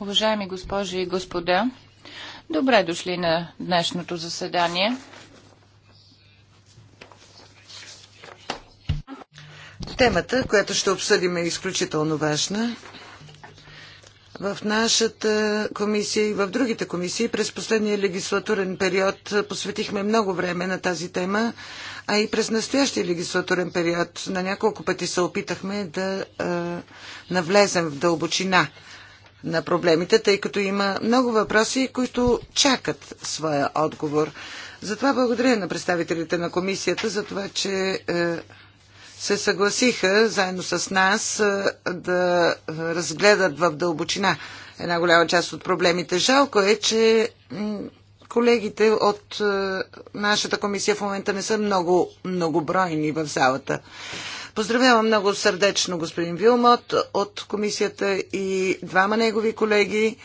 Уважаеми госпожи и господа, добре дошли на днешното заседание. Темата, която ще обсъдим е изключително важна в нашата комисия и в другите комисии през последния легислатурен период посветихме много време на тази тема, а и през настоящия легислатурен период на няколко пъти се опитахме да а, навлезем в дълбочина на проблемите, тъй като има много въпроси, които чакат своя отговор. Затова благодаря на представителите на комисията за това, че А, е, се съгласиха заедно с нас да разгледат в дълбочина една голяма част от проблемите. Жалко е, че колегите от нашата комисия в момента не са много многобройни в залата. Поздравявам много сърдечно господин Вилмот от комисията и двама негови колеги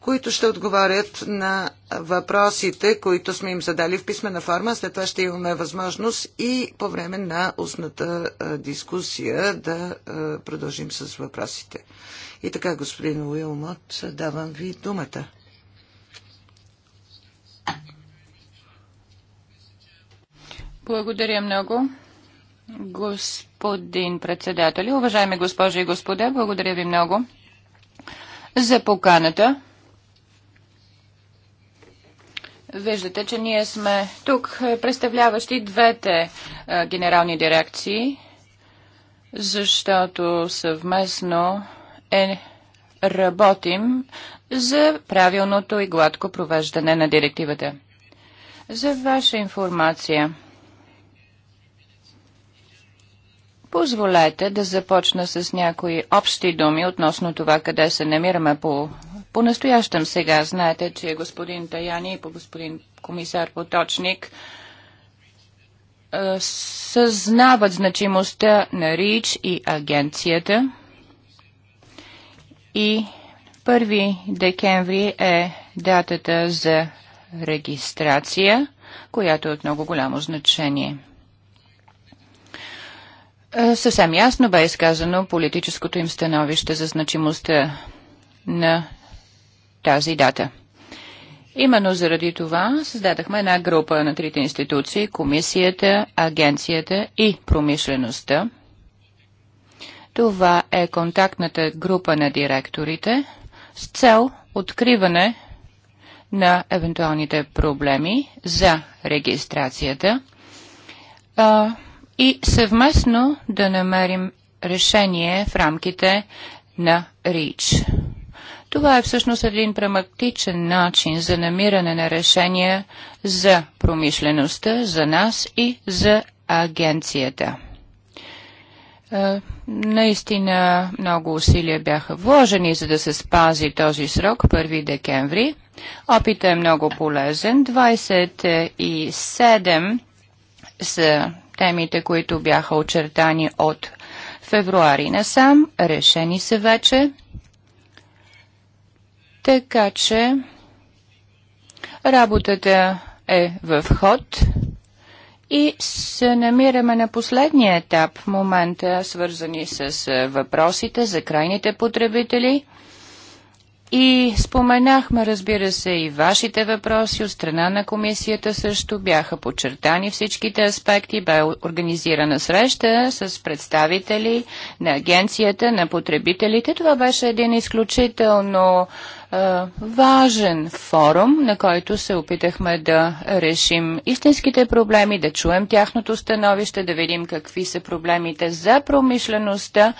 които ще отговарят на въпросите, които сме им задали в писмена форма. След това ще имаме възможност и по време на устната дискусия да продължим с въпросите. И така, господин Уилмот, давам ви думата. Благодаря много. Господин председател, уважаеми госпожи и господа, благодаря ви много за поканата Виждате, че ние сме тук е, представляващи двете е, генерални дирекции, защото съвместно е работим за правилното и гладко провеждане на директивата. За ваша информация, позволете да започна с някои общи думи относно това къде се намираме по по-настоящем сега знаете, че господин Таяни и по господин комисар Поточник съзнават значимостта на РИЧ и агенцията и 1 декември е датата за регистрация, която е от много голямо значение. Съвсем ясно бе изказано политическото им становище за значимостта на тази дата. Именно заради това създадахме една група на трите институции комисията, агенцията и промишлеността. Това е контактната група на директорите с цел откриване на евентуалните проблеми за регистрацията а, и съвместно да намерим решение в рамките на РИЧ. Това е всъщност един прагматичен начин за намиране на решения за промишлеността, за нас и за агенцията. Е, наистина много усилия бяха вложени, за да се спази този срок 1 декември. Опита е много полезен. 27 са темите, които бяха очертани от февруари насам. Решени са вече. Така че работата е в ход и се намираме на последния етап в момента, свързани с въпросите за крайните потребители. И споменахме, разбира се, и вашите въпроси от страна на комисията също бяха подчертани всичките аспекти. Бе организирана среща с представители на агенцията, на потребителите. Това беше един изключително е, важен форум, на който се опитахме да решим истинските проблеми, да чуем тяхното становище, да видим какви са проблемите за промишлеността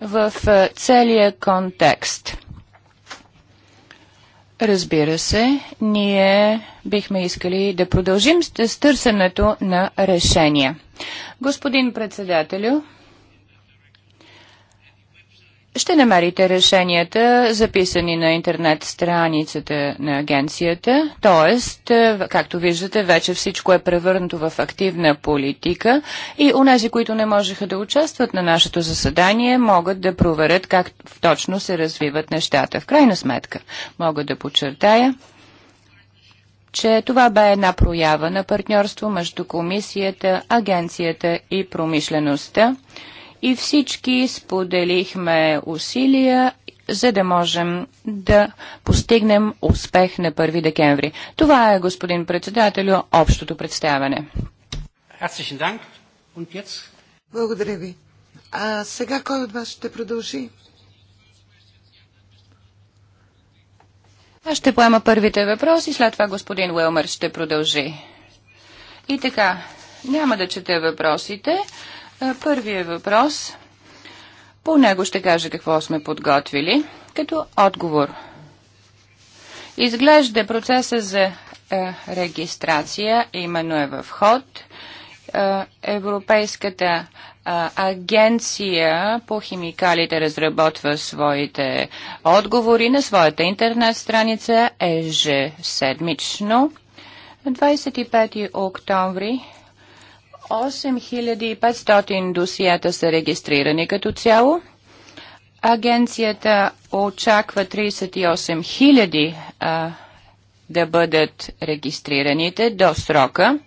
в е, целия контекст. Разбира се, ние бихме искали да продължим с търсенето на решения. Господин председателю, ще намерите решенията, записани на интернет страницата на агенцията. Т.е. както виждате, вече всичко е превърнато в активна политика и унези, които не можеха да участват на нашето заседание, могат да проверят как точно се развиват нещата. В крайна сметка, мога да подчертая, че това бе една проява на партньорство между комисията, агенцията и промишлеността и всички споделихме усилия, за да можем да постигнем успех на 1 декември. Това е, господин председателю, общото представяне. Благодаря ви. А сега кой от вас ще продължи? Аз ще поема първите въпроси, след това господин Уелмър ще продължи. И така, няма да чета въпросите. Е, първият въпрос. По него ще кажа какво сме подготвили като отговор. Изглежда процеса за е, регистрация именно е в ход. Е, Европейската агенция по химикалите разработва своите отговори на своята интернет страница ежеседмично. 25 октомври 8500 досията са регистрирани като цяло. Агенцията очаква 38 000 а, да бъдат регистрираните до срока.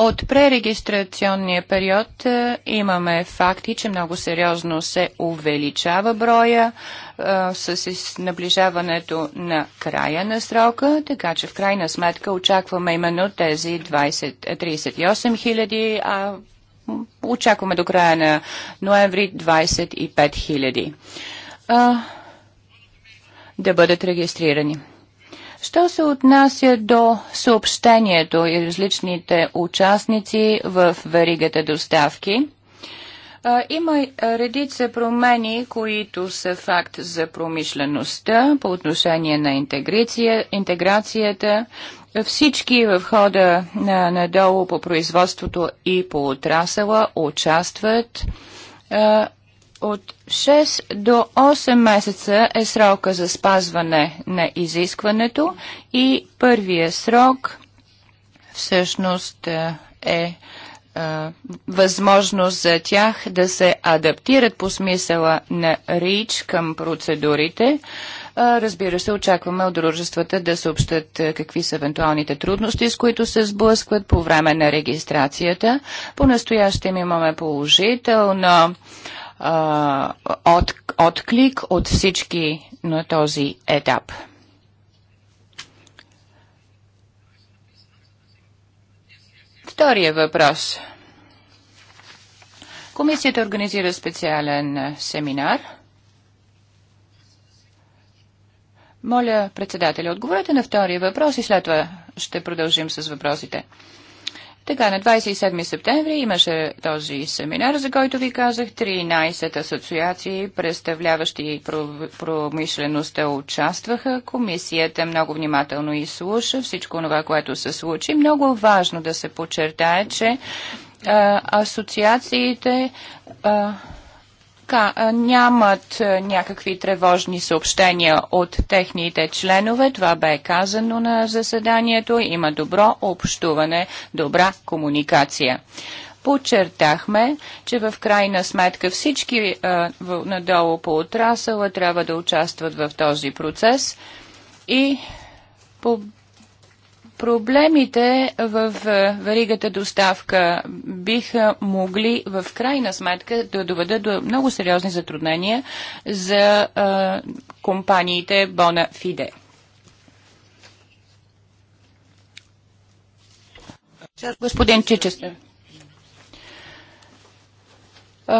От пререгистрационния период е, имаме факти, че много сериозно се увеличава броя а, е, с наближаването на края на срока, така че в крайна сметка очакваме именно тези 20, 38 е, хиляди, а очакваме до края на ноември 25 хиляди да бъдат регистрирани. Що се отнася до съобщението и различните участници в веригата доставки, има редица промени, които са факт за промишлеността по отношение на интеграцията. Всички в хода на, надолу по производството и по отрасъла участват от 6 до 8 месеца е срока за спазване на изискването и първия срок всъщност е, е, е възможност за тях да се адаптират по смисъла на РИЧ към процедурите. Е, разбира се, очакваме от дружествата да съобщат какви са евентуалните трудности, с които се сблъскват по време на регистрацията. По-настоящем имаме положително а, от, отклик от всички на този етап. Втория въпрос. Комисията организира специален семинар. Моля, председателя, отговорете на втория въпрос и след това ще продължим с въпросите. Така, на 27 септември имаше този семинар, за който ви казах. 13 асоциации, представляващи промишлеността, участваха. Комисията много внимателно изслуша всичко това, което се случи. Много важно да се подчертае, че а, асоциациите. А, така, нямат някакви тревожни съобщения от техните членове. Това бе казано на заседанието. Има добро общуване, добра комуникация. Подчертахме, че в крайна сметка всички а, надолу по отрасъла трябва да участват в този процес и по проблемите в е, веригата доставка биха могли в крайна сметка да доведат до много сериозни затруднения за е, компаниите Бона Фиде. Господин Чичестър. Е,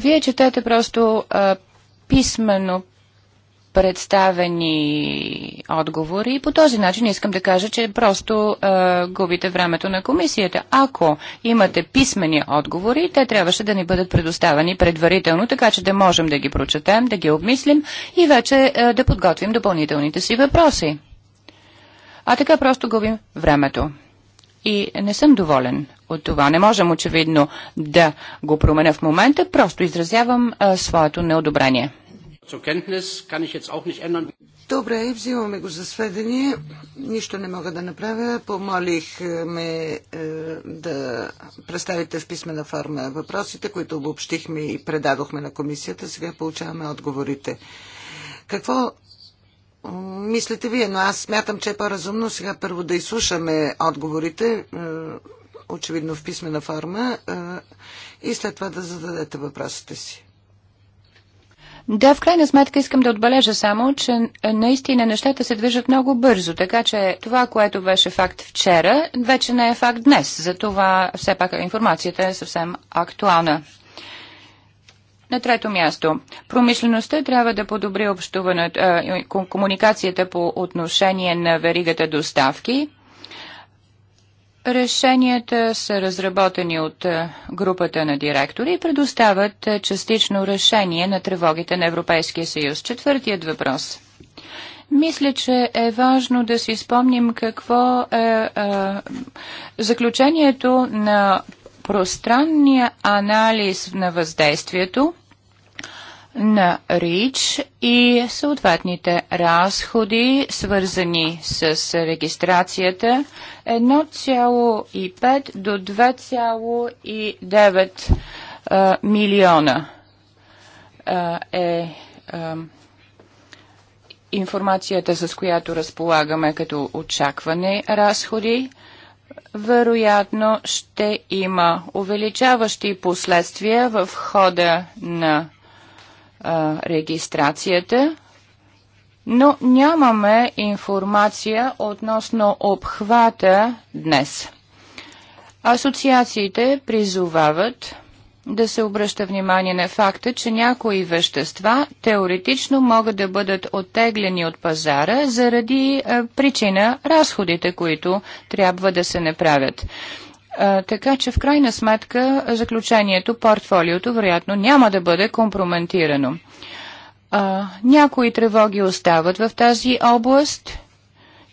вие четете просто писмено. писменно представени отговори и по този начин искам да кажа, че просто а, е, губите времето на комисията. Ако имате писмени отговори, те трябваше да ни бъдат предоставени предварително, така че да можем да ги прочетем, да ги обмислим и вече а, е, да подготвим допълнителните си въпроси. А така просто губим времето. И не съм доволен от това. Не можем очевидно да го променя в момента, просто изразявам а, е, своето неодобрение. Добре, взимаме го за сведение. Нищо не мога да направя. Помолих е, ме е, да представите в писмена форма въпросите, които обобщихме и предадохме на комисията. Сега получаваме отговорите. Какво е, мислите вие? Но аз смятам, че е по-разумно сега първо да изслушаме отговорите, очевидно в писмена форма, и след това да зададете въпросите си. Да, в крайна сметка искам да отбележа само, че наистина нещата се движат много бързо, така че това, което беше факт вчера, вече не е факт днес. Затова все пак информацията е съвсем актуална. На трето място, промишлеността трябва да подобри общуването, комуникацията по отношение на веригата доставки Решенията са разработени от е, групата на директори и предоставят е, частично решение на тревогите на Европейския съюз. Четвъртият въпрос. Мисля, че е важно да си спомним какво е, е заключението на пространния анализ на въздействието – на РИЧ и съответните разходи, свързани с регистрацията 1,5 до 2,9 милиона е информацията, с която разполагаме като очакване разходи вероятно ще има увеличаващи последствия в хода на регистрацията, но нямаме информация относно обхвата днес. Асоциациите призовават да се обръща внимание на факта, че някои вещества теоретично могат да бъдат оттеглени от пазара заради причина разходите, които трябва да се направят така че в крайна сметка заключението, портфолиото, вероятно няма да бъде компрометирано. Някои тревоги остават в тази област,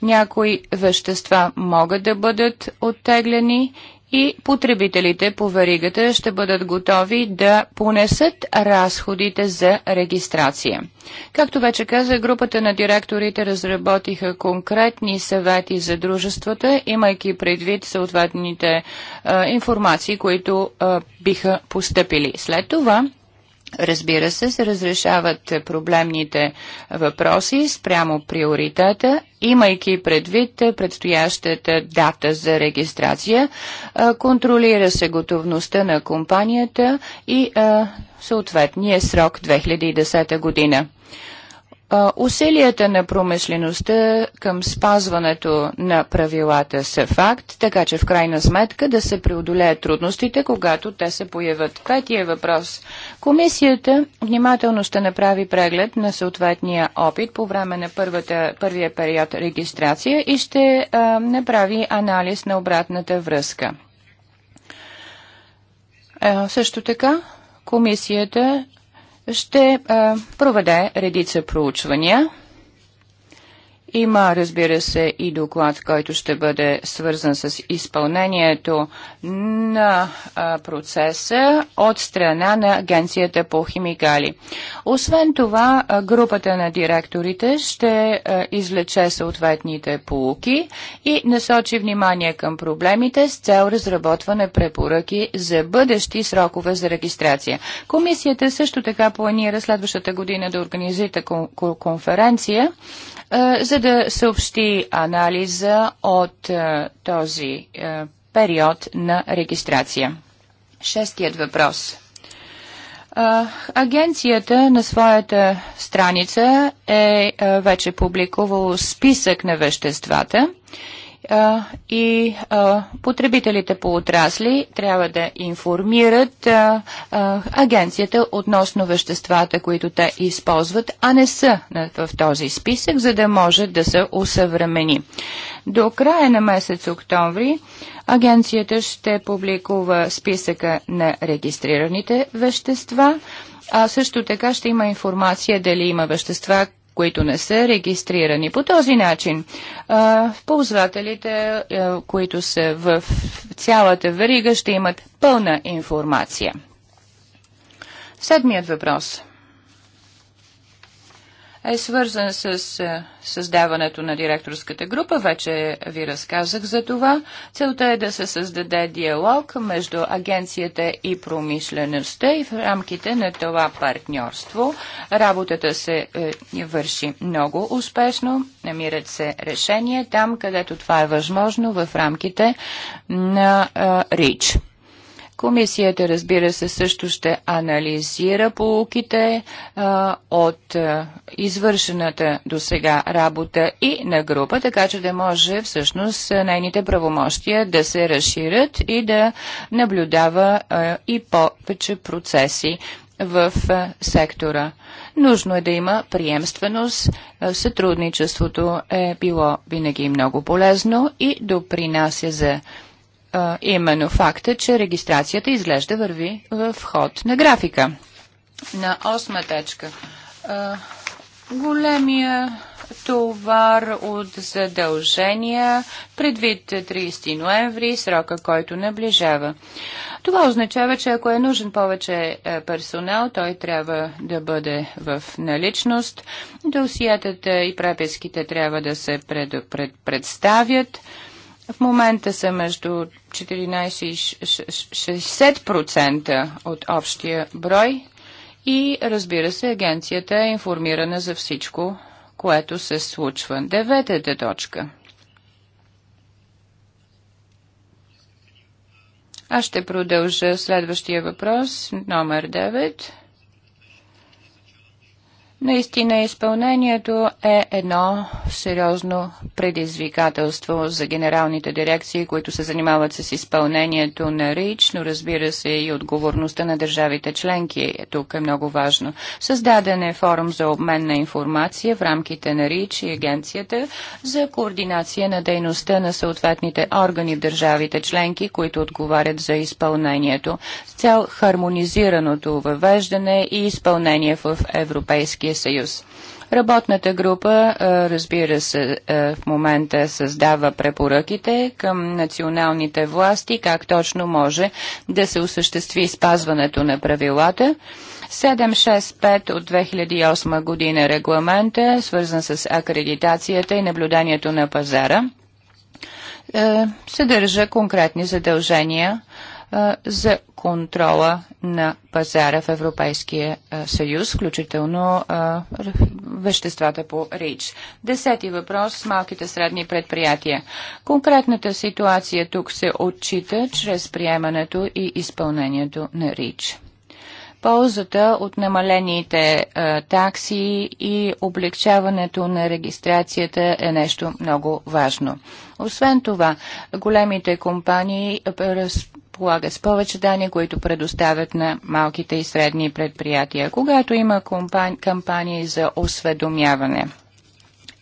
някои вещества могат да бъдат оттеглени и потребителите по веригата ще бъдат готови да понесат разходите за регистрация. Както вече каза, групата на директорите разработиха конкретни съвети за дружествата, имайки предвид съответните а, информации, които а, биха поступили. След това Разбира се, се разрешават проблемните въпроси спрямо приоритета, имайки предвид предстоящата дата за регистрация. Контролира се готовността на компанията и съответния срок 2010 година. Усилията на промишлеността към спазването на правилата са факт, така че в крайна сметка да се преодолеят трудностите, когато те се появят. Петия въпрос. Комисията внимателно ще направи преглед на съответния опит по време на първата, първия период регистрация и ще а, направи анализ на обратната връзка. А, също така, комисията ще проведе редица проучвания има, разбира се, и доклад, който ще бъде свързан с изпълнението на процеса от страна на Агенцията по химикали. Освен това, групата на директорите ще излече съответните полуки и насочи внимание към проблемите с цел разработване препоръки за бъдещи срокове за регистрация. Комисията също така планира следващата година да организира конференция е, за да съобщи анализа от е, този е, период на регистрация. Шестият въпрос. Агенцията на своята страница е вече публикувала списък на веществата и потребителите по отрасли трябва да информират агенцията относно веществата, които те използват, а не са в този списък, за да може да се усъвремени. До края на месец октомври агенцията ще публикува списъка на регистрираните вещества, а също така ще има информация дали има вещества, които не са регистрирани. По този начин ползвателите, които са в цялата верига, ще имат пълна информация. Седмият въпрос – е свързан с е, създаването на директорската група. Вече ви разказах за това. Целта е да се създаде диалог между агенцията и промишлеността и в рамките на това партньорство. Работата се е, върши много успешно. Намират се решения там, където това е възможно в рамките на е, РИЧ. Комисията, разбира се, също ще анализира полуките а, от а, извършената до сега работа и на група, така че да може всъщност нейните правомощия да се разширят и да наблюдава а, и повече процеси в сектора. Нужно е да има приемственост. Сътрудничеството е било винаги много полезно и допринася за а, именно факта, че регистрацията изглежда върви в ход на графика. На осма точка. големия товар от задължения предвид 30 ноември, срока, който наближава. Това означава, че ако е нужен повече е, персонал, той трябва да бъде в наличност. Досиятата и преписките трябва да се пред, пред, представят. В момента са между 14,60% от общия брой и разбира се, агенцията е информирана за всичко, което се случва. Деветата точка. Аз ще продължа следващия въпрос, номер 9. Наистина изпълнението е едно сериозно предизвикателство за генералните дирекции, които се занимават с изпълнението на РИЧ, но разбира се и отговорността на държавите членки. Е тук е много важно. Създаден е форум за обмен на информация в рамките на РИЧ и агенцията за координация на дейността на съответните органи в държавите членки, които отговарят за изпълнението с цел хармонизираното въвеждане и изпълнение в Европейския съюз. Работната група, разбира се, в момента създава препоръките към националните власти, как точно може да се осъществи спазването на правилата. 765 от 2008 година регламента, свързан с акредитацията и наблюдението на пазара, съдържа конкретни задължения за контрола на пазара в Европейския съюз, включително веществата по РИЧ. Десети въпрос с малките средни предприятия. Конкретната ситуация тук се отчита чрез приемането и изпълнението на РИЧ ползата от намалените а, такси и облегчаването на регистрацията е нещо много важно. Освен това, големите компании разполагат с повече данни, които предоставят на малките и средни предприятия. Когато има кампании за осведомяване –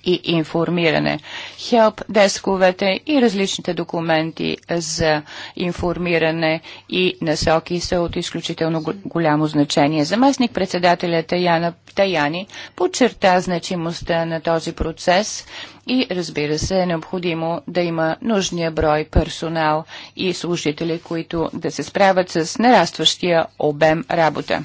и информиране. Хелп десковете и различните документи за информиране и насоки са от изключително голямо значение. Заместник председателя Таяна Таяни подчерта значимостта на този процес и разбира се е необходимо да има нужния брой персонал и служители, които да се справят с нарастващия обем работа.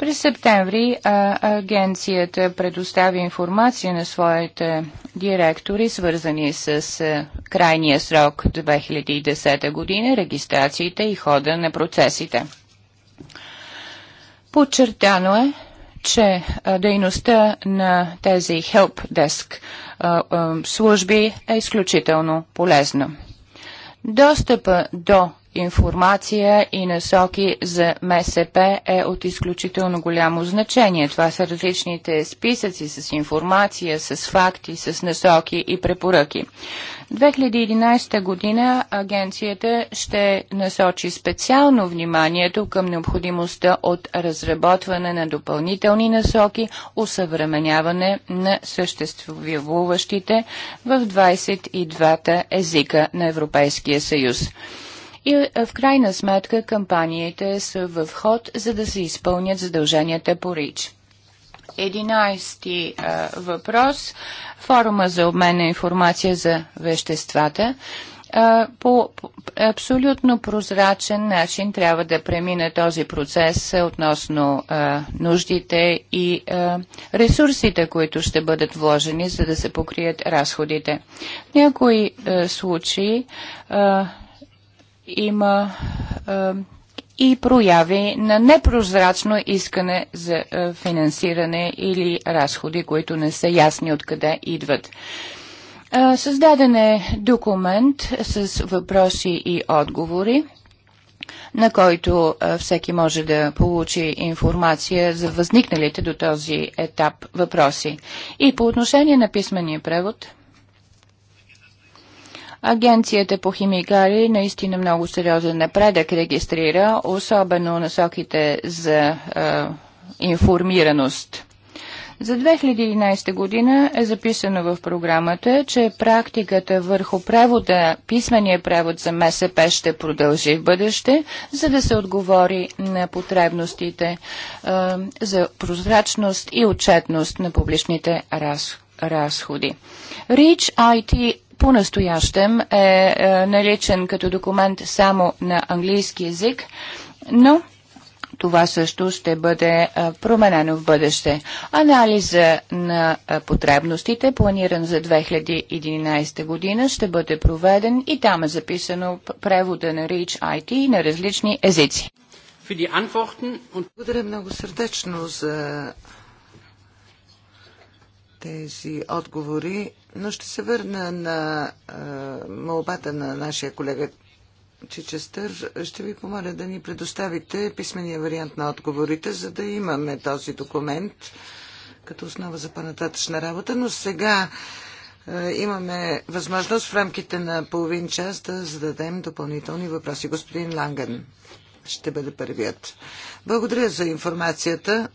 През септември а, агенцията предостави информация на своите директори, свързани с а, крайния срок 2010 година, регистрациите и хода на процесите. Подчертано е, че а, дейността на тези Help Desk а, а, служби е изключително полезна. Достъпа до информация и насоки за МСП е от изключително голямо значение. Това са различните списъци с информация, с факти, с насоки и препоръки. 2011 година агенцията ще насочи специално вниманието към необходимостта от разработване на допълнителни насоки, усъвременяване на съществуващите в 22-та езика на Европейския съюз. И е, в крайна сметка кампаниите са в ход, за да се изпълнят задълженията по РИЧ. Единайсти е, въпрос. Форума за обмен на информация за веществата е, по абсолютно прозрачен начин трябва да премине този процес относно нуждите и ресурсите, които ще бъдат вложени, за да се покрият разходите. В някои случаи има а, е, и прояви на непрозрачно искане за а, е, финансиране или разходи, които не са ясни откъде идват. А, е, създаден е документ с въпроси и отговори на който всеки може да получи информация за възникналите до този етап въпроси. И по отношение на писмения превод – Агенцията по химикали наистина много сериозен напредък регистрира, особено насоките за а, информираност. За 2011 година е записано в програмата, че практиката върху превода, писмения превод за МСП ще продължи в бъдеще, за да се отговори на потребностите а, за прозрачност и отчетност на публичните разходи. Рич IT по-настоящем е, е наречен като документ само на английски язик, но това също ще бъде е, променено в бъдеще. Анализа на е, потребностите, планиран за 2011 година, ще бъде проведен и там е записано превода на Reach IT на различни езици. Благодаря много сърдечно за тези отговори, но ще се върна на молбата на нашия колега Чичестър. Ще ви помоля да ни предоставите писмения вариант на отговорите, за да имаме този документ като основа за по-нататъчна работа. Но сега имаме възможност в рамките на половин час да зададем допълнителни въпроси. Господин Ланган ще бъде първият. Благодаря за информацията.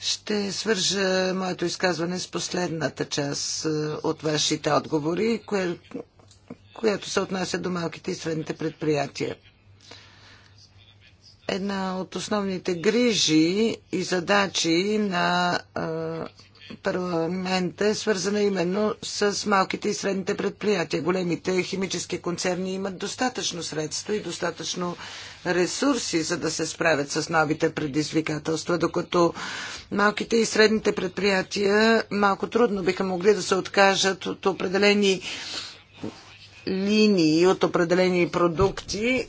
Ще свържа моето изказване с последната част е, от вашите отговори, кое, която се отнася до малките и средните предприятия. Една от основните грижи и задачи на е, парламента е свързана именно с малките и средните предприятия. Големите химически концерни имат достатъчно средства и достатъчно ресурси, за да се справят с новите предизвикателства, докато малките и средните предприятия малко трудно биха могли да се откажат от определени линии от определени продукти, е,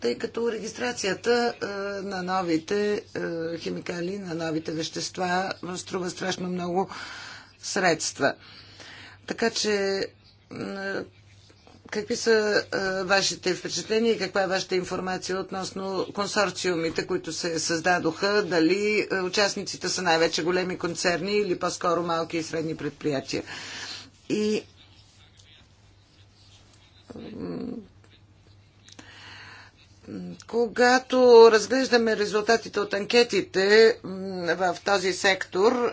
тъй като регистрацията е, на новите е, химикали, на новите вещества струва страшно много средства. Така че какви са а, вашите впечатления и каква е вашата информация относно консорциумите, които се създадоха? Дали участниците са най-вече големи концерни или по-скоро малки и средни предприятия? И когато разглеждаме резултатите от анкетите в този сектор,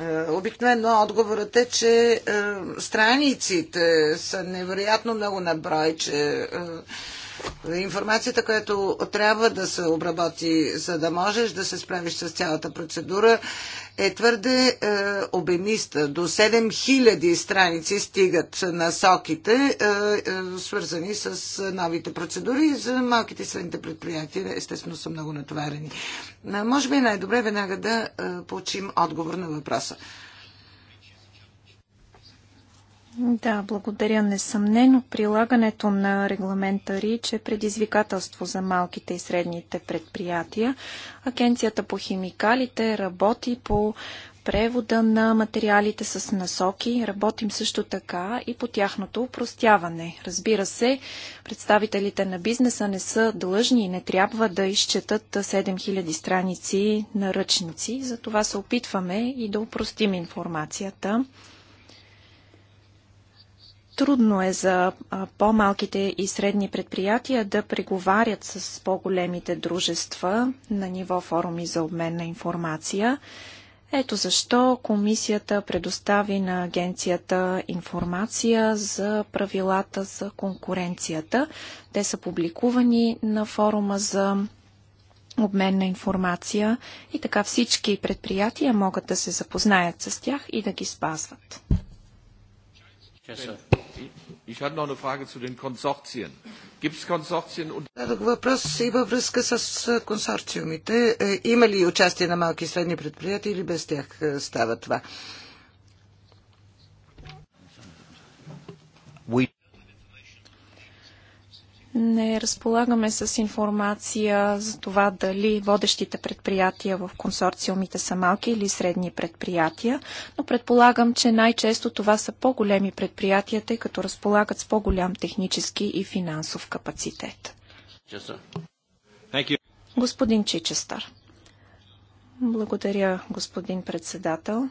е, обикновено отговорът е, че е, страниците са невероятно много на брой, че е, информацията, която трябва да се обработи, за да можеш да се справиш с цялата процедура, е твърде е, обемиста. До 7000 страници стигат насоките, е, е, свързани с новите процедури. За малките и средните предприятия, естествено, са много натоварени. Е, може би е най-добре веднага да е, получим отговор на въпроса. Да, благодаря. Несъмнено прилагането на регламента РИЧ е предизвикателство за малките и средните предприятия. Агенцията по химикалите работи по превода на материалите с насоки. Работим също така и по тяхното упростяване. Разбира се, представителите на бизнеса не са длъжни и не трябва да изчетат 7000 страници на ръчници. За това се опитваме и да упростим информацията. Трудно е за по-малките и средни предприятия да преговарят с по-големите дружества на ниво форуми за обмен на информация. Ето защо комисията предостави на агенцията информация за правилата за конкуренцията. Те са публикувани на форума за обмен на информация и така всички предприятия могат да се запознаят с тях и да ги спазват. Дадох въпрос и във връзка с консорциумите. Е, има ли участие на малки и средни предприятия или без тях е, става това? Не разполагаме с информация за това дали водещите предприятия в консорциумите са малки или средни предприятия, но предполагам, че най-често това са по-големи предприятия, тъй като разполагат с по-голям технически и финансов капацитет. Господин Чичестър. Благодаря, господин председател.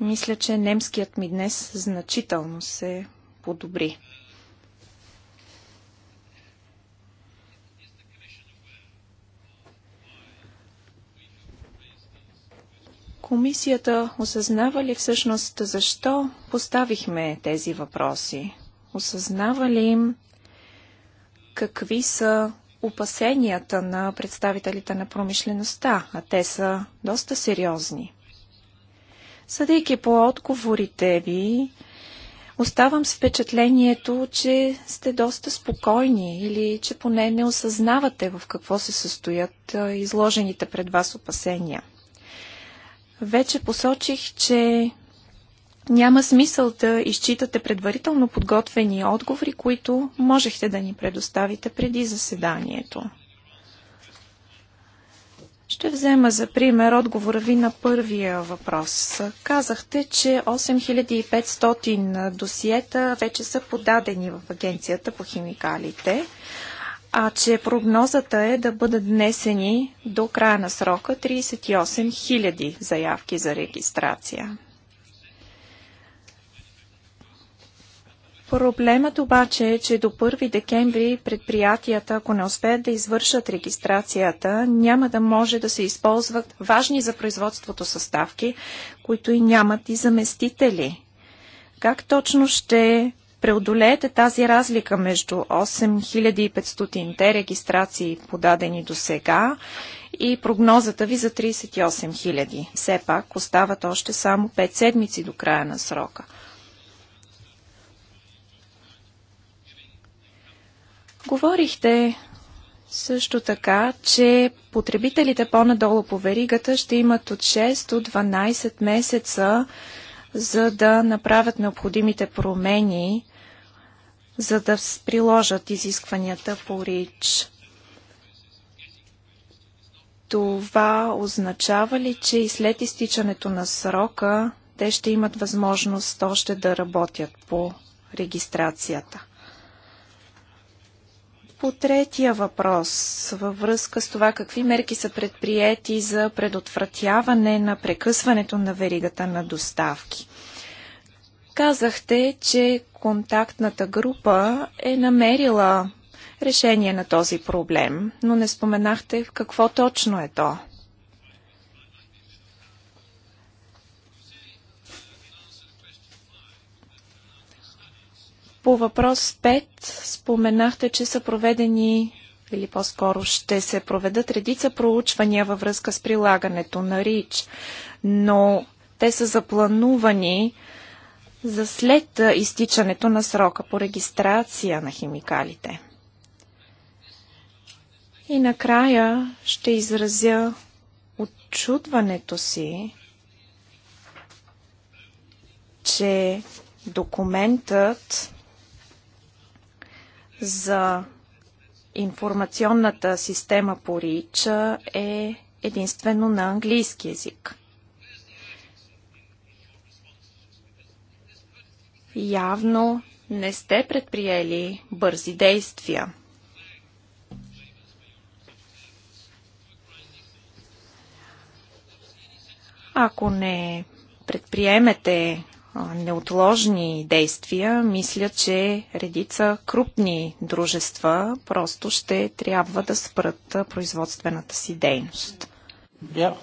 Мисля, че немският ми днес значително се подобри. Комисията осъзнава ли всъщност защо поставихме тези въпроси? Осъзнава ли им какви са опасенията на представителите на промишлеността, а те са доста сериозни. Съдейки по отговорите ви, оставам с впечатлението, че сте доста спокойни или че поне не осъзнавате в какво се състоят изложените пред вас опасения. Вече посочих, че няма смисъл да изчитате предварително подготвени отговори, които можехте да ни предоставите преди заседанието. Ще взема за пример отговора ви на първия въпрос. Казахте, че 8500 досиета вече са подадени в Агенцията по химикалите а че прогнозата е да бъдат внесени до края на срока 38 000 заявки за регистрация. Проблемът обаче е, че до 1 декември предприятията, ако не успеят да извършат регистрацията, няма да може да се използват важни за производството съставки, които и нямат и заместители. Как точно ще преодолеете тази разлика между 8500-те регистрации подадени до сега и прогнозата ви за 38 000. Все пак остават още само 5 седмици до края на срока. Говорихте също така, че потребителите по-надолу по веригата ще имат от 6 до 12 месеца за да направят необходимите промени за да приложат изискванията по РИЧ. Това означава ли, че и след изтичането на срока те ще имат възможност още да работят по регистрацията? По третия въпрос, във връзка с това какви мерки са предприяти за предотвратяване на прекъсването на веригата на доставки. Казахте, че контактната група е намерила решение на този проблем, но не споменахте в какво точно е то. По въпрос 5 споменахте, че са проведени или по-скоро ще се проведат редица проучвания във връзка с прилагането на РИЧ, но те са запланувани за след изтичането на срока по регистрация на химикалите. И накрая ще изразя отчудването си, че документът за информационната система по РИЧ е единствено на английски язик. Явно не сте предприели бързи действия. Ако не предприемете неотложни действия, мисля, че редица крупни дружества просто ще трябва да спрат производствената си дейност. Yeah,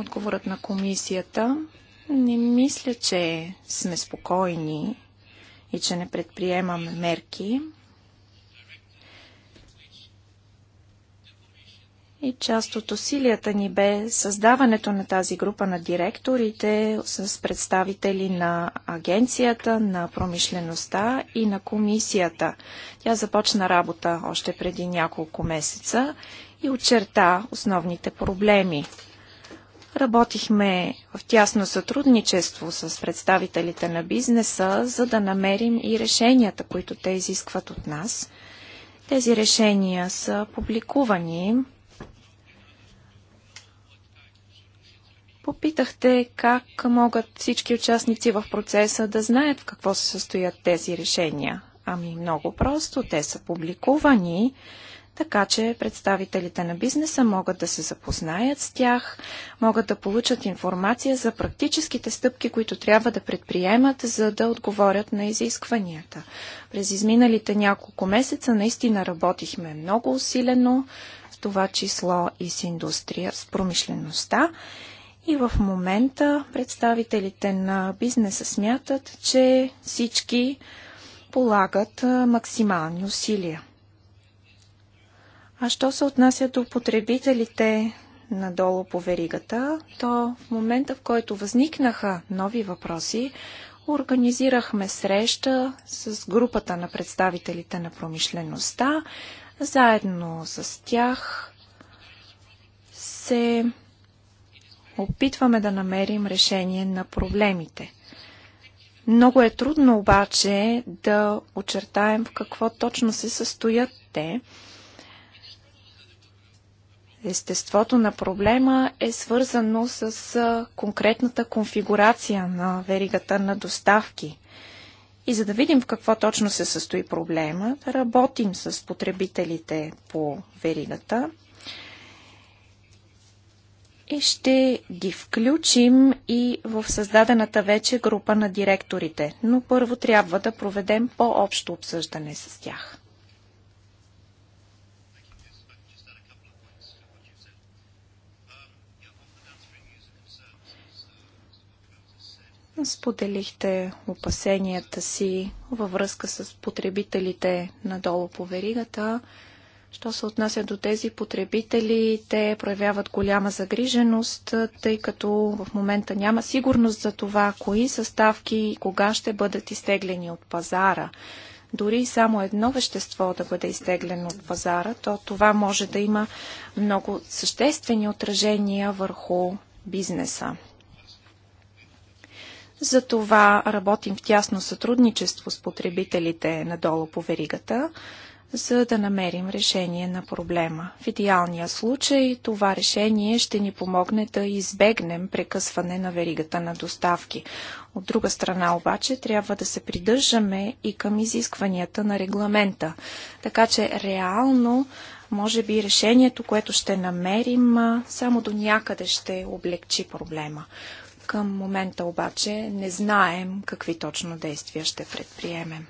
Отговорът на комисията не мисля, че сме спокойни и че не предприемаме мерки. И част от усилията ни бе създаването на тази група на директорите с представители на агенцията, на промишлеността и на комисията. Тя започна работа още преди няколко месеца и очерта основните проблеми. Работихме в тясно сътрудничество с представителите на бизнеса, за да намерим и решенията, които те изискват от нас. Тези решения са публикувани. Попитахте как могат всички участници в процеса да знаят в какво се състоят тези решения. Ами много просто, те са публикувани така че представителите на бизнеса могат да се запознаят с тях, могат да получат информация за практическите стъпки, които трябва да предприемат, за да отговорят на изискванията. През изминалите няколко месеца наистина работихме много усилено, в това число и с индустрия, с промишлеността. И в момента представителите на бизнеса смятат, че всички полагат максимални усилия. А що се отнася до потребителите надолу по веригата, то в момента, в който възникнаха нови въпроси, организирахме среща с групата на представителите на промишлеността. Заедно с тях се опитваме да намерим решение на проблемите. Много е трудно обаче да очертаем в какво точно се състоят те, Естеството на проблема е свързано с конкретната конфигурация на веригата на доставки. И за да видим в какво точно се състои проблема, работим с потребителите по веригата и ще ги включим и в създадената вече група на директорите. Но първо трябва да проведем по-общо обсъждане с тях. Споделихте опасенията си във връзка с потребителите надолу по веригата. Що се отнася до тези потребители, те проявяват голяма загриженост, тъй като в момента няма сигурност за това, кои съставки и кога ще бъдат изтеглени от пазара. Дори само едно вещество да бъде изтеглено от пазара, то това може да има много съществени отражения върху бизнеса. Затова работим в тясно сътрудничество с потребителите надолу по веригата, за да намерим решение на проблема. В идеалния случай това решение ще ни помогне да избегнем прекъсване на веригата на доставки. От друга страна обаче трябва да се придържаме и към изискванията на регламента. Така че реално може би решението, което ще намерим, само до някъде ще облегчи проблема. Към момента обаче не знаем какви точно действия ще предприемем.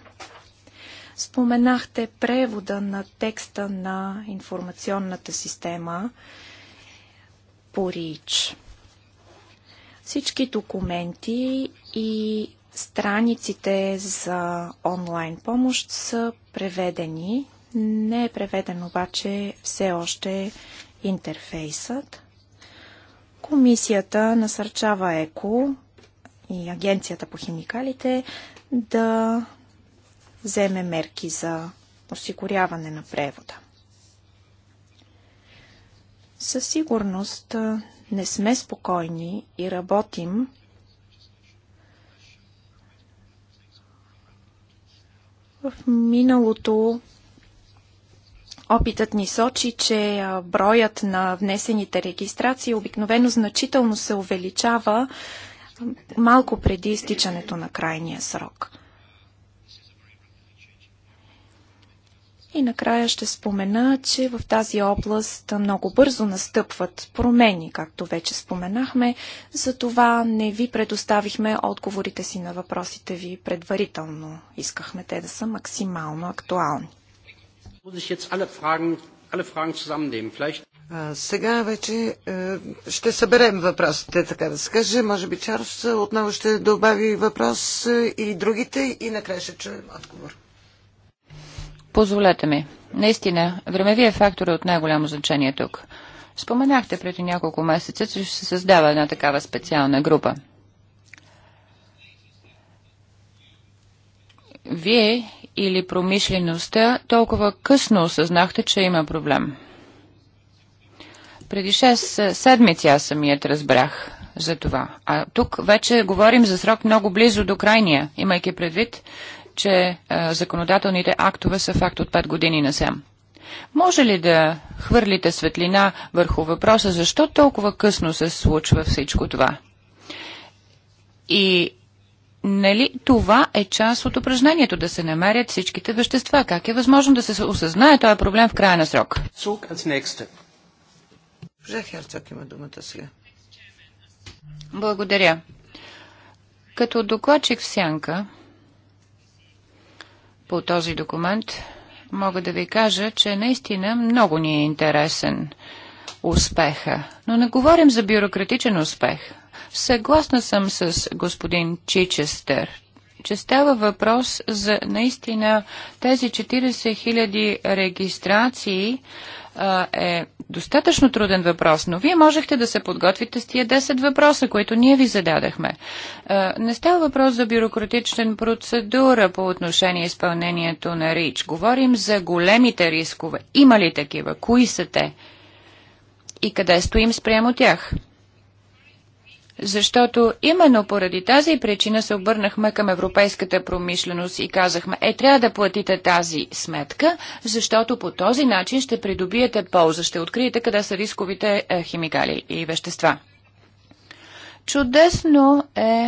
Споменахте превода на текста на информационната система по РИЧ. Всички документи и страниците за онлайн помощ са преведени. Не е преведен обаче все още интерфейсът. Комисията насърчава ЕКО и Агенцията по химикалите да вземе мерки за осигуряване на превода. Със сигурност не сме спокойни и работим в миналото Опитът ни сочи, че броят на внесените регистрации обикновено значително се увеличава малко преди изтичането на крайния срок. И накрая ще спомена, че в тази област много бързо настъпват промени, както вече споменахме, затова не ви предоставихме отговорите си на въпросите ви предварително. Искахме те да са максимално актуални. Сега вече е, ще съберем въпросите, така да се каже. Може би Чарлз отново ще добави въпрос е, и другите и накрая ще чуем отговор. Позволете ми. Наистина, времевия фактор е от най-голямо значение тук. Споменахте преди няколко месеца, че ще се създава една такава специална група – вие или промишлеността толкова късно осъзнахте, че има проблем? Преди 6 седмици аз самият разбрах за това. А тук вече говорим за срок много близо до крайния, имайки предвид, че а, законодателните актове са факт от 5 години насем. Може ли да хвърлите светлина върху въпроса, защо толкова късно се случва всичко това? И нали, това е част от упражнението, да се намерят всичките вещества. Как е възможно да се осъзнае този проблем в края на срок? Е Жа Херцог има думата сега. Благодаря. Като докладчик в сянка по този документ, мога да ви кажа, че наистина много ни е интересен успеха. Но не говорим за бюрократичен успех. Съгласна съм с господин Чичестър, че става въпрос за наистина тези 40 000 регистрации а, е достатъчно труден въпрос, но вие можехте да се подготвите с тия 10 въпроса, които ние ви зададахме. А, не става въпрос за бюрократичен процедура по отношение изпълнението на РИЧ. Говорим за големите рискове. Има ли такива? Кои са те? И къде стоим спрямо тях? защото именно поради тази причина се обърнахме към европейската промишленост и казахме, е, трябва да платите тази сметка, защото по този начин ще придобиете полза, ще откриете къде са рисковите е, химикали и вещества. Чудесно е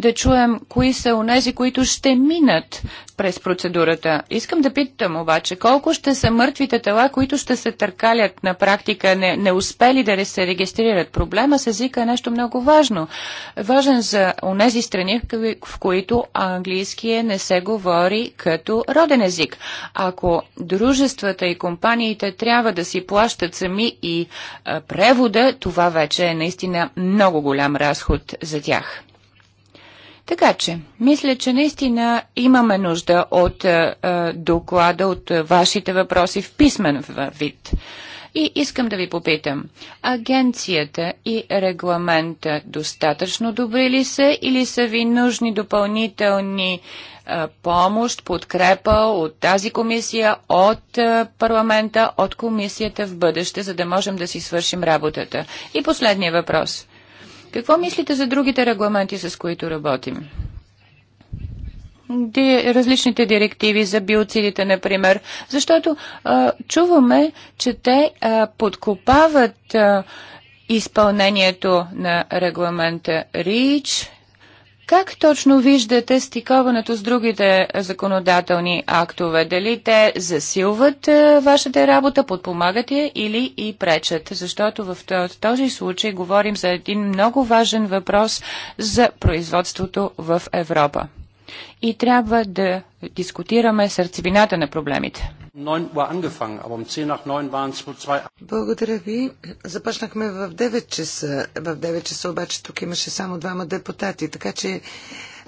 да чуем кои са онези, които ще минат през процедурата. Искам да питам обаче, колко ще са мъртвите тела, които ще се търкалят на практика, не, не успели да се регистрират. Проблема с езика е нещо много важно. Важен за онези страни, в които английския не се говори като роден език. Ако дружествата и компаниите трябва да си плащат сами и а, превода, това вече е наистина много голям разход за тях. Така че, мисля, че наистина имаме нужда от е, е доклада, от вашите въпроси в писмен вид. И искам да ви попитам, агенцията и регламента достатъчно добри ли са или са ви нужни допълнителни е, помощ, подкрепа от тази комисия, от е, парламента, от комисията в бъдеще, за да можем да си свършим работата? И последния въпрос. Какво мислите за другите регламенти, с които работим? Ди, различните директиви за биоцидите, например, защото а, чуваме, че те а, подкопават а, изпълнението на регламента РИЧ как точно виждате стиковането с другите законодателни актове? Дали те засилват е, вашата работа, подпомагат я или и пречат? Защото в този случай говорим за един много важен въпрос за производството в Европа. И трябва да дискутираме сърцевината на проблемите. 9 Uhr angefangen, aber um 10 nach 9 waren es zwei. Благодаря ви. Започнахме в 9 часа. В 9 часа обаче тук имаше само двама депутати, така че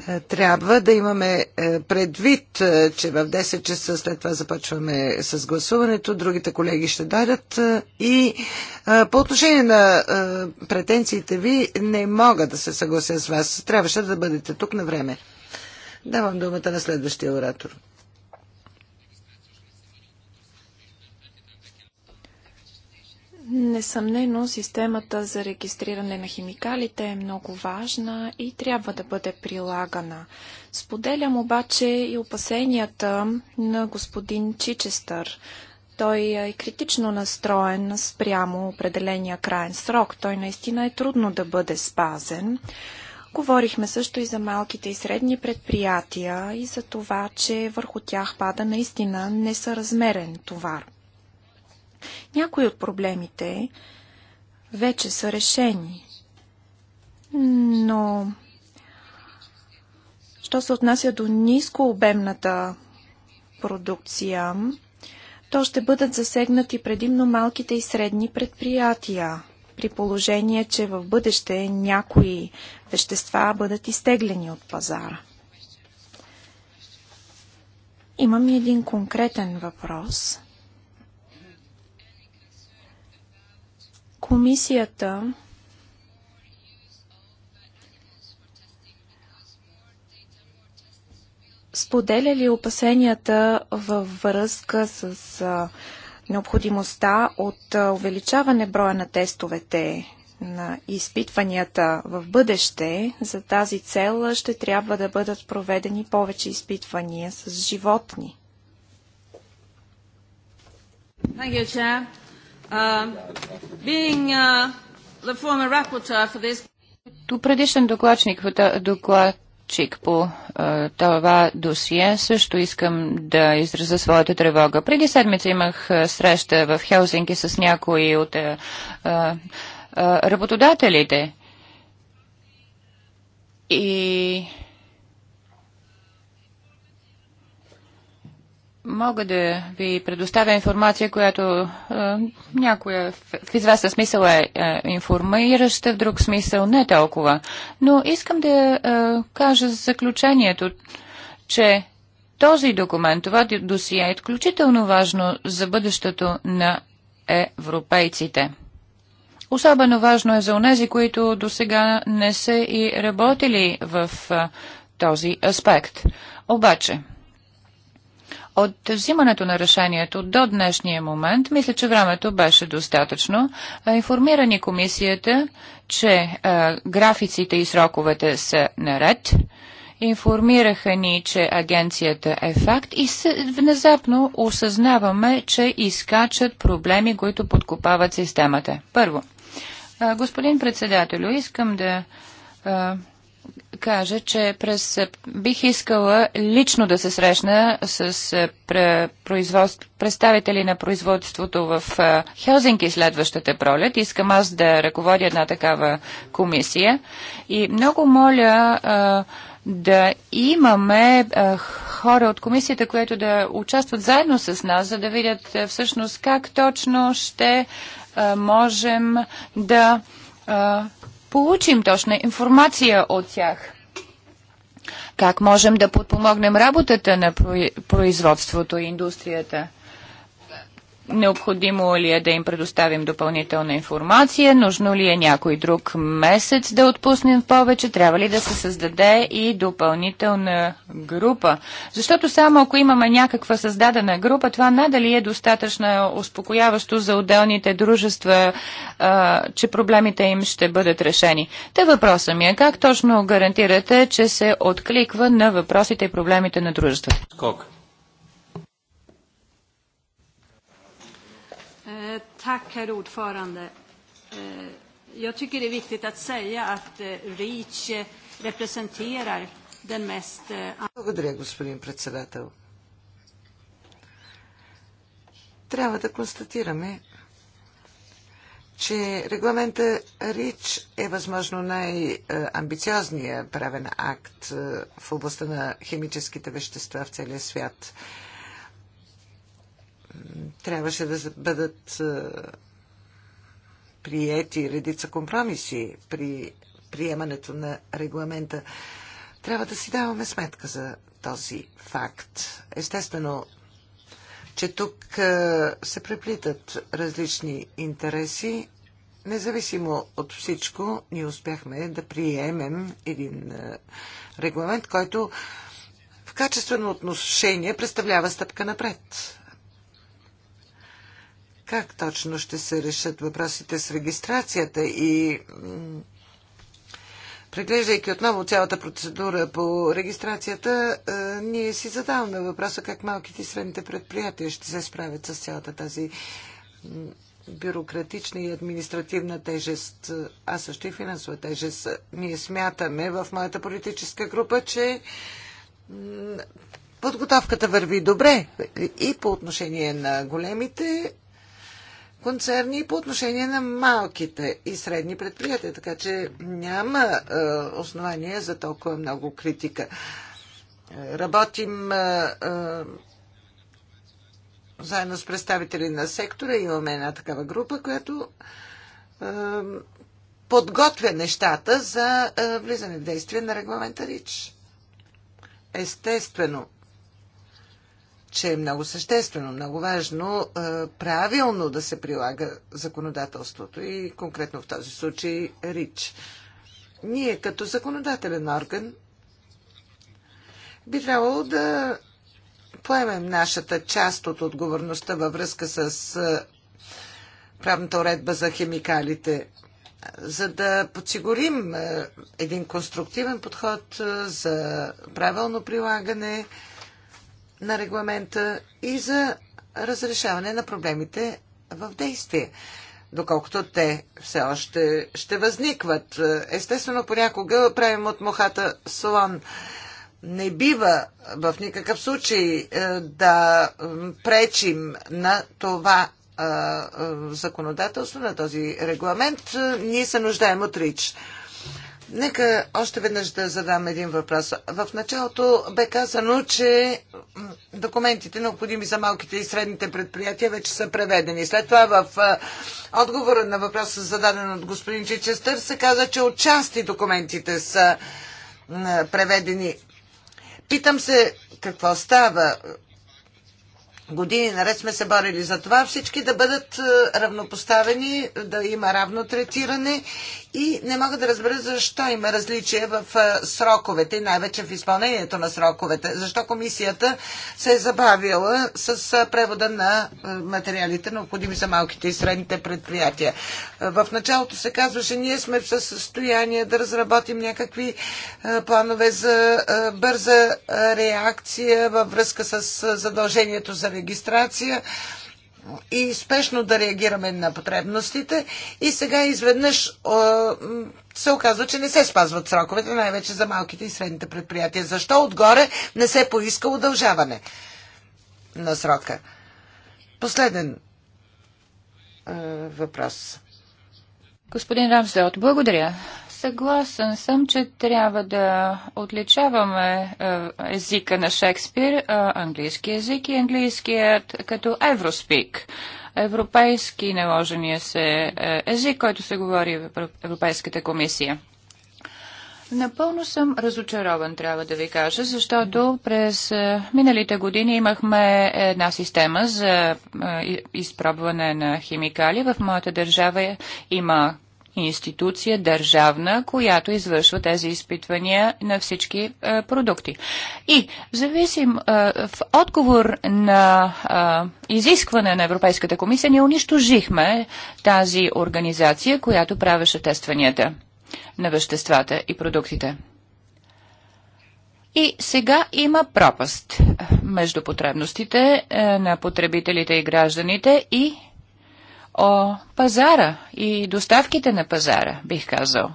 е, трябва да имаме е, предвид, е, че в 10 часа след това започваме с гласуването, другите колеги ще дойдат и по отношение на претенциите ви не мога да се съглася с вас. Трябваше да бъдете тук на време. Давам думата на следващия оратор. Несъмнено, системата за регистриране на химикалите е много важна и трябва да бъде прилагана. Споделям обаче и опасенията на господин Чичестър. Той е критично настроен спрямо определения крайен срок. Той наистина е трудно да бъде спазен. Говорихме също и за малките и средни предприятия и за това, че върху тях пада наистина несъразмерен товар. Някои от проблемите вече са решени, но що се отнася до нискообемната продукция, то ще бъдат засегнати предимно малките и средни предприятия, при положение, че в бъдеще някои вещества бъдат изтеглени от пазара. Имам един конкретен въпрос. Комисията споделя ли опасенията във връзка с необходимостта от увеличаване броя на тестовете на изпитванията в бъдеще, за тази цел ще трябва да бъдат проведени повече изпитвания с животни. Uh, uh, Ту Предишен докладчик, докладчик по е, това досие, също искам да изразя своята тревога. Преди седмица имах е, среща в Хелзинки с някои от е, работодателите. И Мога да ви предоставя информация, която е, някоя в известен смисъл е, е информираща, в друг смисъл не толкова. Но искам да е, кажа заключението, че този документ, това досие е изключително важно за бъдещето на европейците. Особено важно е за онези, които до сега не са и работили в а, е, този аспект. Обаче, от взимането на решението до днешния момент, мисля, че времето беше достатъчно. Информирани комисията, че а, графиците и сроковете са наред. Информираха ни, че агенцията е факт и внезапно осъзнаваме, че изкачат проблеми, които подкопават системата. Първо, господин председателю, искам да кажа, че през, бих искала лично да се срещна с е, представители на производството в е, Хелзинки следващата пролет. Искам аз да ръководя една такава комисия. И много моля а, е, да имаме а, хора от комисията, които да участват заедно с нас, за да видят а, всъщност как точно ще можем да получим точна информация от тях? Как можем да подпомогнем работата на производството и индустрията? Необходимо ли е да им предоставим допълнителна информация? Нужно ли е някой друг месец да отпуснем повече? Трябва ли да се създаде и допълнителна група? Защото само ако имаме някаква създадена група, това надали е достатъчно успокояващо за отделните дружества, а, че проблемите им ще бъдат решени. Те въпроса ми е как точно гарантирате, че се откликва на въпросите и проблемите на дружествата? Колко? Tack, herr ordförande. Eh, jag tycker det är viktigt att säga att eh, REACH eh, representerar den mest... Трябва да констатираме, че регламента РИЧ е възможно най-амбициозният правен акт е, в областта на химическите вещества в целия свят трябваше да бъдат приети редица компромиси при приемането на регламента. Трябва да си даваме сметка за този факт. Естествено, че тук се преплитат различни интереси. Независимо от всичко, ние успяхме да приемем един регламент, който в качествено отношение представлява стъпка напред как точно ще се решат въпросите с регистрацията и преглеждайки отново цялата процедура по регистрацията, е, ние си задаваме въпроса как малките и средните предприятия ще се справят с цялата тази бюрократична и административна тежест, а също и финансова тежест. Ние смятаме в моята политическа група, че подготовката върви добре и по отношение на големите концерни и по отношение на малките и средни предприятия, така че няма е, основания за толкова много критика. Работим е, е, заедно с представители на сектора. Имаме една такава група, която подготвя нещата за влизане в действие на регламента РИЧ. Естествено, че е много съществено, много важно е, правилно да се прилага законодателството и конкретно в този случай РИЧ. Ние като законодателен орган би трябвало да поемем нашата част от отговорността във връзка с е, правната уредба за химикалите, за да подсигурим е, един конструктивен подход за правилно прилагане на регламента и за разрешаване на проблемите в действие, доколкото те все още ще възникват. Естествено, понякога правим от мухата солон. Не бива в никакъв случай е, да пречим на това е, законодателство, на този регламент. Ние се нуждаем от РИЧ. Нека още веднъж да задам един въпрос. В началото бе казано, че документите, необходими за малките и средните предприятия, вече са преведени. След това в отговора на въпроса, зададен от господин Чичестър, се каза, че отчасти документите са преведени. Питам се какво става. Години наред сме се борили за това всички да бъдат равнопоставени, да има равно третиране и не мога да разбера защо има различие в сроковете, най-вече в изпълнението на сроковете. Защо комисията се е забавила с превода на материалите, необходими за малките и средните предприятия. В началото се казваше, ние сме в състояние да разработим някакви планове за бърза реакция във връзка с задължението за регистрация и спешно да реагираме на потребностите и сега изведнъж се оказва, че не се спазват сроковете, най-вече за малките и средните предприятия. Защо отгоре не се поиска удължаване на срока? Последен въпрос. Господин Рамсдорт, благодаря. Съгласен съм, че трябва да отличаваме е, езика на Шекспир, е, английски език и английският като Евроспик. Европейски наложения се е, език, който се говори в Европейската комисия. Напълно съм разочарован, трябва да ви кажа, защото през миналите години имахме една система за изпробване на химикали. В моята държава има институция държавна, която извършва тези изпитвания на всички е, продукти. И зависим е, в отговор на е, изискване на Европейската комисия, ние унищожихме тази организация, която правеше тестванията на веществата и продуктите. И сега има пропаст между потребностите е, на потребителите и гражданите и о пазара и доставките на пазара, бих казал.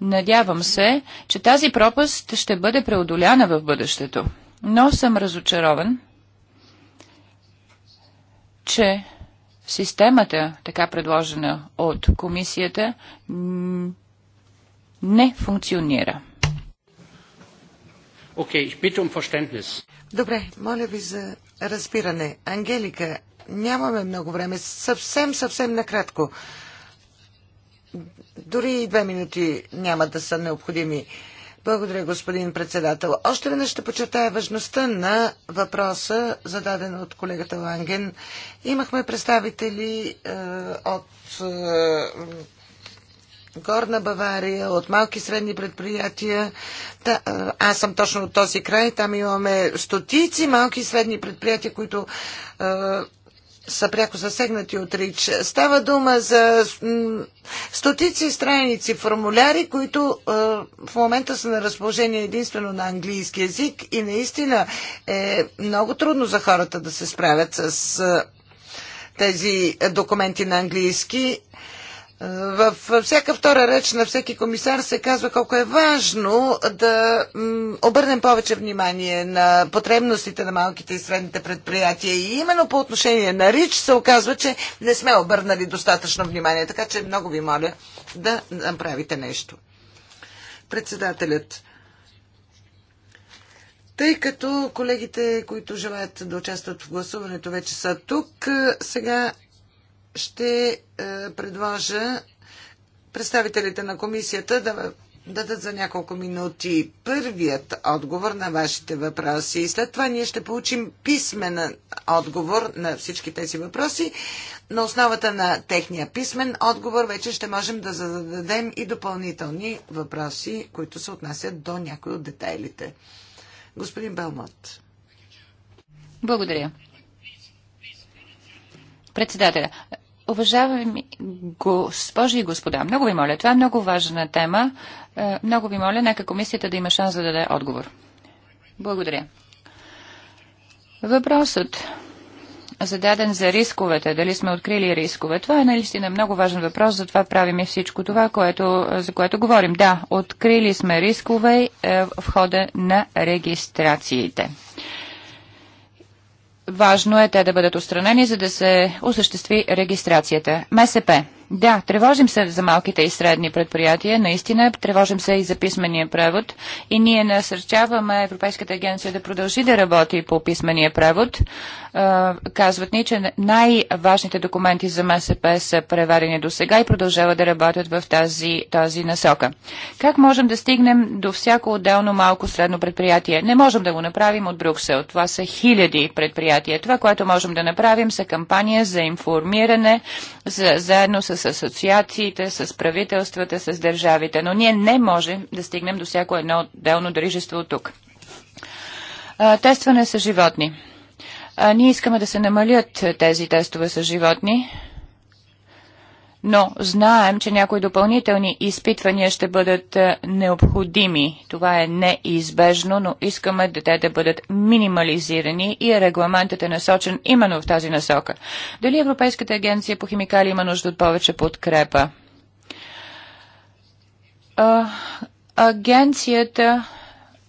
Надявам се, че тази пропаст ще бъде преодоляна в бъдещето. Но съм разочарован, че системата, така предложена от комисията, не функционира. Okay, ich bitte um Verständnis. Добре, моля ви за разбиране. Ангелика, нямаме много време. Съвсем, съвсем накратко. Дори и две минути няма да са необходими. Благодаря, господин председател. Още веднъж ще почетая важността на въпроса, зададен от колегата Ланген. Имахме представители е, от е, Горна Бавария, от малки и средни предприятия. Та, е, аз съм точно от този край. Там имаме стотици малки и средни предприятия, които е, са пряко засегнати от РИЧ. Става дума за стотици страници формуляри, които е, в момента са на разположение единствено на английски язик и наистина е много трудно за хората да се справят с е, тези документи на английски. Е, във всяка втора реч на всеки комисар се казва колко е важно да обърнем повече внимание на потребностите на малките и средните предприятия. И именно по отношение на РИЧ се оказва, че не сме обърнали достатъчно внимание. Така че много ви моля да направите нещо. Председателят. Тъй като колегите, които желаят да участват в гласуването, вече са тук, сега ще е, предложа представителите на комисията да дадат за няколко минути първият отговор на вашите въпроси. И след това ние ще получим писмен отговор на всички тези въпроси. На основата на техния писмен отговор вече ще можем да зададем и допълнителни въпроси, които се отнасят до някои от детайлите. Господин Белмот. Благодаря. Председателя, Уважаеми госпожи и господа, много ви моля, това е много важна тема. Е, много ви моля, нека комисията да има шанс да даде отговор. Благодаря. Въпросът зададен за рисковете, дали сме открили рискове. Това е наистина много важен въпрос, затова правим и всичко това, което, за което говорим. Да, открили сме рискове е, в хода на регистрациите. Важно е те да бъдат устранени, за да се осъществи регистрацията. МСП. Да, тревожим се за малките и средни предприятия, наистина, тревожим се и за писмения превод и ние насърчаваме Европейската агенция да продължи да работи по писмения превод. Е, казват ни, че най-важните документи за МСП са преварени до сега и продължават да работят в тази, тази насока. Как можем да стигнем до всяко отделно малко средно предприятие? Не можем да го направим от Брюксел. Това са хиляди предприятия. Това, което можем да направим са кампания за информиране за, заедно с асоциациите, с правителствата, с държавите. Но ние не можем да стигнем до всяко едно отделно дрижество от тук. А, тестване с животни. А, ние искаме да се намалят тези тестове с животни но знаем, че някои допълнителни изпитвания ще бъдат е, необходими. Това е неизбежно, но искаме дете да бъдат минимализирани и регламентът е насочен именно в тази насока. Дали Европейската агенция по химикали има нужда от повече подкрепа? агенцията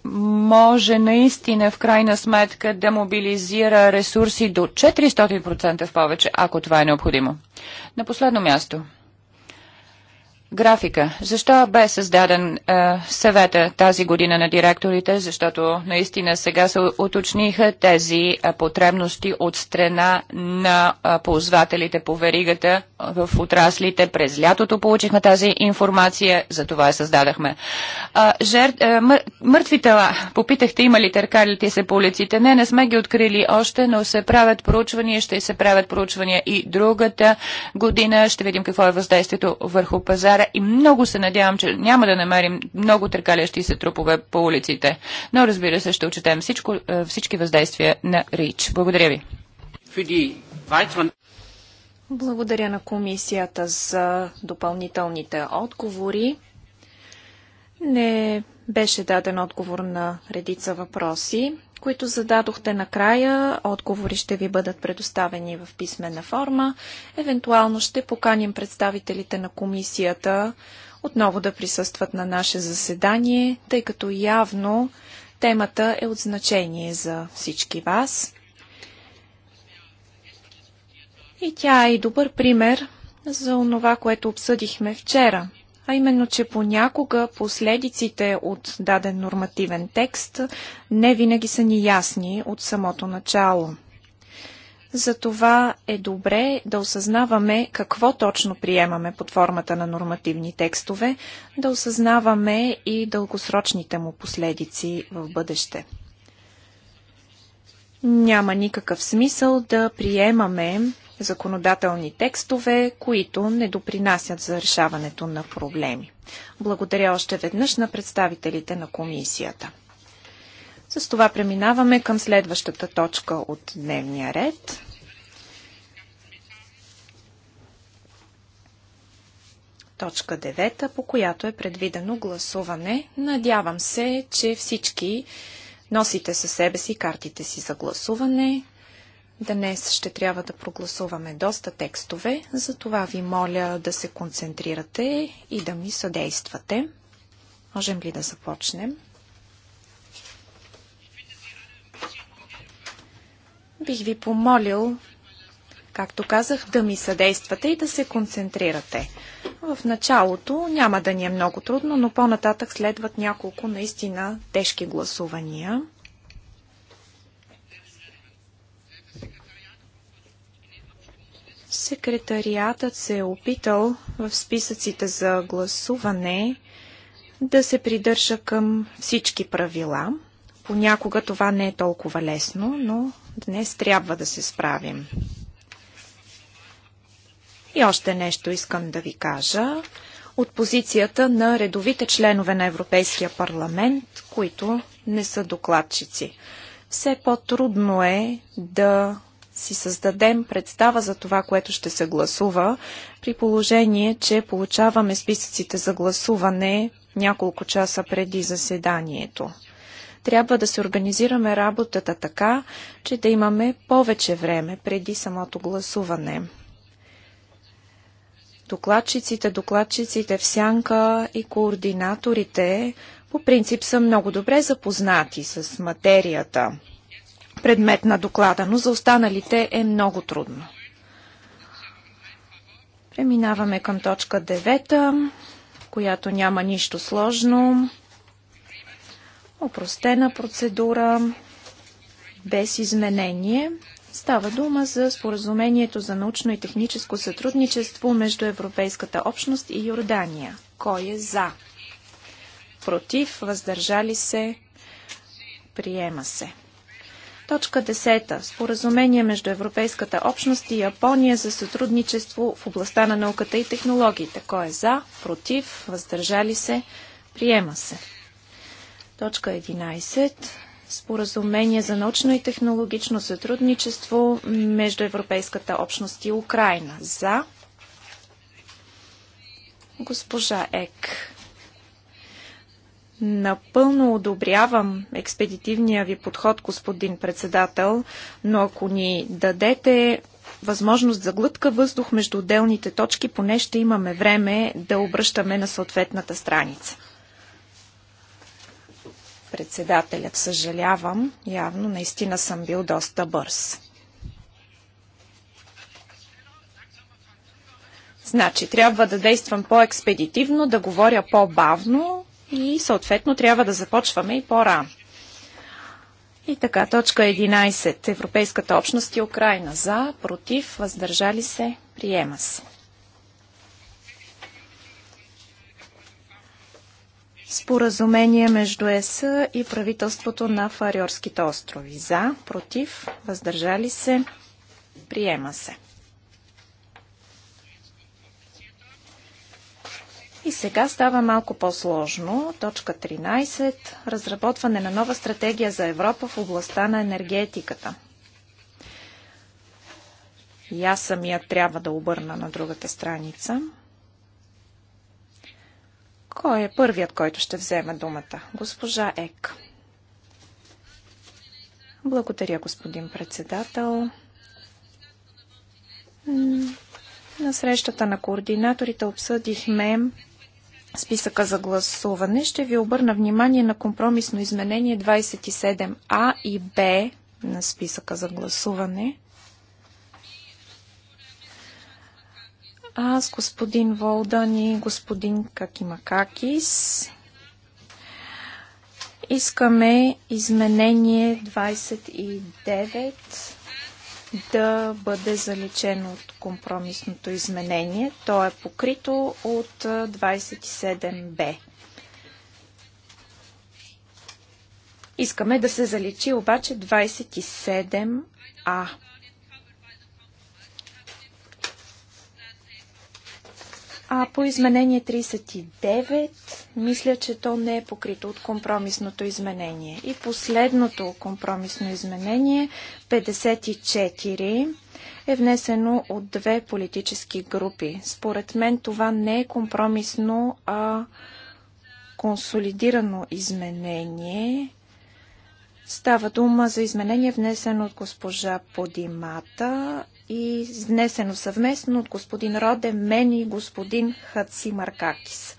може наистина в крайна сметка да мобилизира ресурси до 400% в повече, ако това е необходимо. На последно място графика. Защо бе създаден а, е, съвета тази година на директорите? Защото наистина сега се уточниха тези а, е, потребности от страна на а, е, ползвателите по веригата в отраслите. През лятото получихме тази информация, за това я създадахме. А, жер, а, мър, мъртви тела, попитахте има ли търкалите се по улиците? Не, не сме ги открили още, но се правят проучвания, ще се правят проучвания и другата година. Ще видим какво е въздействието върху пазара добре и много се надявам, че няма да намерим много търкалящи се трупове по улиците. Но разбира се, ще отчетем всичко, е, всички въздействия на РИЧ. Благодаря ви. Благодаря на комисията за допълнителните отговори. Не беше даден отговор на редица въпроси които зададохте накрая. Отговори ще ви бъдат предоставени в писмена форма. Евентуално ще поканим представителите на комисията отново да присъстват на наше заседание, тъй като явно темата е от значение за всички вас. И тя е и добър пример за това, което обсъдихме вчера – а именно, че понякога последиците от даден нормативен текст не винаги са ни ясни от самото начало. Затова е добре да осъзнаваме какво точно приемаме под формата на нормативни текстове, да осъзнаваме и дългосрочните му последици в бъдеще. Няма никакъв смисъл да приемаме законодателни текстове, които не допринасят за решаването на проблеми. Благодаря още веднъж на представителите на комисията. С това преминаваме към следващата точка от дневния ред. Точка 9, по която е предвидено гласуване. Надявам се, че всички носите със себе си картите си за гласуване. Днес ще трябва да прогласуваме доста текстове, затова ви моля да се концентрирате и да ми съдействате. Можем ли да започнем? Бих ви помолил, както казах, да ми съдействате и да се концентрирате. В началото няма да ни е много трудно, но по-нататък следват няколко наистина тежки гласувания. Секретариатът се е опитал в списъците за гласуване да се придържа към всички правила. Понякога това не е толкова лесно, но днес трябва да се справим. И още нещо искам да ви кажа от позицията на редовите членове на Европейския парламент, които не са докладчици. Все по-трудно е да си създадем представа за това, което ще се гласува, при положение, че получаваме списъците за гласуване няколко часа преди заседанието. Трябва да се организираме работата така, че да имаме повече време преди самото гласуване докладчиците, докладчиците в сянка и координаторите по принцип са много добре запознати с материята предмет на доклада, но за останалите е много трудно. Преминаваме към точка 9, която няма нищо сложно. Опростена процедура, без изменение. Става дума за споразумението за научно и техническо сътрудничество между Европейската общност и Йордания. Кой е за? Против, въздържали се, приема се. Точка 10. Споразумение между Европейската общност и Япония за сътрудничество в областта на науката и технологиите. Кой е за, против, въздържали се, приема се. Точка 11. Споразумение за научно и технологично сътрудничество между Европейската общност и Украина. За. Госпожа Ек. Напълно одобрявам експедитивния ви подход, господин председател, но ако ни дадете възможност за глътка въздух между отделните точки, поне ще имаме време да обръщаме на съответната страница. Председателят, съжалявам, явно наистина съм бил доста бърз. Значи, трябва да действам по-експедитивно, да говоря по-бавно, и съответно трябва да започваме и по-рано. И така, точка 11. Европейската общност и Украина. За, против, въздържали се, приема се. Споразумение между ЕС и правителството на Фариорските острови. За, против, въздържали се, приема се. И сега става малко по-сложно. Точка 13. Разработване на нова стратегия за Европа в областта на енергетиката. И аз самия трябва да обърна на другата страница. Кой е първият, който ще вземе думата? Госпожа Ек. Благодаря, господин председател. На срещата на координаторите обсъдихме списъка за гласуване, ще ви обърна внимание на компромисно изменение 27А и Б на списъка за гласуване. Аз, господин Волдан и господин Какимакакис искаме изменение 29 да бъде заличено от компромисното изменение. То е покрито от 27Б. Искаме да се заличи обаче 27А. А по изменение 39, мисля, че то не е покрито от компромисното изменение. И последното компромисно изменение, 54, е внесено от две политически групи. Според мен това не е компромисно, а консолидирано изменение. Става дума за изменение, внесено от госпожа Подимата и внесено съвместно от господин Роде, мен и господин Хаци Маркакис.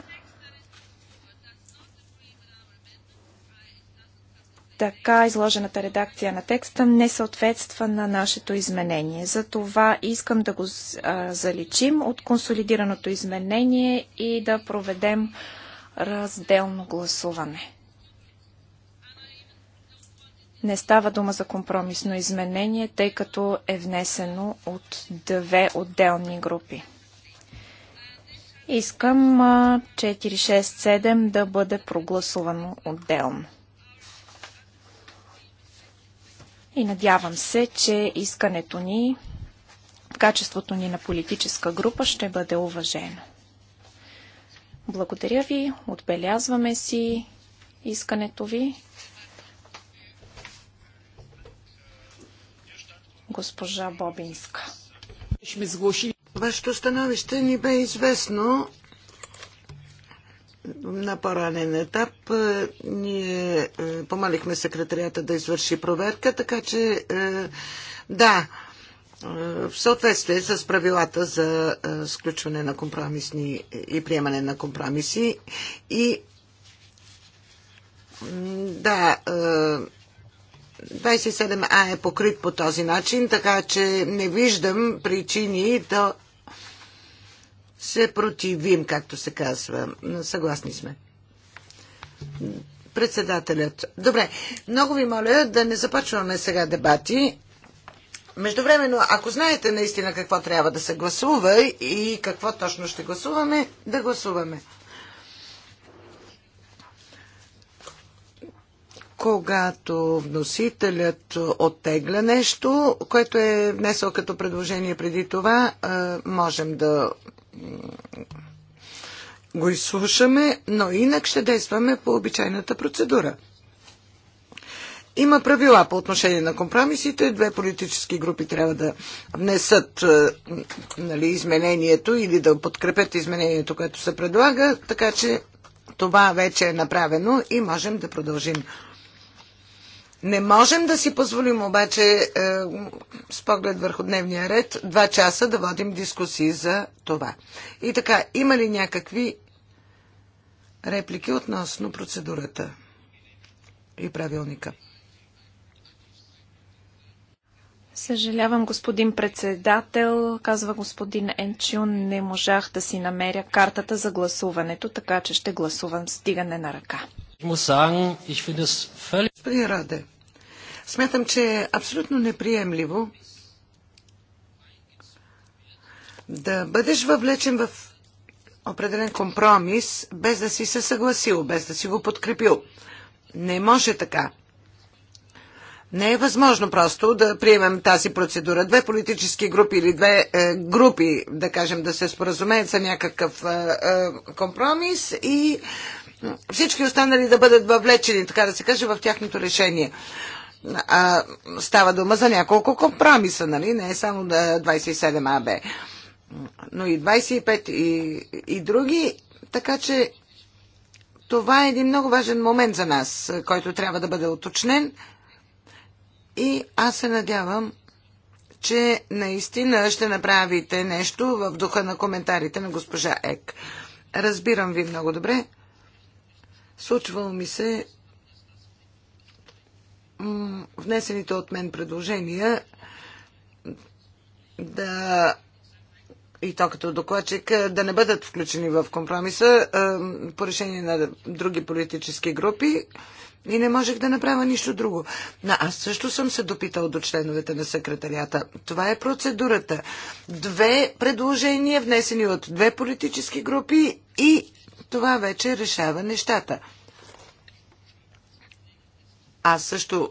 Така изложената редакция на текста не съответства на нашето изменение. Затова искам да го а, заличим от консолидираното изменение и да проведем разделно гласуване. Не става дума за компромисно изменение, тъй като е внесено от две отделни групи. Искам 467 да бъде прогласувано отделно. И надявам се, че искането ни, качеството ни на политическа група ще бъде уважено. Благодаря ви, отбелязваме си искането ви. госпожа Бобинска. Вашето становище ни бе известно на по-ранен етап. Е, ние е, помолихме секретарията да извърши проверка, така че е, да, в съответствие с правилата за сключване на компромисни и приемане на компромиси и да, 27А е покрит по този начин, така че не виждам причини да се противим, както се казва. Съгласни сме. Председателят. Добре, много ви моля да не започваме сега дебати. Междувременно, ако знаете наистина какво трябва да се гласува и какво точно ще гласуваме, да гласуваме. когато вносителят оттегля нещо, което е внесъл като предложение преди това, е, можем да го изслушаме, но инак ще действаме по обичайната процедура. Има правила по отношение на компромисите. Две политически групи трябва да внесат е, нали, изменението или да подкрепят изменението, което се предлага, така че това вече е направено и можем да продължим. Не можем да си позволим обаче е, с поглед върху дневния ред два часа да водим дискусии за това. И така, има ли някакви реплики относно процедурата и правилника? Съжалявам, господин председател, казва господин Енчун, не можах да си намеря картата за гласуването, така че ще гласувам с дигане на ръка. Господин Раде, Смятам, че е абсолютно неприемливо да бъдеш въвлечен в определен компромис, без да си се съгласил, без да си го подкрепил. Не може така. Не е възможно просто да приемем тази процедура. Две политически групи или две е, групи, да кажем, да се споразумеят за някакъв е, е, компромис и всички останали да бъдат въвлечени, така да се каже, в тяхното решение. Е, а става дума за няколко компромиса, нали? Не е само 27 АБ. Но и 25 и, и други. Така че това е един много важен момент за нас, който трябва да бъде уточнен. И аз се надявам, че наистина ще направите нещо в духа на коментарите на госпожа Ек. Разбирам ви много добре. Случвало ми се внесените от мен предложения да и то като докладчик, да не бъдат включени в компромиса по решение на други политически групи и не можех да направя нищо друго. Но аз също съм се допитал до членовете на секретарията. Това е процедурата. Две предложения, внесени от две политически групи и това вече решава нещата. Аз също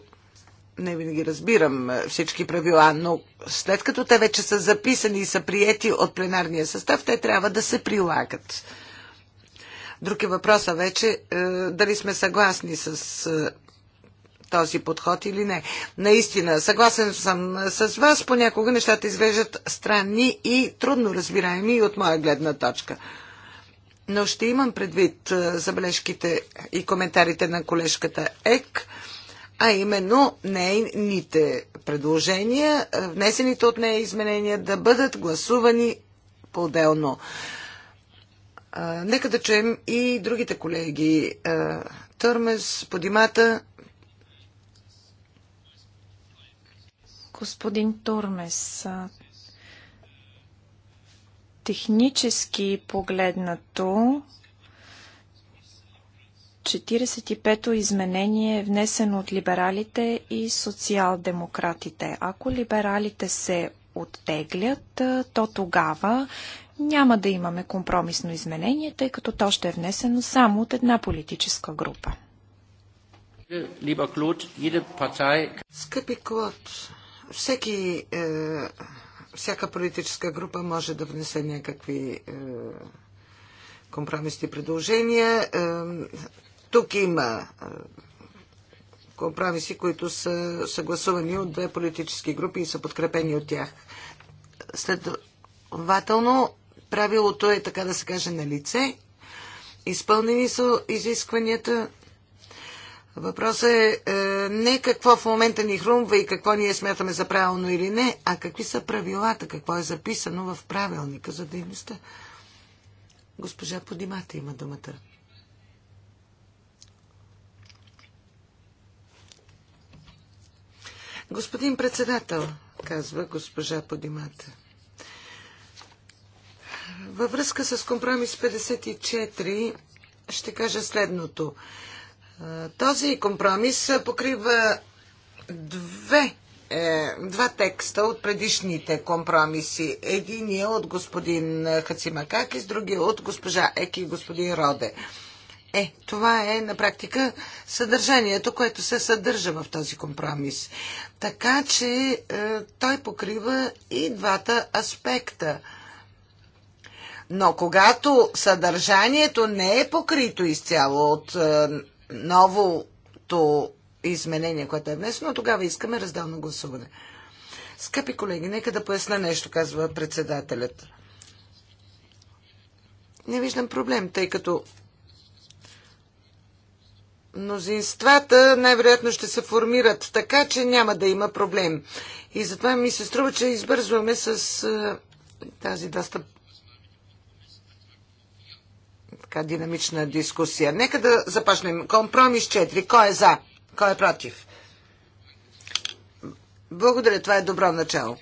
не винаги разбирам е, всички правила, но след като те вече са записани и са приети от пленарния състав, те трябва да се прилагат. Друг е въпроса вече е, дали сме съгласни с е, този подход или не. Наистина, съгласен съм с вас, понякога нещата изглеждат странни и трудно разбираеми от моя гледна точка. Но ще имам предвид забележките и коментарите на колежката ЕК а именно нейните предложения, внесените от нея изменения да бъдат гласувани по-отделно. Нека да чуем и другите колеги. Търмес, Подимата. Господин Турмес, технически погледнато, 45-то изменение е внесено от либералите и социал-демократите. Ако либералите се оттеглят, то тогава няма да имаме компромисно изменение, тъй като то ще е внесено само от една политическа група. Скъпи Клод, всеки, е, всяка политическа група може да внесе някакви е, компромисни предложения. Е, тук има компромиси, които са съгласувани от две политически групи и са подкрепени от тях. Следователно, правилото е, така да се каже, на лице. Изпълнени са изискванията. Въпросът е, е не какво в момента ни хрумва и какво ние смятаме за правилно или не, а какви са правилата, какво е записано в правилника за дейността. Госпожа Подимата има думата. Господин председател, казва госпожа Подимата. Във връзка с компромис 54 ще кажа следното. Този компромис покрива две, е, два текста от предишните компромиси. Единият от господин Хацимакакис, другия от госпожа Еки и господин Роде. Е, това е на практика съдържанието, което се съдържа в този компромис. Така че е, той покрива и двата аспекта. Но когато съдържанието не е покрито изцяло от е, новото изменение, което е внесено, тогава искаме разделно гласуване. Скъпи колеги, нека да поясна нещо, казва председателят. Не виждам проблем, тъй като мнозинствата най-вероятно ще се формират така, че няма да има проблем. И затова ми се струва, че избързваме с а, тази доста така динамична дискусия. Нека да започнем. Компромис 4. Кой е за? Кой е против? Благодаря, това е добро начало.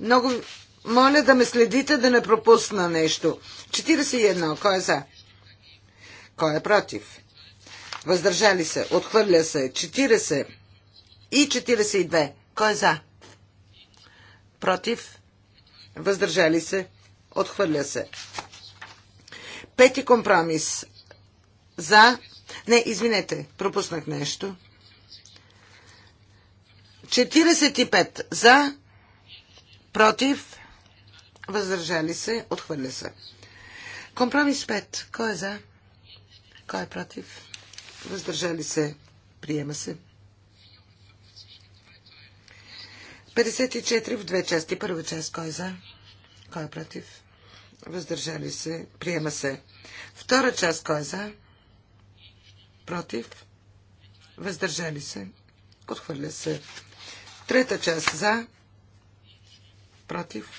Много моля да ме следите да не пропусна нещо. 41. Кой е за? Кой е против? въздържали се, отхвърля се 40 и 42. Кой е за? Против, въздържали се, отхвърля се. Пети компромис. За. Не, извинете, пропуснах нещо. 45 за, против, въздържали се, отхвърля се. Компромис 5. Кой е за? Кой е против? въздържали се, приема се. 54 в две части. Първа част кой е за? Кой е против? Въздържали се. Приема се. Втора част кой е за? Против? Въздържали се. Отхвърля се. Трета част за? Против?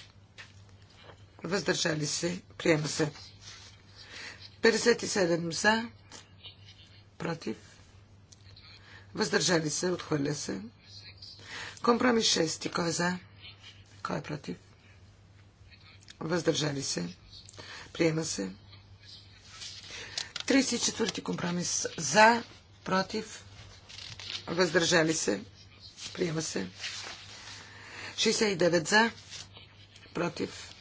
Въздържали се. Приема се. 57 за? против, въздържали се, отхвърля се. Компромис 6. Кой е за? Кой е против? Въздържали се. Приема се. 34-ти компромис. За, против, въздържали се. Приема се. 69 за, против,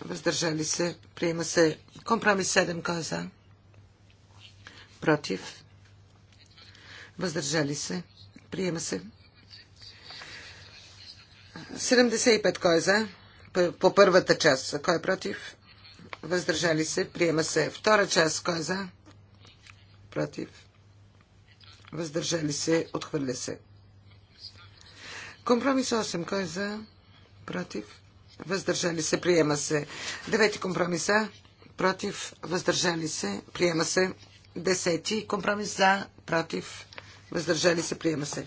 въздържали се. Приема се. Компромис 7. Кой е за? против, въздържали се, приема се. 75 кой е за? По първата част. Кой е против? Въздържали се. Приема се. Втора част. Кой е за? Против. Въздържали се. Отхвърля се. Компромис 8. Кой е за? Против. Въздържали се. Приема се. Девети компромиса. Против. Въздържали се. Приема се. 10 компромис за, против, въздържали се, приема се.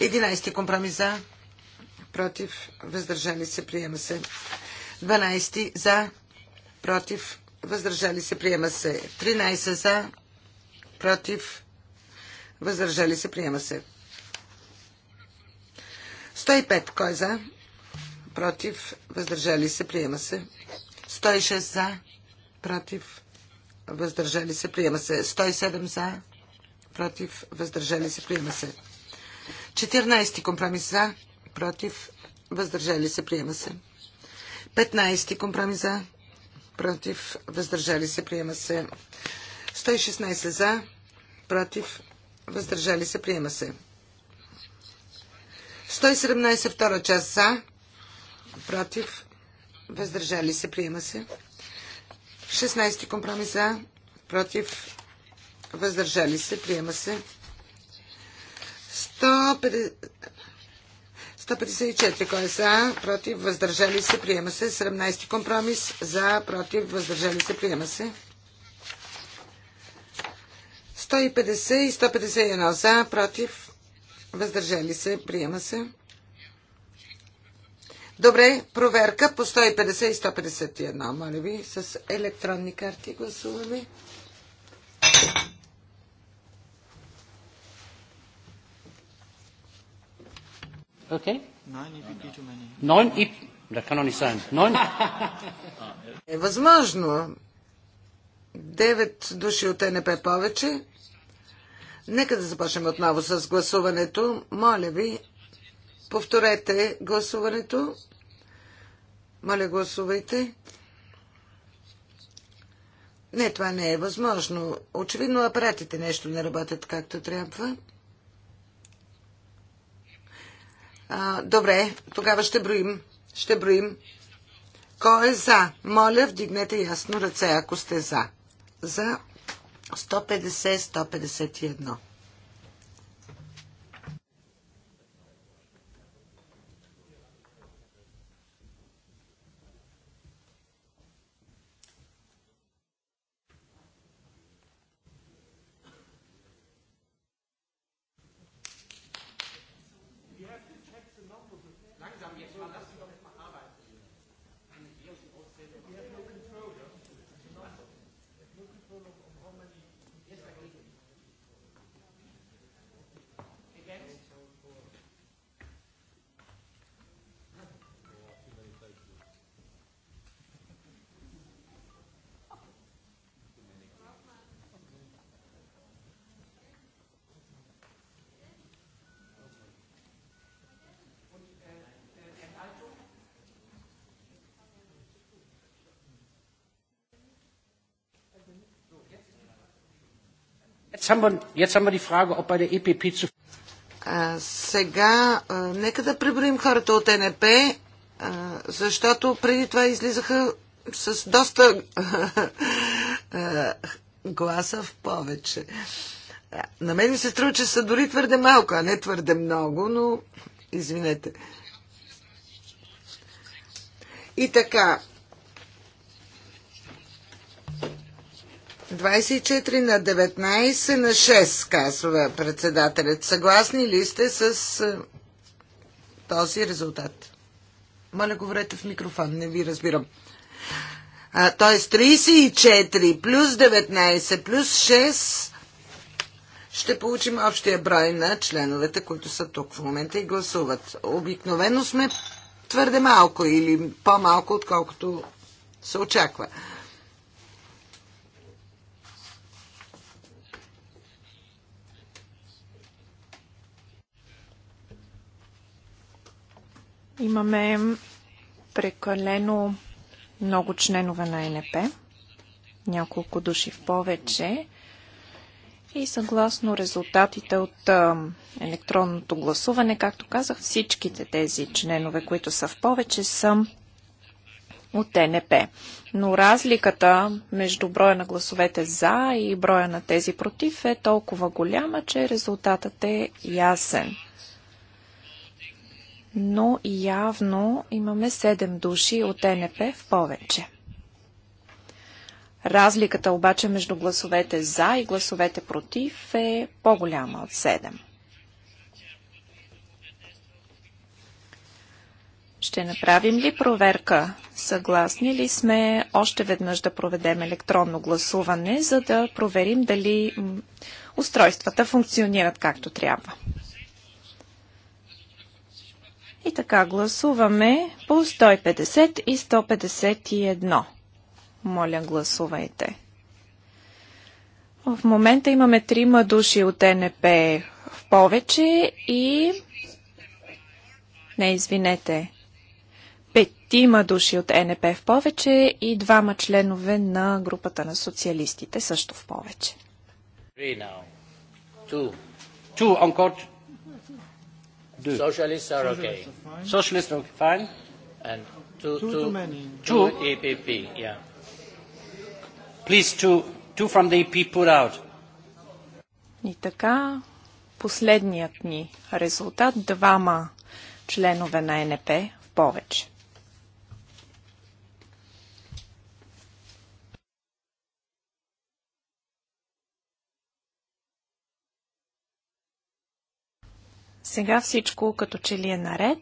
11 компромис за, против, въздържали се, приема се. 12 за, против, въздържали се, приема се. 13 за, против, въздържали се, приема се. 105. Кой е за? Против. Въздържали се. Приема се. 106 за. Против въздържали се, приема се. 107 за, против, въздържали се, приема се. 14 компромис за, против, въздържали се, приема се. 15 компромис за, против, въздържали се, приема се. 116 за, против, въздържали се, приема се. 117 втора част за, против, въздържали се, приема се. 16 компромис за, против, въздържали се, приема се. 154, кой е за, против, въздържали се, приема се. 17 компромис за, против, въздържали се, приема се. 150 и 151 за, против, въздържали се, приема се. Добре, проверка по 150 и 151, моля ви, с електронни карти гласуваме. Okay? Nine EPP too many. Nine EP... Да kann doch nicht Е възможно. Девет души от НП повече. Нека да започнем отново с гласуването. Моля ви, Повторете гласуването. Моля, гласувайте. Не, това не е възможно. Очевидно апаратите нещо не работят както трябва. А, добре, тогава ще броим. Ще броим. Кой е за? Моля, вдигнете ясно ръце, ако сте за. За 150-151. Jetzt haben wir, jetzt haben wir die Frage, ob bei der EPP zu... сега, нека да преброим хората от НП, защото преди това излизаха с доста гласа в повече. На мен се струва, че са дори твърде малко, а не твърде много, но извинете. И така, 24 на 19 на 6, казва председателят. Съгласни ли сте с е, този резултат? Моля, говорете в микрофон, не ви разбирам. А, тоест 34 плюс 19 плюс 6 ще получим общия брой на членовете, които са тук в момента и гласуват. Обикновено сме твърде малко или по-малко, отколкото се очаква. Имаме прекалено много членове на НП, няколко души в повече. И съгласно резултатите от електронното гласуване, както казах, всичките тези членове, които са в повече, са от ТНП. Но разликата между броя на гласовете за и броя на тези против е толкова голяма, че резултатът е ясен но явно имаме 7 души от НП в повече. Разликата обаче между гласовете за и гласовете против е по-голяма от 7. Ще направим ли проверка? Съгласни ли сме още веднъж да проведем електронно гласуване, за да проверим дали устройствата функционират както трябва? И така гласуваме по 150 и 151. Моля, гласувайте. В момента имаме трима души от НП в повече и... Не, извинете. Петима души от НП в повече и двама членове на групата на социалистите също в повече. Two. Two, encore Deux. Socialists are okay. Socialists are okay. fine. And two, two, two, many. two EPP, yeah. Please, two, two from the EP put out. И така, последният ни резултат, двама членове на НП в повече. Сега всичко като че ли е наред.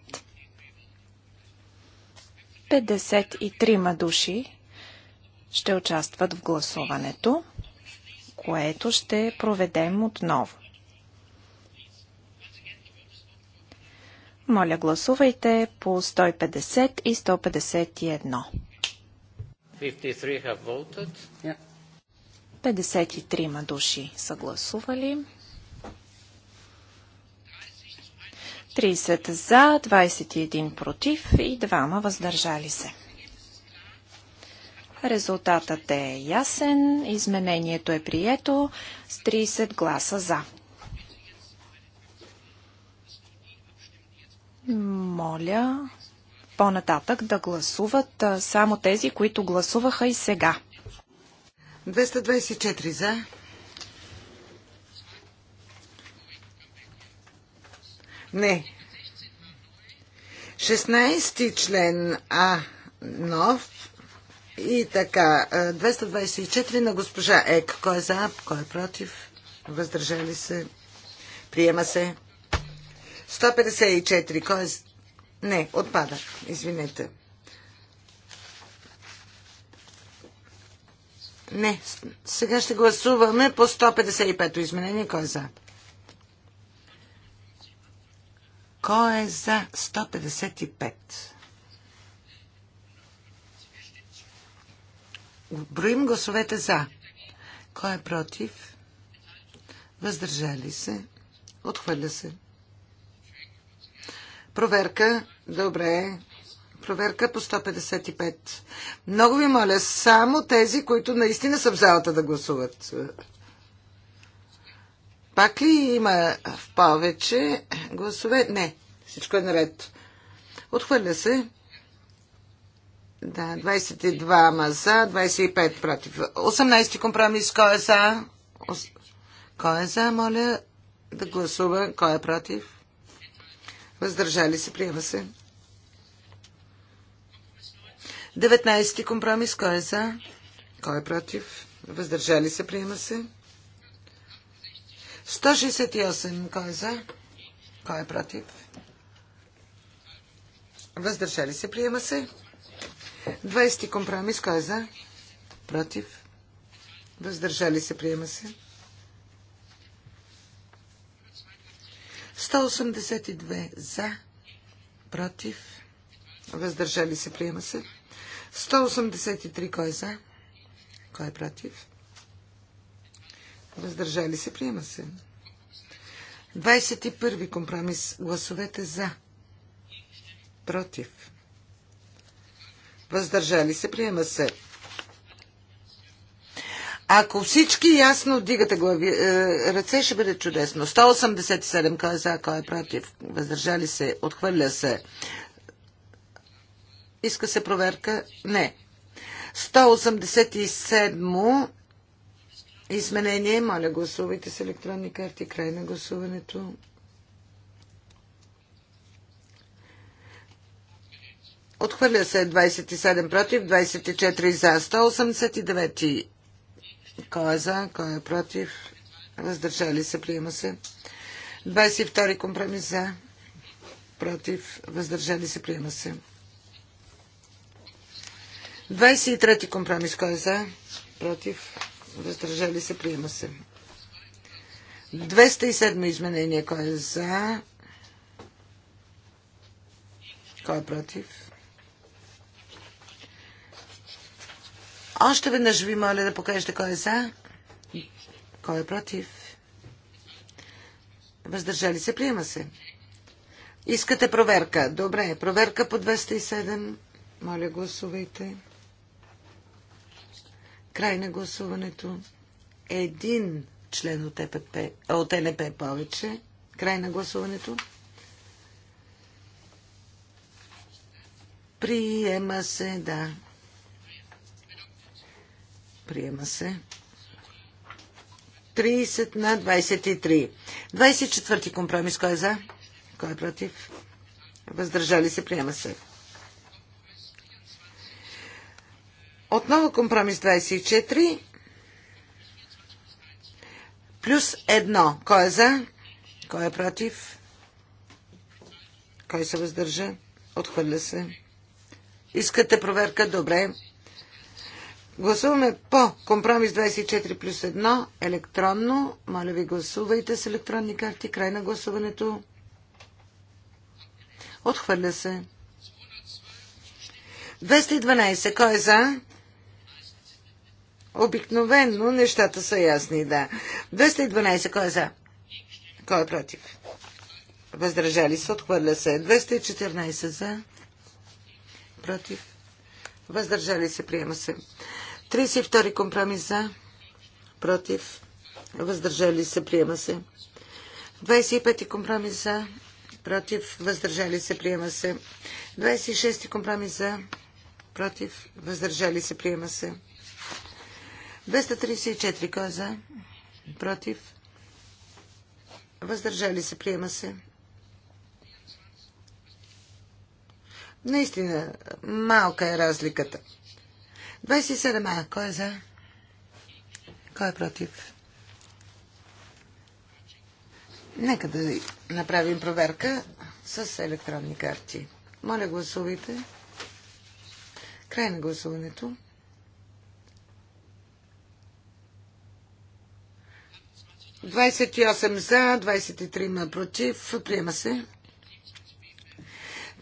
53 души ще участват в гласуването, което ще проведем отново. Моля, гласувайте по 150 и 151. 53 души са гласували. 30 за, 21 против и 2 въздържали се. Резултатът е ясен. Изменението е прието с 30 гласа за. Моля по-нататък да гласуват само тези, които гласуваха и сега. 224 за, Не. 16 член А нов и така, 224 на госпожа Ек. Кой е за, кой е против? Въздържали се? Приема се? 154. Кой е... Не, отпада. Извинете. Не, сега ще гласуваме по 155-то изменение. Кой е за? Кой е за 155? Броим гласовете за. Кой е против? Въздържали се. Отхвърля се. Проверка. Добре. Проверка по 155. Много ви моля, само тези, които наистина са в залата да гласуват. Пак ли има в повече гласове? Не, всичко е наред. Отхвърля се. Да, 22 ма за, 25 против. 18 компромис. Кой е за? Кой е за, моля да гласува. Кой е против? Въздържали се, приема се. 19 компромис. Кой е за? Кой е против? Въздържали се, приема се. 168. Кой е за? Кой е против? Въздържали се. Приема се. 20 компромис. Кой е за? Против. Въздържали се. Приема се. 182 за. Против. Въздържали се. Приема се. 183. Кой е за? Кой е против? Въздържали се, приема се. 21 компромис. Гласовете за. Против. Въздържали се, приема се. Ако всички ясно вдигате глави, е, ръце, ще бъде чудесно. 187, кой е за, кой е против. Въздържали се, отхвърля се. Иска се проверка? Не. 187 изменение. Моля, гласувайте с електронни карти. Край на гласуването. Отхвърля се 27 против, 24 за, 189. Кой е за, кой е против? Въздържали се, приема се. 22 компромис за, против, въздържали се, приема се. 23 компромис, кой е за, против, въздържали се, приема се. 207 изменение, кой е за, кой е против. Още веднъж ви моля да покажете кой е за, кой е против. Въздържали се, приема се. Искате проверка. Добре, проверка по 207. Моля, гласувайте. Край на гласуването. Един член от, ЕПП, от НП повече. Край на гласуването. Приема се, да. Приема се. 30 на 23. 24 компромис. Кой е за? Кой е против? Въздържали се. Приема се. Отново компромис 24 плюс 1. Кой е за? Кой е против? Кой се въздържа? Отхвърля се. Искате проверка? Добре. Гласуваме по компромис 24 плюс 1 електронно. Моля ви, гласувайте с електронни карти. Край на гласуването. Отхвърля се. 212. Кой е за? Обикновено нещата са ясни, да. 212, кой е за? Кой е против? Въздържали се, отхвърля се. 214 за. Против. Въздържали се, приема се. 32 компромис за. Против. Въздържали се, приема се. 25 компромис за. Против. Въздържали се, приема се. 26 компромис за. Против. Въздържали се, приема се. 234. Кой е за? Против? Въздържали се. Приема се. Наистина, малка е разликата. 27А. Кой е за? Кой е против? Нека да направим проверка с електронни карти. Моля, гласувайте. Край на гласуването. 28 за, 23 ма против. Приема се.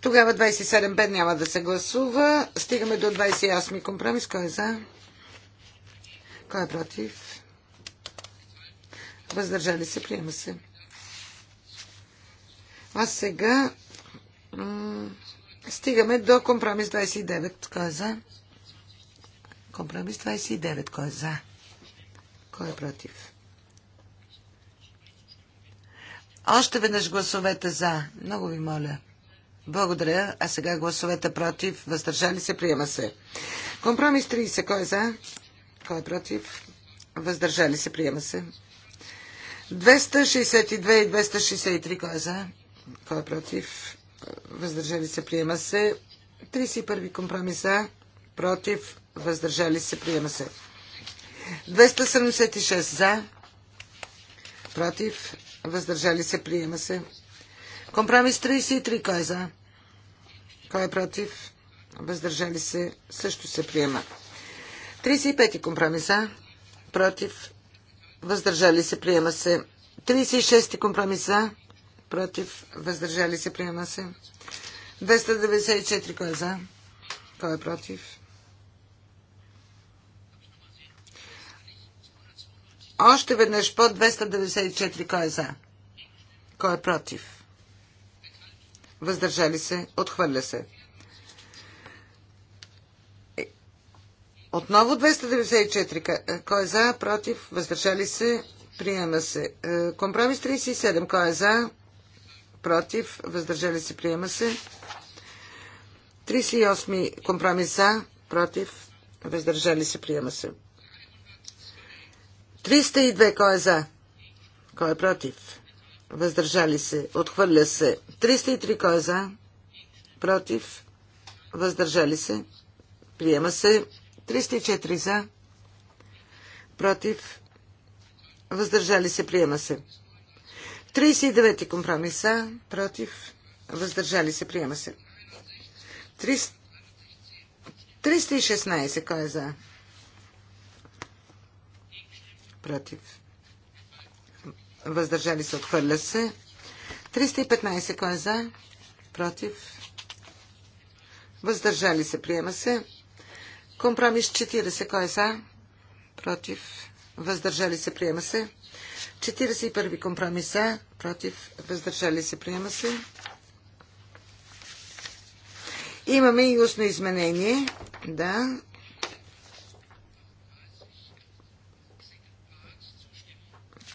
Тогава 27 бе няма да се гласува. Стигаме до 28 компромис. Кой е за? Кой е против? Въздържали се. Приема се. А сега стигаме до компромис 29. Кой е за? Компромис 29. Кой е за? Кой е против? Още веднъж гласовете за. Много ви моля. Благодаря. А сега гласовете против. Въздържали се. Приема се. Компромис 30. Кой е за? Кой е против? Въздържали се. Приема се. 262 и 263. Кой е за? Кой е против? Въздържали се. Приема се. 31 компромис за. Против. Въздържали се. Приема се. 276 за. Против въздържали се, приема се. Компромис 33, кой е за? Кой е против? Въздържали се, също се приема. 35 компромиса, против, въздържали се, приема се. 36 компромиса, против, въздържали се, приема се. 294 кой е за? Кой е против? Още веднъж по 294. Кой е за? Кой е против? Въздържали се? Отхвърля се. Е, отново 294. Е, кой е за? Против? Въздържали се? Приема се. Е, компромис 37. Кой е за? Против? Въздържали се? Приема се. 38. Компромис за? Против? Въздържали се? Приема се. 302. Кой е за? Кой е против? Въздържали се. Отхвърля се. 303. Кой е за? Против. Въздържали се. Приема се. 304 за. Против. Въздържали се. Приема се. 39 компромиса. Против. Въздържали се. Приема се. 316. Кой е за? против. Въздържали се, отхвърля се. 315, кой е за? Против. Въздържали се, приема се. Компромис 40, кой е за? Против. Въздържали се, приема се. 41 компромиса? против, въздържали се, приема се. Имаме и устно изменение. Да,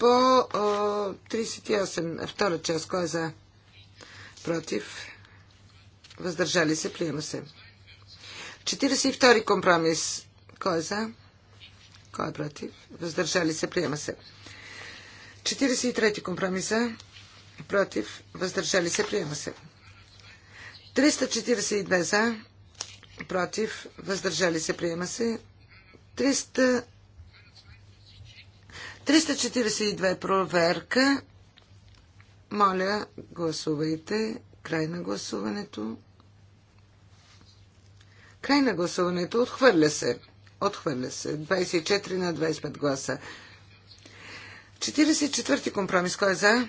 по 38, втора част. Кой е за? Против. Въздържали се. Приема се. 42 компромис. Кой е за? Кой е против? Въздържали се. Приема се. 43 компромиса. Против. Въздържали се. Приема се. 342 за. Против. Въздържали се. Приема се. 300 342 проверка. Моля, гласувайте. Край на гласуването. Край на гласуването. Отхвърля се. Отхвърля се. 24 на 25 гласа. 44-ти компромис. Кой е за?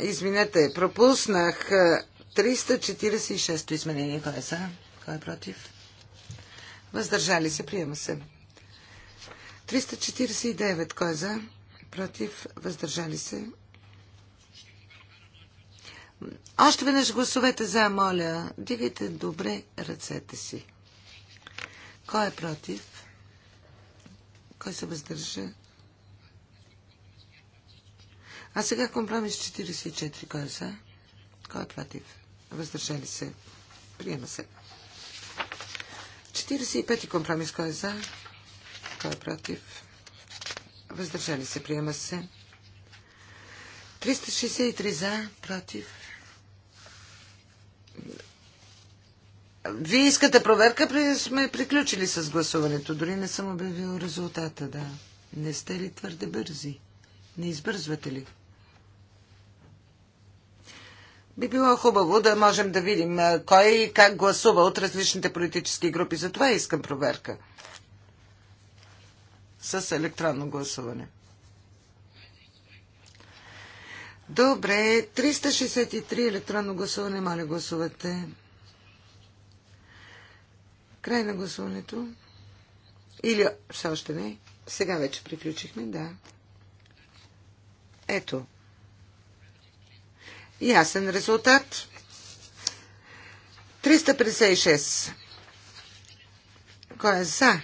Извинете, пропуснах 346-то изменение. Кой е за? Кой е против? Въздържали се. Приема се. 349. Кой е за? Против. Въздържали се. Още веднъж гласовете за, моля. Дигайте добре ръцете си. Кой е против? Кой се въздържа? А сега компромис 44. Кой е за? Кой е против? Въздържали се. Приема се. 45 компромис. Кой е за? Кой е против? Въздържали се. Приема се. 363 за, против. Вие искате проверка, преди сме приключили с гласуването. Дори не съм обявил резултата, да. Не сте ли твърде бързи? Не избързвате ли? Би било хубаво да можем да видим кой и как гласува от различните политически групи. Затова искам проверка с електронно гласуване. Добре, 363 електронно гласуване, моля гласувате. Край на гласуването. Или все още не. Сега вече приключихме, да. Ето. Ясен резултат. 356. Кой е за?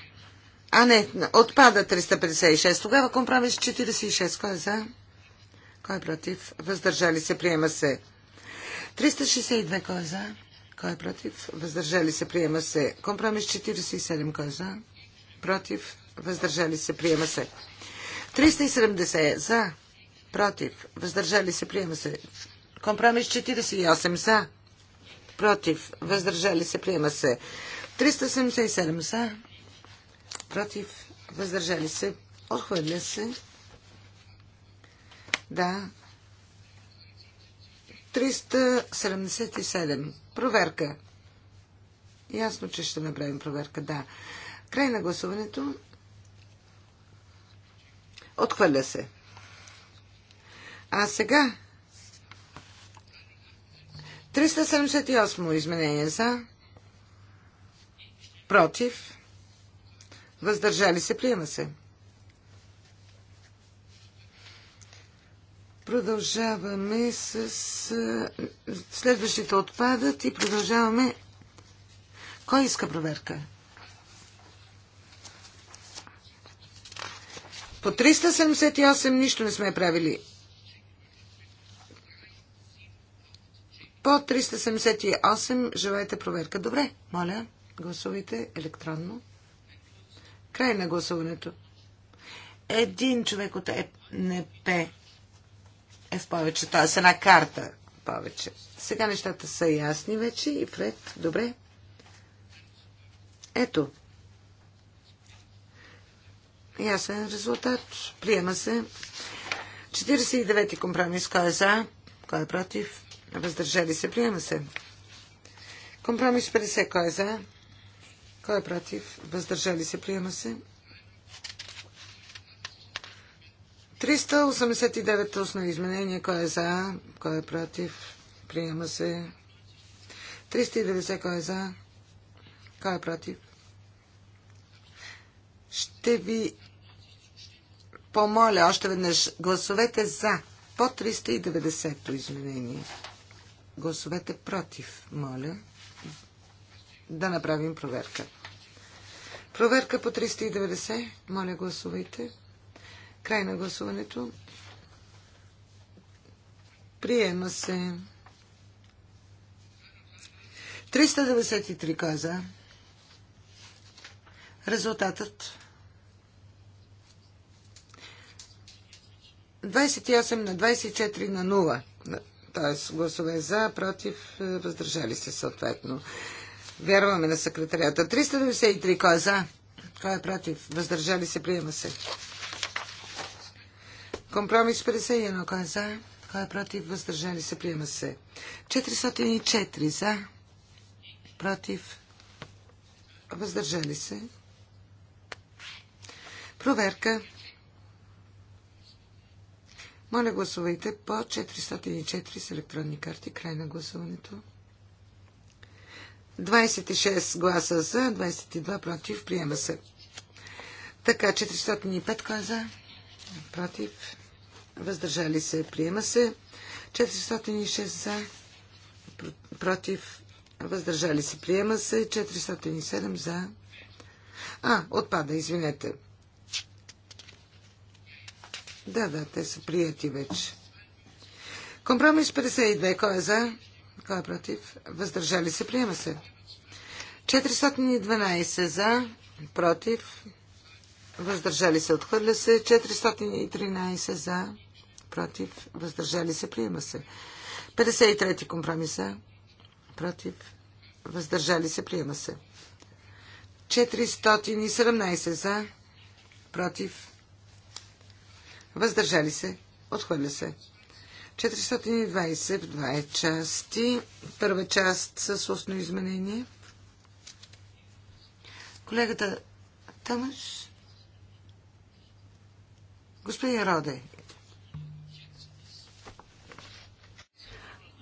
А не, отпада 356. Тогава компромис 46. Кой е за? Кой е против? Въздържали се, приема се. 362. Кой е за? Кой е против? Въздържали се, приема се. Компромис 47. Кой е за? Против? Въздържали се, приема се. 370. За? Против? Въздържали се, приема се. Компромис 48. За? Против? Въздържали се, приема се. 377. За? против, въздържали се, отхвърля се. Да. 377. Проверка. Ясно, че ще направим проверка, да. Край на гласуването. Отхвърля се. А сега 378 изменение за против въздържали се, приема се. Продължаваме с... Следващите отпадат и продължаваме... Кой иска проверка? По 378 нищо не сме правили. По 378 желаете проверка. Добре, моля, гласувайте електронно. Край на гласуването. Един човек от ЕНП е в повече, т.е. една карта повече. Сега нещата са ясни вече и пред. добре. Ето. Ясен резултат. Приема се. 49-ти компромис. Кой е за? Кой е против? Въздържали се. Приема се. Компромис 50. Кой е за? Кой е против? Въздържали се. Приема се. 389 устно изменение. Кой е за? Кой е против? Приема се. 390. Кой е за? Кой е против? Ще ви помоля още веднъж. Гласовете за по 390-то изменение. Гласовете против, моля. Да направим проверка. Проверка по 390. Моля, гласувайте. Край на гласуването. Приема се. 393 каза. Е Резултатът. 28 на 24 на 0. Т.е. гласове за, против, въздържали се съответно. Вярваме на секретарията. 393. Кой е за? Кой е против? Въздържали се. Приема се. Компромис 51. Кой е за? Кой е против? Въздържали се. Приема се. 404. За? Против? Въздържали се. Проверка. Моля гласувайте по 404 с електронни карти. Край на гласуването. 26 гласа за, 22 против. Приема се. Така, 405 кой е за? Против. Въздържали се. Приема се. 406 за. Против. Въздържали се. Приема се. 407 за. А, отпада, извинете. Да, да, те са прияти вече. Компромис 52. Кой е за? Кой е против? Въздържали се. Приема се. 412 за. Против. Въздържали се. Отхвърля се. 413 за. Против. Въздържали се. Приема се. 53-ти компромиса. Против. Въздържали се. Приема се. 417 за. Против. Въздържали се. Отхвърля се. 420 в две части. Първа част с устно изменение. Колегата Тамаш. Господин Роде.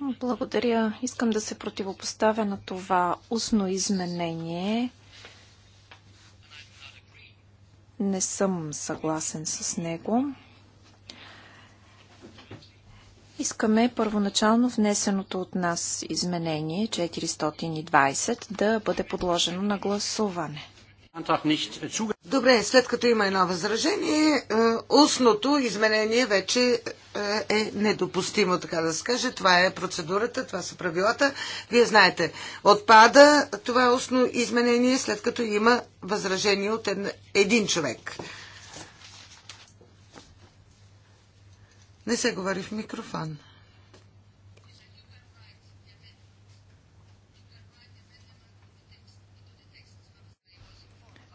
Благодаря. Искам да се противопоставя на това устно изменение. Не съм съгласен с него. Искаме първоначално внесеното от нас изменение 420 да бъде подложено на гласуване. Добре, след като има едно възражение, е, устното изменение вече е, е недопустимо, така да се каже. Това е процедурата, това са правилата. Вие знаете, отпада това устно изменение, след като има възражение от един човек. Не се говори в микрофон.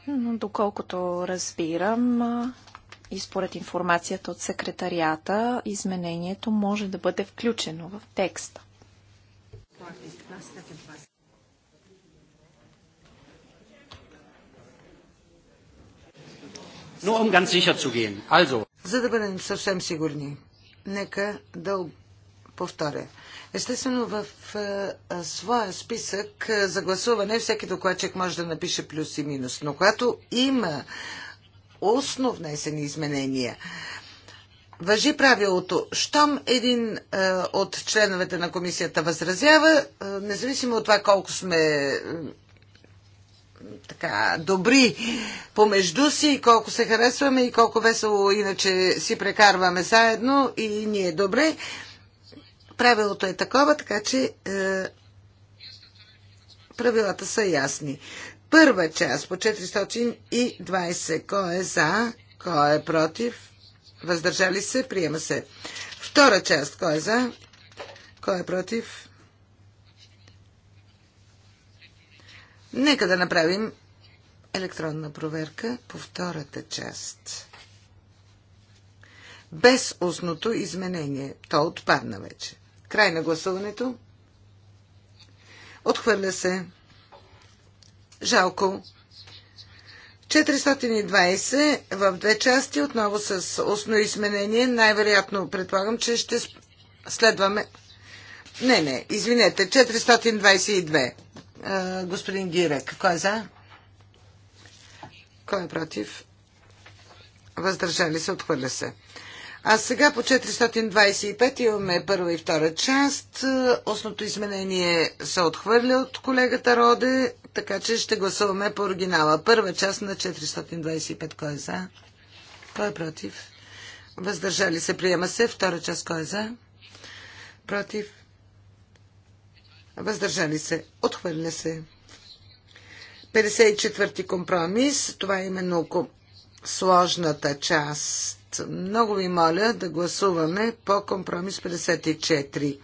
Но доколкото разбирам и според информацията от секретарията, изменението може да бъде включено в текста. Um За да бъдем съвсем сигурни нека да повторя. Естествено, в е, е, своя списък е, за гласуване всеки докладчик може да напише плюс и минус, но когато има устно внесени изменения, въжи правилото. Щом един а, от членовете на комисията възразява, а, независимо от това колко сме така добри помежду си, и колко се харесваме и колко весело иначе си прекарваме заедно и ние добре. Правилото е такова, така че е, правилата са ясни. Първа част по 420. Кой е за? Кой е против? Въздържали се? Приема се. Втора част. Кой е за? Кой е против? Нека да направим електронна проверка по втората част. Без устното изменение. То отпадна вече. Край на гласуването. Отхвърля се. Жалко. 420 в две части, отново с устно изменение. Най-вероятно предполагам, че ще следваме. Не, не, извинете, 422 господин Гирек. Кой е за? Кой е против? Въздържали се, отхвърля се. А сега по 425 имаме първа и втора част. Осното изменение се отхвърля от колегата Роде, така че ще гласуваме по оригинала. Първа част на 425. Кой е за? Кой е против? Въздържали се, приема се. Втора част кой е за? Против? въздържали се, отхвърля се. 54-ти компромис, това е именно сложната част. Много ви моля да гласуваме по компромис 54.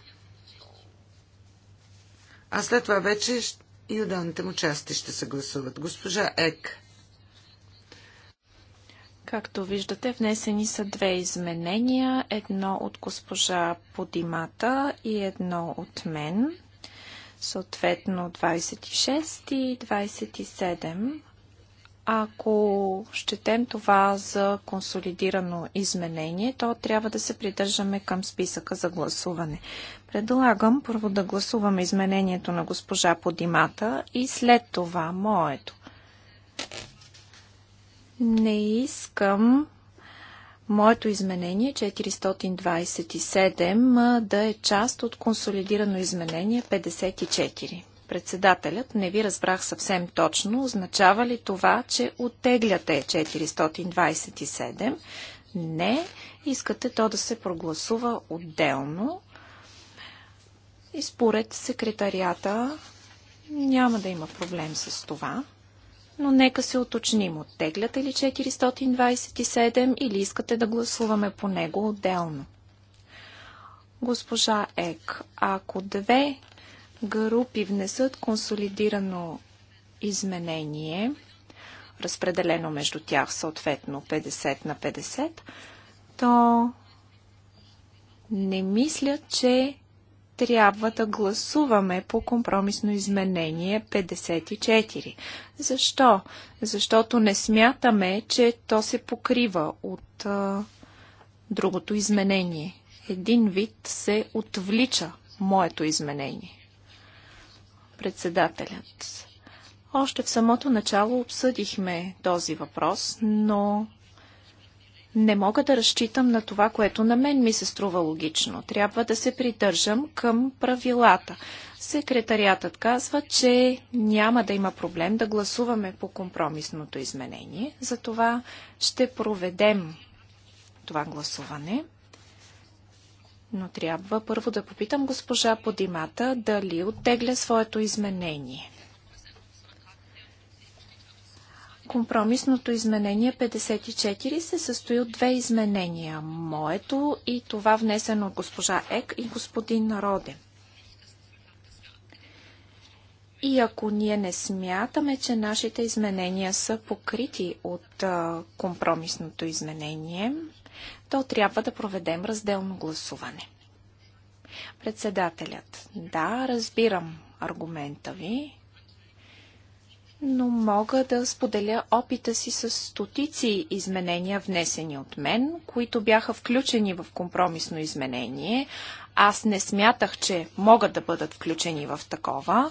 А след това вече и отделните му части ще се гласуват. Госпожа Ек. Както виждате, внесени са две изменения. Едно от госпожа Подимата и едно от мен съответно 26 и 27. Ако щетем това за консолидирано изменение, то трябва да се придържаме към списъка за гласуване. Предлагам първо да гласуваме изменението на госпожа Подимата и след това моето. Не искам моето изменение 427 е да е част от консолидирано изменение 54. Председателят, не ви разбрах съвсем точно, означава ли това, че оттегляте 427? Не, искате то да се прогласува отделно. И според секретарията няма да има проблем с това но нека се уточним. Оттегляте ли 427 или искате да гласуваме по него отделно? Госпожа Ек, ако две групи внесат консолидирано изменение, разпределено между тях съответно 50 на 50, то не мисля, че трябва да гласуваме по компромисно изменение 54. Защо? Защото не смятаме, че то се покрива от а, другото изменение. Един вид се отвлича моето изменение. Председателят. Още в самото начало обсъдихме този въпрос, но не мога да разчитам на това, което на мен ми се струва логично. Трябва да се придържам към правилата. Секретариатът казва, че няма да има проблем да гласуваме по компромисното изменение. Затова ще проведем това гласуване. Но трябва първо да попитам госпожа Подимата дали оттегля своето изменение. Компромисното изменение 54 се състои от две изменения. Моето и това внесено от госпожа Ек и господин Роде. И ако ние не смятаме, че нашите изменения са покрити от а, компромисното изменение, то трябва да проведем разделно гласуване. Председателят. Да, разбирам аргумента ви но мога да споделя опита си с стотици изменения, внесени от мен, които бяха включени в компромисно изменение. Аз не смятах, че могат да бъдат включени в такова,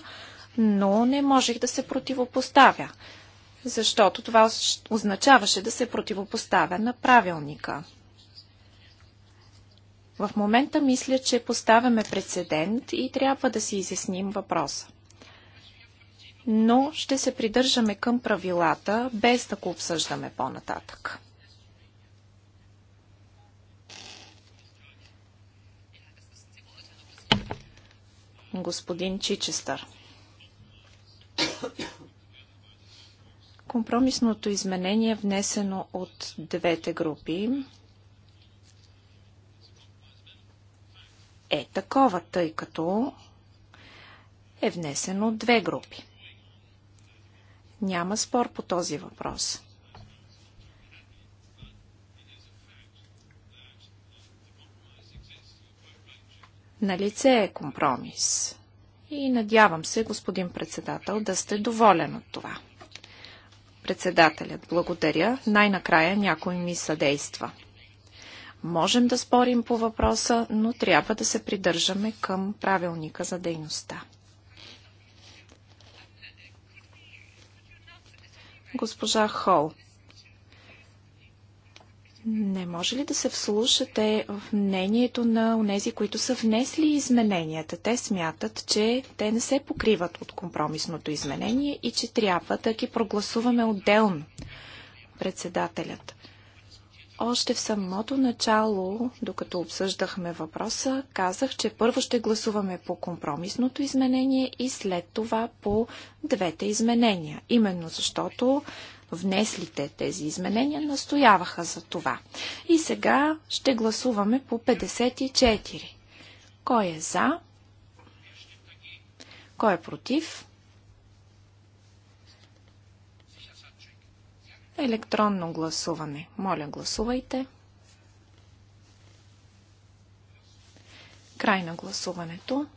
но не можех да се противопоставя, защото това означаваше да се противопоставя на правилника. В момента мисля, че поставяме прецедент и трябва да си изясним въпроса но ще се придържаме към правилата, без да го обсъждаме по-нататък. Господин Чичестър. Компромисното изменение е внесено от двете групи е такова, тъй като е внесено от две групи. Няма спор по този въпрос. Налице е компромис. И надявам се, господин председател, да сте доволен от това. Председателят, благодаря. Най-накрая някой ми съдейства. Можем да спорим по въпроса, но трябва да се придържаме към правилника за дейността. Госпожа Хол, не може ли да се вслушате в мнението на онези, които са внесли измененията? Те смятат, че те не се покриват от компромисното изменение и че трябва да ги прогласуваме отделно. Председателят. Още в самото начало, докато обсъждахме въпроса, казах, че първо ще гласуваме по компромисното изменение и след това по двете изменения. Именно защото внеслите тези изменения настояваха за това. И сега ще гласуваме по 54. Кой е за? Кой е против? Електронно гласуване. Моля, гласувайте. Край на гласуването.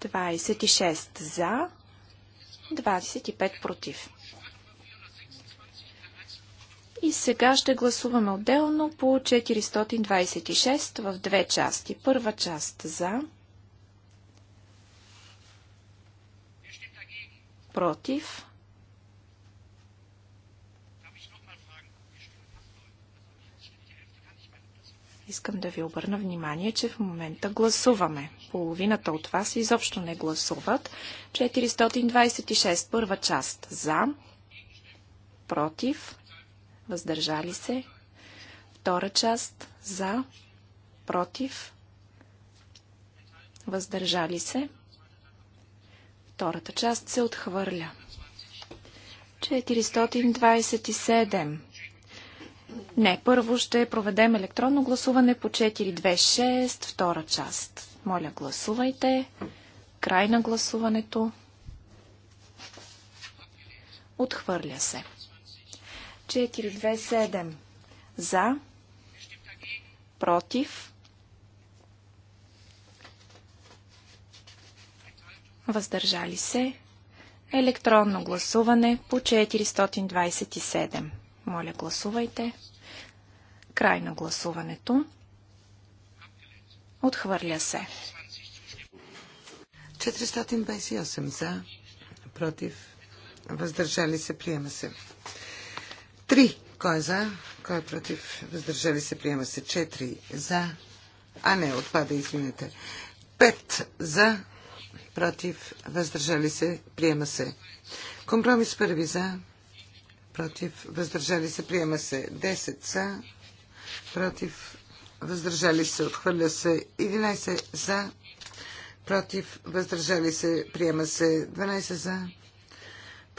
Двадесет и шест за, двадесет и пет против. И сега ще гласуваме отделно по 426 в две части. Първа част за, против, Искам да ви обърна внимание, че в момента гласуваме. Половината от вас изобщо не гласуват. 426 първа част за, против, въздържали се. Втора част за, против, въздържали се. Втората част се отхвърля. 427. Не, първо ще проведем електронно гласуване по 426, втора част. Моля, гласувайте. Край на гласуването. Отхвърля се. 427 за, против, въздържали се, електронно гласуване по 427. Моля, гласувайте. Край на гласуването. Отхвърля се. 428 за, против, въздържали се, приема се. 3. Кой е за? Кой е против? Въздържали се, приема се. 4 за. А не, отпада, извините. 5 за. Против. Въздържали се, приема се. Компромис първи за. Против. Въздържали се, приема се. 10 за. Против. Въздържали се, отхвърля се. 11 за. Против. Въздържали се, приема се. 12 за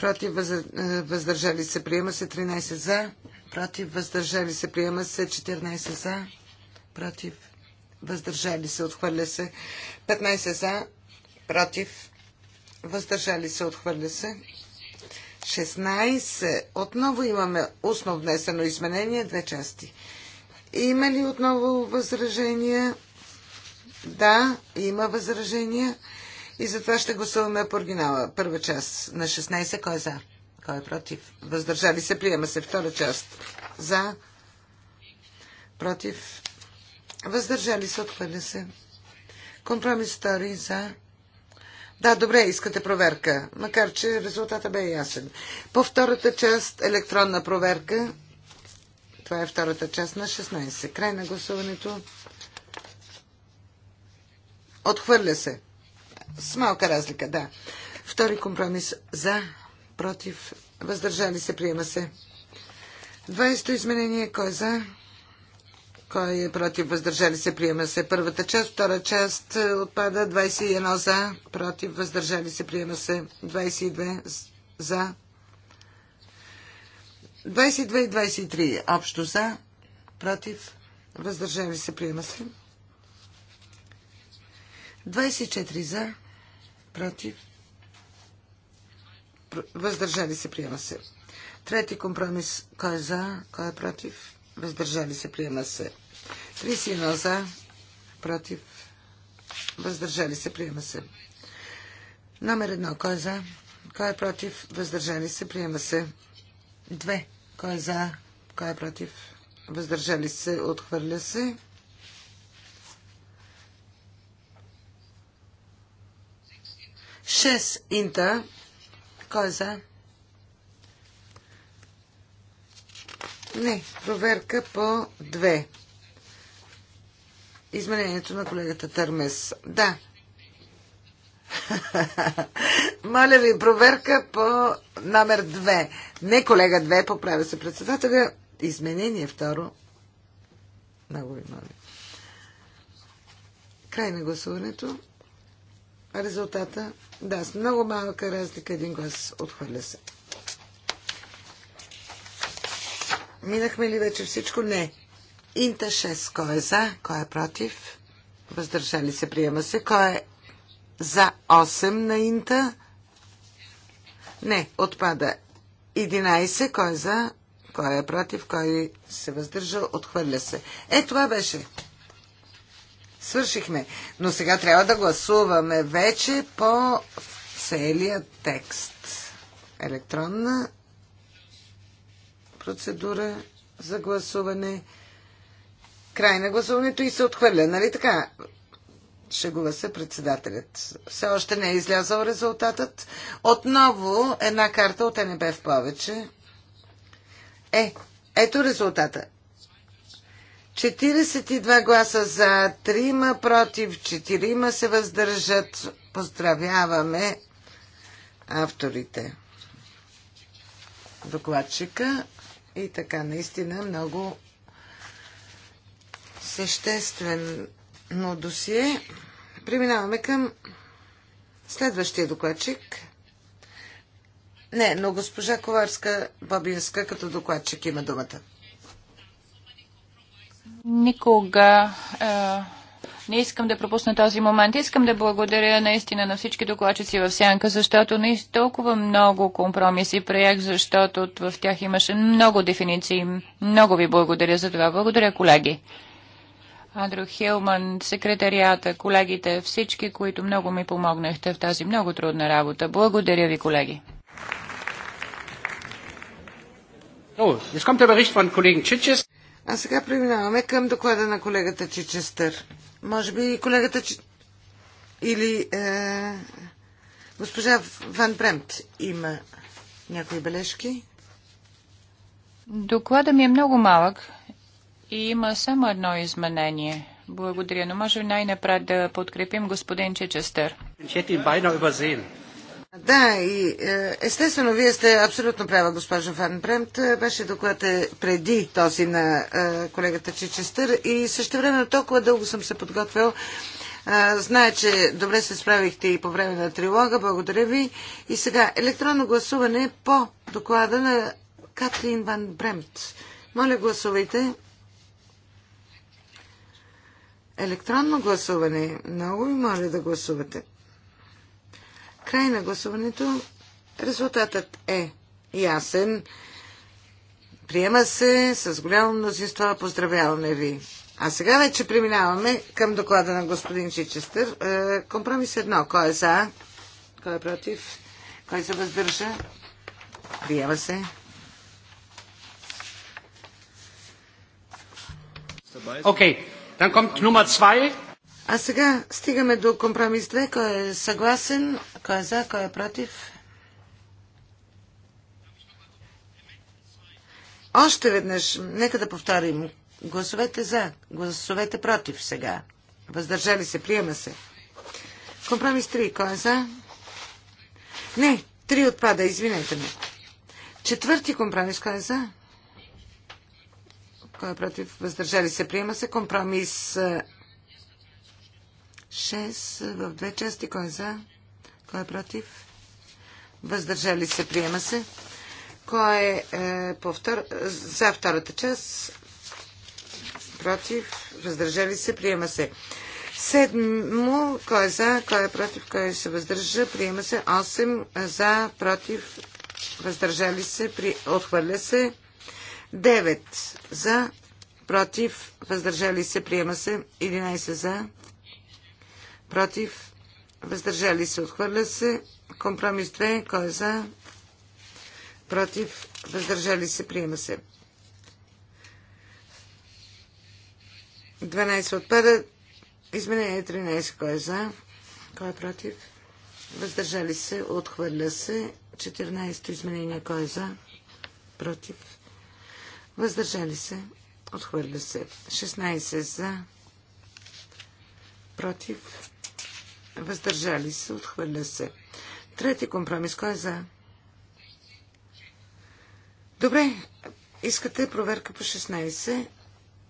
против е, въздържали се, приема се 13 за, против въздържали се, приема се 14 за, против въздържали се, отхвърля се 15 за, против въздържали се, отхвърля се 16. Отново имаме устно внесено изменение, две части. Има ли отново възражения? Да, има възражения. И затова ще гласуваме по оригинала. Първа част на 16. Кой е за? Кой е против? Въздържали се. Приема се. Втора част. За. Против. Въздържали се. Отхвърля се. Компромис втори. За. Да, добре, искате проверка. Макар, че резултата бе ясен. По втората част електронна проверка. Това е втората част на 16. Край на гласуването. Отхвърля се. С малка разлика, да. Втори компромис за, против, въздържали се, приема се. 20-то изменение, кой е за? Кой е против, въздържали се, приема се. Първата част, втора част е, отпада. 21 за, против, въздържали се, приема се. 22 за. 22 и 23 общо за, против, въздържали се, приема се. 24 за, Против. Въздържали се, приема се. Трети компромис. Кой е за? Кой е против? Въздържали се, приема се. Три 31 за. Против. Въздържали се, приема се. Номер едно. Кой е за? Кой е против? Въздържали се, приема се. Две. Кой е за? Кой е против? Въздържали се, отхвърля се. 6 инта. Кой е за? Не, проверка по две. Изменението на колегата Търмес. Да. Моля ви, проверка по номер 2. Не колега две, поправя се председателя. Изменение второ. Много ви моля. Край на гласуването. Резултата да, с много малка разлика един глас отхвърля се. Минахме ли вече всичко? Не. Инта 6. Кой е за? Кой е против? Въздържали се, приема се. Кой е за 8 на Инта? Не, отпада 11. Кой е за? Кой е против? Кой се въздържа? Отхвърля се. Е, това беше свършихме. Но сега трябва да гласуваме вече по целия текст. Електронна процедура за гласуване. Край на гласуването и се отхвърля, нали така? Шегува се председателят. Все още не е излязъл резултатът. Отново една карта от НБ в повече. Е, ето резултата. 42 гласа за, 3 против, 4 се въздържат. Поздравяваме авторите. Докладчика и така наистина много съществено досие. Преминаваме към следващия докладчик. Не, но госпожа Коварска Бабинска като докладчик има думата. Никога е, не искам да пропусна този момент. Искам да благодаря наистина на всички докладчици в Сянка, защото не толкова много компромиси приех, защото в тях имаше много дефиниции. Много ви благодаря за това. Благодаря, колеги. Андрю Хилман, секретарията, колегите, всички, които много ми помогнахте в тази много трудна работа. Благодаря ви, колеги. Oh, jetzt kommt der Bericht von Kollegen Tschitschis. А сега преминаваме към доклада на колегата Чичестър. Може би колегата Чи... или е... госпожа Ван Бремт има някои бележки. Доклада ми е много малък и има само едно изменение. Благодаря, но може най-напред да подкрепим господин Чичестър. Да, и е, естествено, вие сте абсолютно права, госпожа Фан Бремт. Беше докладът е преди този на е, колегата Чичестър и също време толкова дълго съм се подготвил. Е, Знае, че добре се справихте и по време на трилога. Благодаря ви. И сега, електронно гласуване по доклада на Катлин Ван Бремт. Моля, гласувайте. Електронно гласуване. Много ви моля да гласувате. Край на гласуването. Резултатът е ясен. Приема се с голямо мнозинство. Поздравяваме ви. А сега вече преминаваме към доклада на господин Чичестър. Е, компромис едно. Кой е за? Кой е против? Кой се въздържа? Приема се. Окей. Okay. Dann kommt Nummer 2. А сега стигаме до компромис 2. Кой е съгласен? Кой е за? Кой е против? Още веднъж, нека да повторим. Гласовете за, гласовете против сега. Въздържали се, приема се. Компромис 3. Кой е за? Не, 3 отпада, извинете ме. Четвърти компромис. Кой е за? Кой е против? Въздържали се, приема се. Компромис 6 в две части. Кой е за? Кой е против? Въздържали се, приема се. Кой е, е по втор... за втората част? Против? Въздържали се, приема се. Седмо, кой е за, кой е против, кой се въздържа, приема се. 8 за, против, въздържали се, при... отхвърля се. 9 за, против, въздържали се, приема се. 11 за, против, въздържали се, отхвърля се. Компромис 2, кой е за, против, въздържали се, приема се. 12 отпада, изменение 13, кой е за, кой е против, въздържали се, отхвърля се. 14 изменение, кой е за, против, въздържали се, отхвърля се. 16 за, против, въздържали се, отхвърля се. Трети компромис, кой е за? Добре, искате проверка по 16.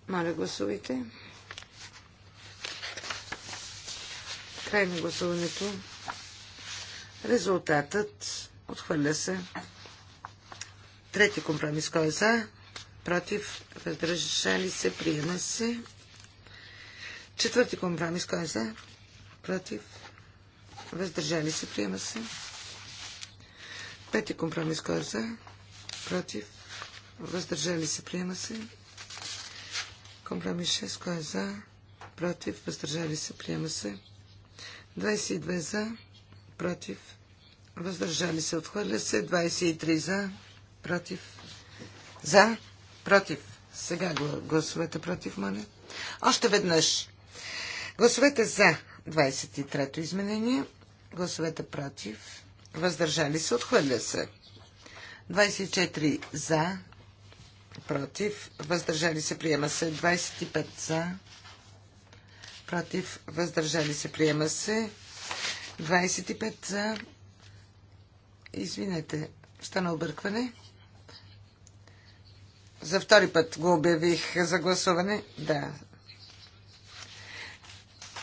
Моля, гласувайте. Край на гласуването. Резултатът отхвърля се. Трети компромис, кой е за? Против, въздържали се, приема се. Четвърти компромис, кой е за? против, въздържали се, приема се. Пети компромис, кой е за, против, въздържали се, приема се. Компромис 6, кой е за, против, въздържали се, приема се. 22 за, против, въздържали се, отхвърля се. 23 за, против, за, против. Сега гласовете против, моля. Още веднъж. Гласовете за 23-то изменение. Гласовете против. Въздържали се. Отхвърля се. 24 за. Против. Въздържали се. Приема се. 25 за. Против. Въздържали се. Приема се. 25 за. Извинете. Стана объркване. За втори път го обявих за гласуване. Да,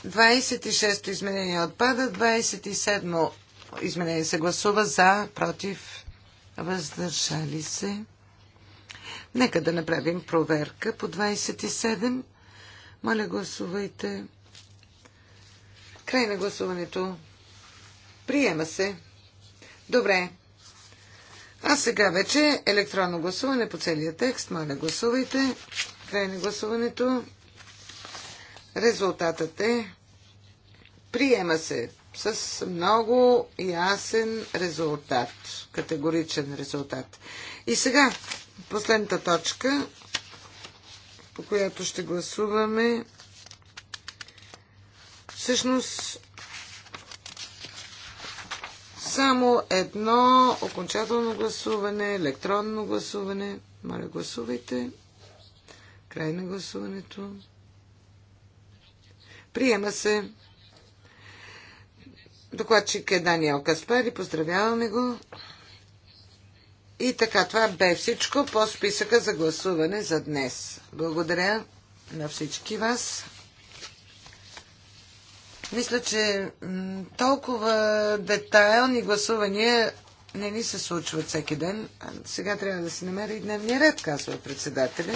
26-то изменение отпада, 27-то изменение се гласува за, против, въздържали се. Нека да направим проверка по 27. Моля, гласувайте. Край на гласуването. Приема се. Добре. А сега вече електронно гласуване по целия текст. Моля, гласувайте. Край на гласуването. Резултатът е приема се с много ясен резултат, категоричен резултат. И сега, последната точка, по която ще гласуваме, всъщност само едно окончателно гласуване, електронно гласуване. Моля, гласувайте. Край на гласуването. Приема се. Докладчик е Даниел Каспари. Поздравяваме го. И така, това бе всичко по списъка за гласуване за днес. Благодаря на всички вас. Мисля, че толкова детайлни гласувания не ни се случват всеки ден. Сега трябва да си намери и дневния ред, казва председателя.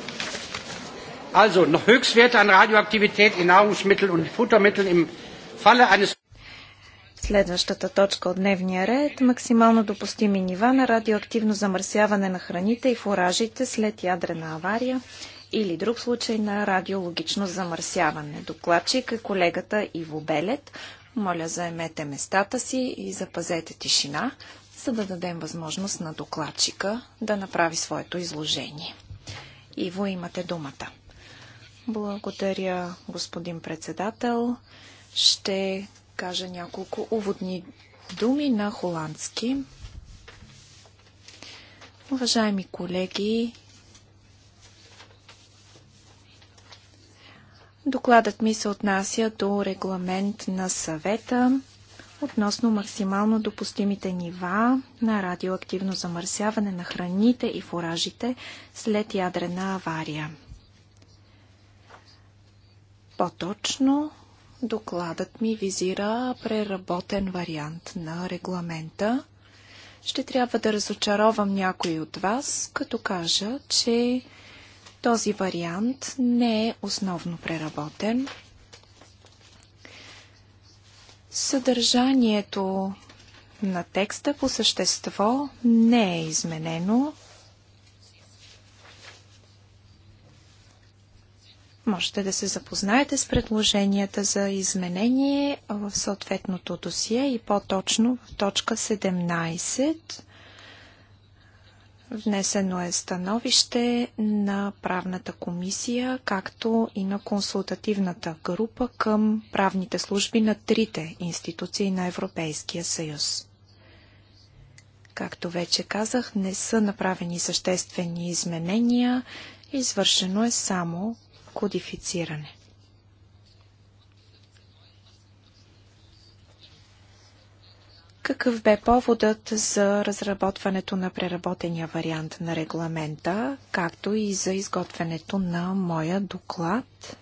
Also noch Höchstwerte an Radioaktivität in Nahrungsmitteln und Futtermitteln im Falle eines Следващата точка от дневния ред – максимално допустими нива на радиоактивно замърсяване на храните и фуражите след ядрена авария или друг случай на радиологично замърсяване. Докладчик е колегата Иво Белет. Моля, заемете местата си и запазете тишина, за да дадем възможност на докладчика да направи своето изложение. Иво, имате думата. Благодаря, господин председател. Ще кажа няколко уводни думи на холандски. Уважаеми колеги, докладът ми се отнася до регламент на съвета относно максимално допустимите нива на радиоактивно замърсяване на храните и фуражите след ядрена авария. По-точно, докладът ми визира преработен вариант на регламента. Ще трябва да разочаровам някои от вас, като кажа, че този вариант не е основно преработен. Съдържанието на текста по същество не е изменено. Можете да се запознаете с предложенията за изменение в съответното досие и по-точно в точка 17. Внесено е становище на правната комисия, както и на консултативната група към правните служби на трите институции на Европейския съюз. Както вече казах, не са направени съществени изменения, извършено е само кодифициране. Какъв бе поводът за разработването на преработения вариант на регламента, както и за изготвянето на моя доклад?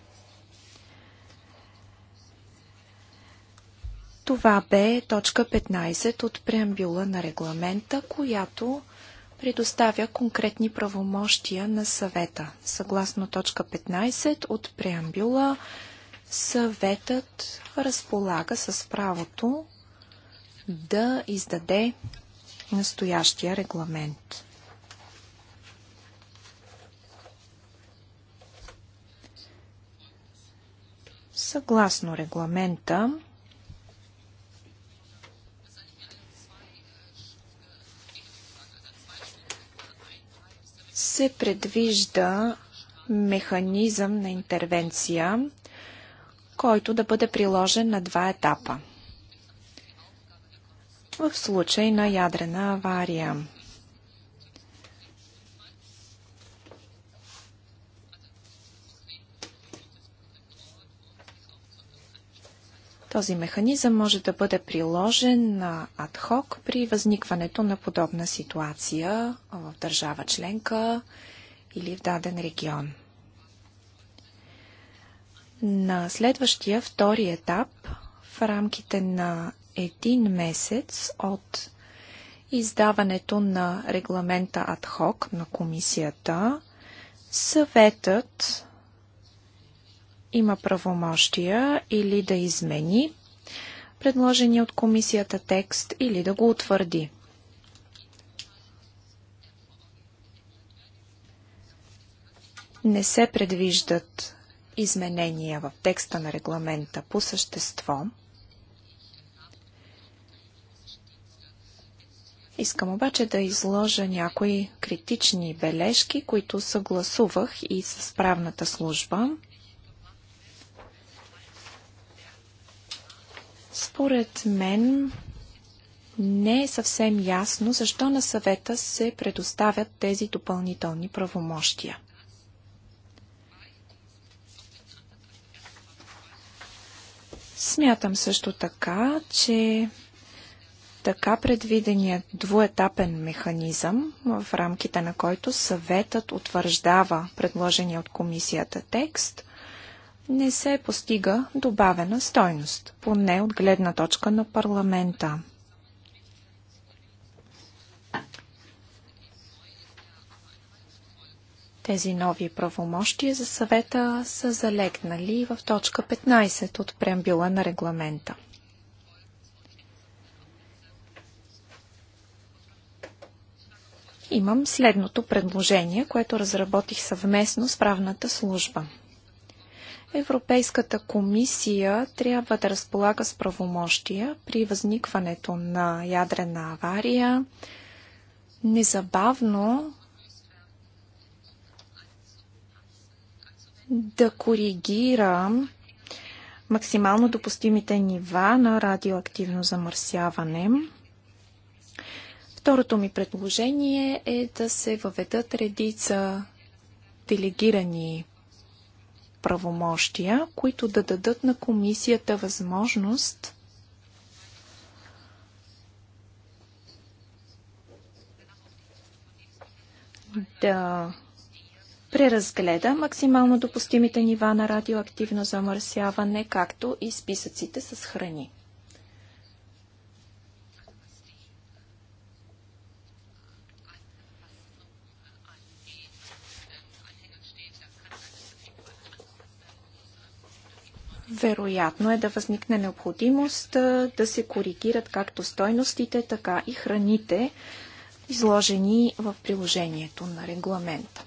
Това бе точка 15 от преамбюла на регламента, която предоставя конкретни правомощия на съвета. Съгласно точка 15 от преамбюла, съветът разполага с правото да издаде настоящия регламент. Съгласно регламента, се предвижда механизъм на интервенция, който да бъде приложен на два етапа. В случай на ядрена авария. Този механизъм може да бъде приложен на адхок при възникването на подобна ситуация в държава членка или в даден регион. На следващия втори етап в рамките на един месец от издаването на регламента адхок на комисията, съветът има правомощия или да измени предложения от комисията текст или да го утвърди. Не се предвиждат изменения в текста на регламента по същество. Искам обаче да изложа някои критични бележки, които съгласувах и с правната служба. Според мен не е съвсем ясно защо на съвета се предоставят тези допълнителни правомощия. Смятам също така, че така предвиденият двуетапен механизъм, в рамките на който съветът утвърждава предложения от комисията текст, не се постига добавена стойност, поне от гледна точка на парламента. Тези нови правомощия за съвета са залегнали в точка 15 от преамбюла на регламента. Имам следното предложение, което разработих съвместно с правната служба – Европейската комисия трябва да разполага с правомощия при възникването на ядрена авария, незабавно да коригира максимално допустимите нива на радиоактивно замърсяване. Второто ми предложение е да се въведат редица делегирани правомощия, които да дадат на комисията възможност да преразгледа максимално допустимите нива на радиоактивно замърсяване, както и списъците с храни. Вероятно е да възникне необходимост да се коригират както стойностите, така и храните, изложени в приложението на регламента.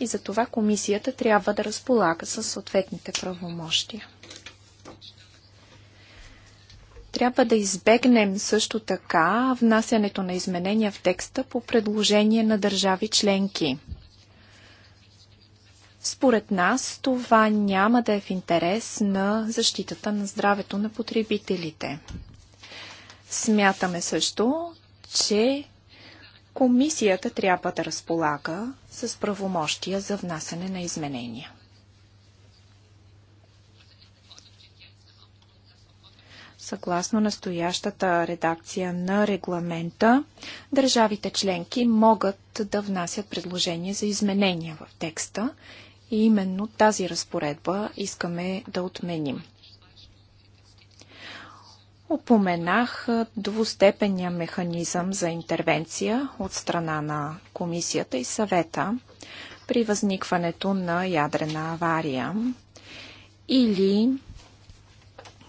И за това комисията трябва да разполага със съответните правомощия. Трябва да избегнем също така внасянето на изменения в текста по предложение на държави членки. Според нас това няма да е в интерес на защитата на здравето на потребителите. Смятаме също, че комисията трябва да разполага с правомощия за внасяне на изменения. Съгласно настоящата редакция на регламента, държавите членки могат да внасят предложения за изменения в текста и именно тази разпоредба искаме да отменим. Опоменах двустепенния механизъм за интервенция от страна на комисията и съвета при възникването на ядрена авария или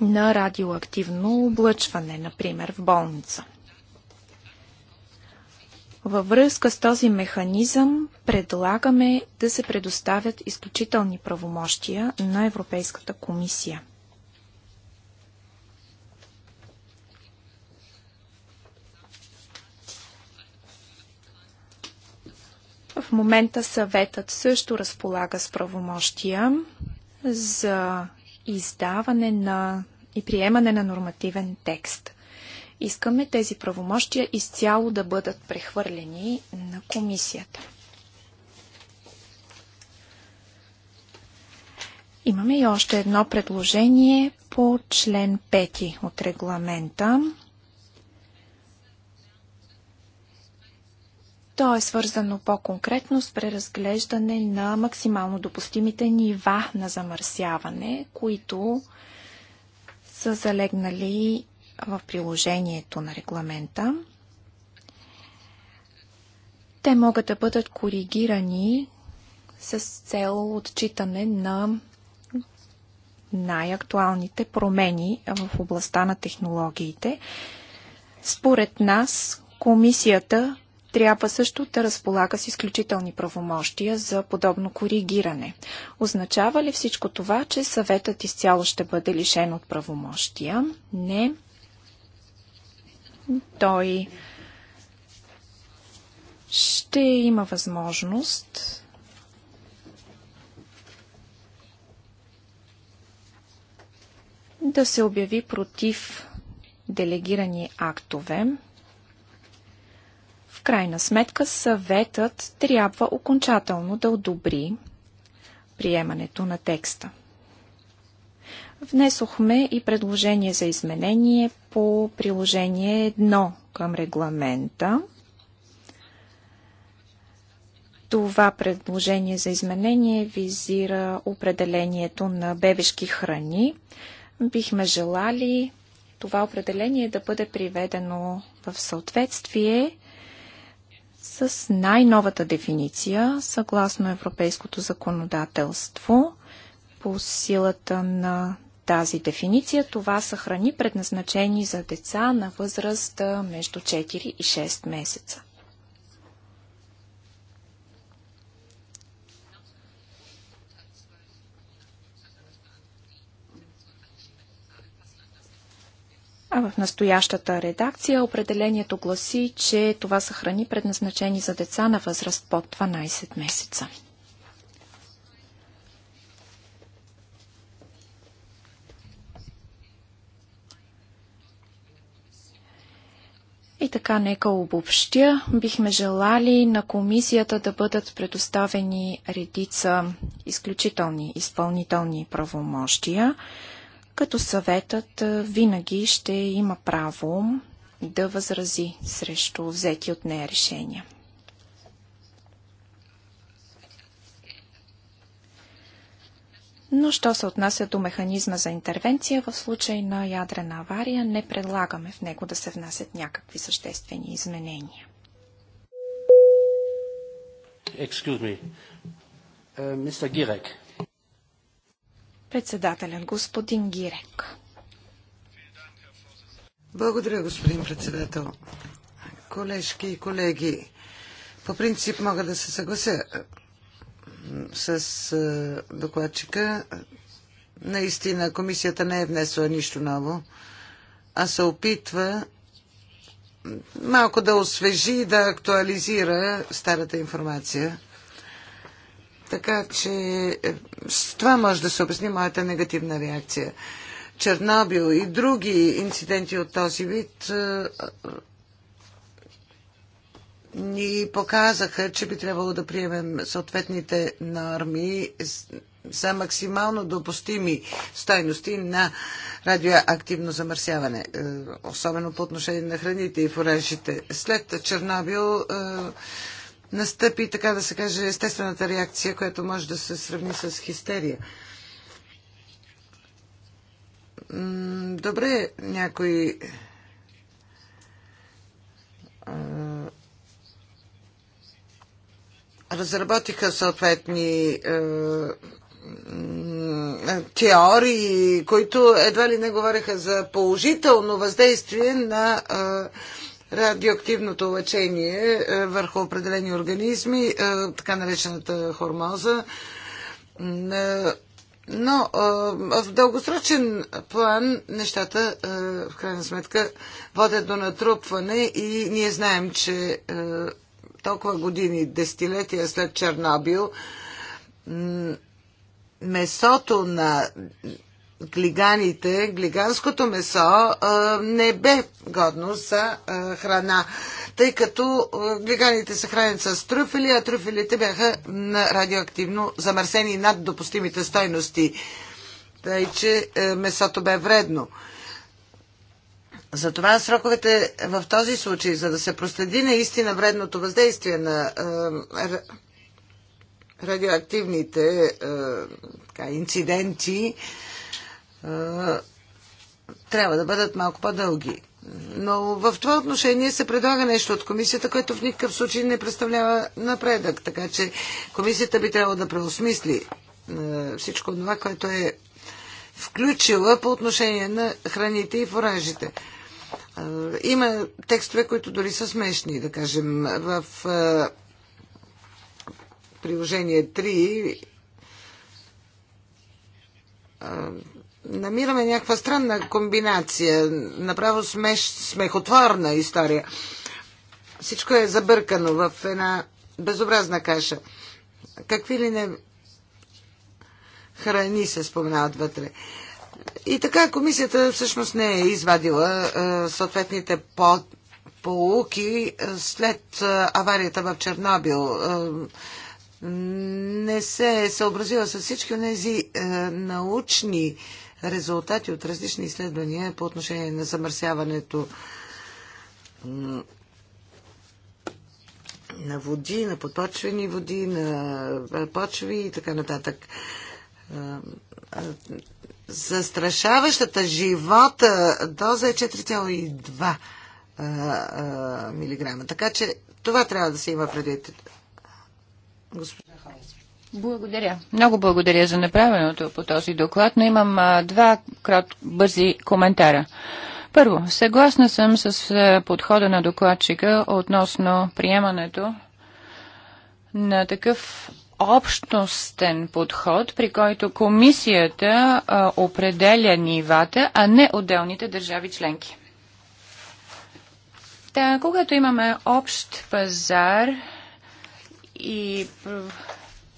на радиоактивно облъчване, например в болница. Във връзка с този механизъм предлагаме да се предоставят изключителни правомощия на Европейската комисия. В момента съветът също разполага с правомощия за издаване на и приемане на нормативен текст. Искаме тези правомощия изцяло да бъдат прехвърлени на комисията. Имаме и още едно предложение по член 5 от регламента. То е свързано по-конкретно с преразглеждане на максимално допустимите нива на замърсяване, които са залегнали в приложението на регламента. Те могат да бъдат коригирани с цел отчитане на най-актуалните промени в областта на технологиите. Според нас, комисията трябва също да разполага с изключителни правомощия за подобно коригиране. Означава ли всичко това, че съветът изцяло ще бъде лишен от правомощия? Не. Той ще има възможност да се обяви против делегирани актове. В крайна сметка съветът трябва окончателно да одобри приемането на текста. Внесохме и предложение за изменение по приложение 1 към регламента. Това предложение за изменение визира определението на бебешки храни. Бихме желали това определение да бъде приведено в съответствие с най-новата дефиниция, съгласно европейското законодателство, по силата на тази дефиниция, това са храни предназначени за деца на възраст между 4 и 6 месеца. А в настоящата редакция определението гласи, че това са храни предназначени за деца на възраст под 12 месеца. И така, нека обобщя. Бихме желали на комисията да бъдат предоставени редица изключителни изпълнителни правомощия, като съветът винаги ще има право да възрази срещу взети от нея решения. Но що се отнася до механизма за интервенция в случай на ядрена авария, не предлагаме в него да се внасят някакви съществени изменения. Excuse me. Uh, Гирек. Председателят господин Гирек. Благодаря, господин председател. Колежки и колеги, по принцип мога да се съглася с докладчика. Наистина комисията не е внесла нищо ново, а се опитва малко да освежи и да актуализира старата информация. Така че е, с това може да се обясни моята негативна реакция. Чернобил и други инциденти от този вид е, ни показаха, че би трябвало да приемем съответните норми за максимално допустими стойности на радиоактивно замърсяване, е, особено по отношение на храните и фуражите. След Чернобил е, настъпи, така да се каже, естествената реакция, която може да се сравни с хистерия. Добре, някои е, разработиха съответни е, теории, които едва ли не говореха за положително въздействие на е, радиоактивното лечение е, върху определени организми, е, така наречената хормоза. Е, но е, в дългосрочен план нещата е, в крайна сметка водят до натрупване и ние знаем, че толкова години, десетилетия след Чернобил, месото на глиганите, глиганското месо не бе годно за храна, тъй като глиганите се хранят с трюфели, а трюфелите бяха радиоактивно замърсени над допустимите стойности, тъй че е, месото бе вредно. Затова сроковете в този случай, за да се проследи наистина вредното въздействие на е, радиоактивните е, така, инциденти, е, трябва да бъдат малко по-дълги. Но в това отношение се предлага нещо от комисията, което в никакъв случай не представлява напредък. Така че комисията би трябвало да преосмисли е, всичко това, което е включила по отношение на храните и фуражите. Е, има текстове, които дори са смешни, да кажем. В е, приложение 3 е, намираме някаква странна комбинация, направо смеш, смехотворна история. Всичко е забъркано в една безобразна каша. Какви ли не храни се споменават вътре. И така комисията всъщност не е извадила е, съответните по полуки е, след е, аварията в Чернобил. Не се е съобразила с всички тези научни резултати от различни изследвания по отношение на замърсяването на води, на подпочвени води, на почви и така нататък застрашаващата живота доза е 4,2 милиграма. Така че това трябва да се има предвид. Благодаря. Много благодаря за направеното по този доклад, но имам а, два крат бързи коментара. Първо, съгласна съм с а, подхода на докладчика относно приемането на такъв общностен подход, при който комисията а, определя нивата, а не отделните държави членки. Та, когато имаме общ пазар и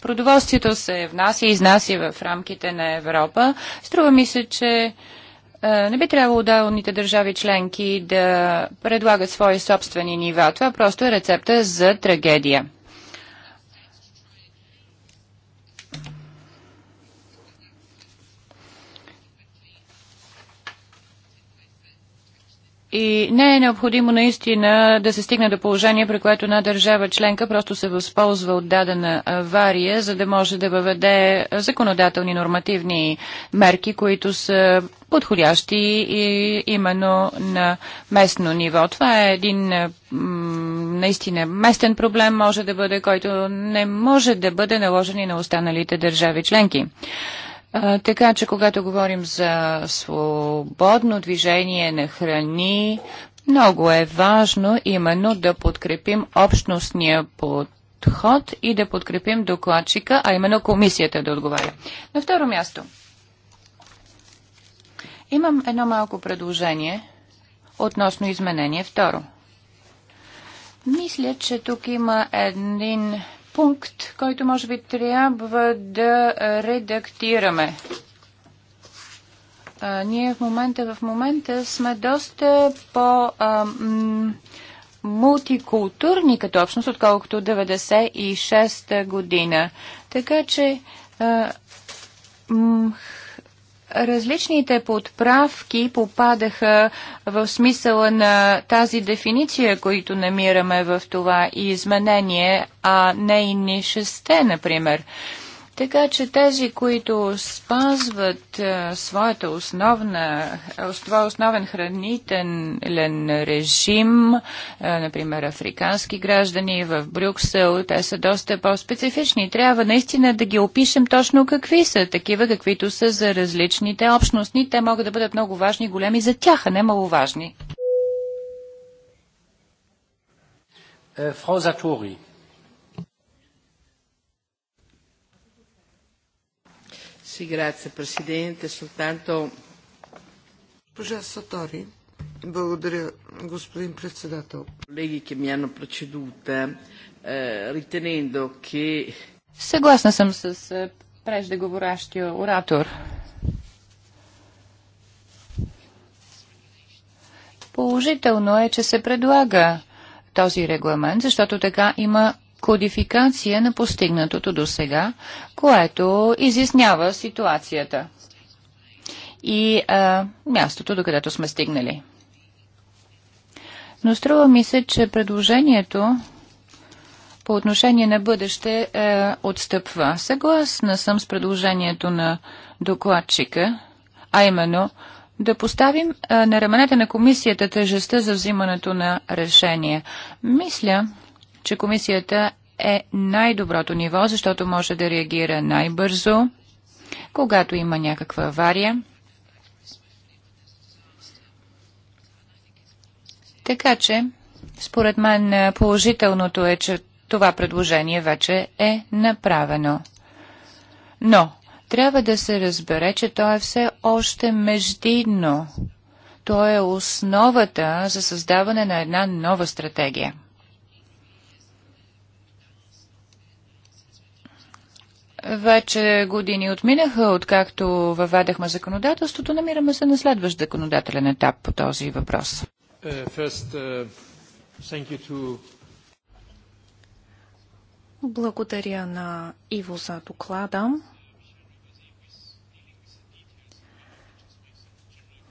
продоволствието се внася и изнася в рамките на Европа, струва ми се, че не би трябвало отделните държави членки да предлагат свои собствени нива. Това просто е рецепта за трагедия. И не е необходимо наистина да се стигне до положение, при което една държава членка просто се възползва от дадена авария, за да може да въведе законодателни нормативни мерки, които са подходящи и именно на местно ниво. Това е един наистина местен проблем, може да бъде, който не може да бъде наложен и на останалите държави членки. Така че, когато говорим за свободно движение на храни, много е важно именно да подкрепим общностния подход и да подкрепим докладчика, а именно комисията да отговаря. На второ място, имам едно малко предложение относно изменение второ. Мисля, че тук има един пункт, който може би трябва да редактираме. А, ние в момента, в момента сме доста по а, мултикултурни като общност, отколкото 96-та година. Така че а, различните подправки попадаха в смисъла на тази дефиниция, които намираме в това изменение, а не и ни шесте, например. Така че тези, които спазват а, е, своята основна, това е, основен хранителен режим, а, е, например африкански граждани в Брюксел, те са доста по-специфични. Трябва наистина да ги опишем точно какви са, такива каквито са за различните общностни. Те могат да бъдат много важни, и големи за тях, а не маловажни. Фроза Тури. Sì, grazie Presidente, soltanto... Госпожа Сатори, благодаря, господин председател. Колеги, che mi hanno preceduta, eh, ritenendo che... Съгласна съм с е, преждеговорящия оратор. Положително е, че се предлага този регламент, защото така има кодификация на постигнатото до сега, което изяснява ситуацията и а, мястото, до където сме стигнали. Но струва ми се, че предложението по отношение на бъдеще е, отстъпва. Съгласна съм с предложението на докладчика, а именно да поставим е, на раменете на комисията тежестта за взимането на решение. Мисля, че комисията е най-доброто ниво, защото може да реагира най-бързо, когато има някаква авария. Така че, според мен, положителното е, че това предложение вече е направено. Но, трябва да се разбере, че то е все още междинно. То е основата за създаване на една нова стратегия. Вече години отминаха, откакто въведахме законодателството, намираме се на следващ законодателен етап по този въпрос. Е, е, Благодаря на Иво за доклада.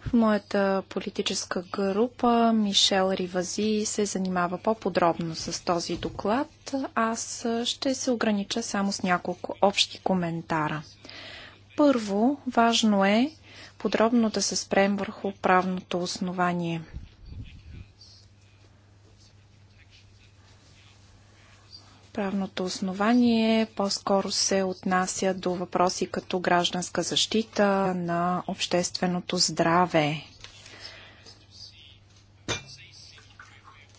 В моята политическа група Мишел Ривази се занимава по-подробно с този доклад. Аз ще се огранича само с няколко общи коментара. Първо, важно е подробно да се спрем върху правното основание – Правното основание по-скоро се отнася до въпроси като гражданска защита на общественото здраве.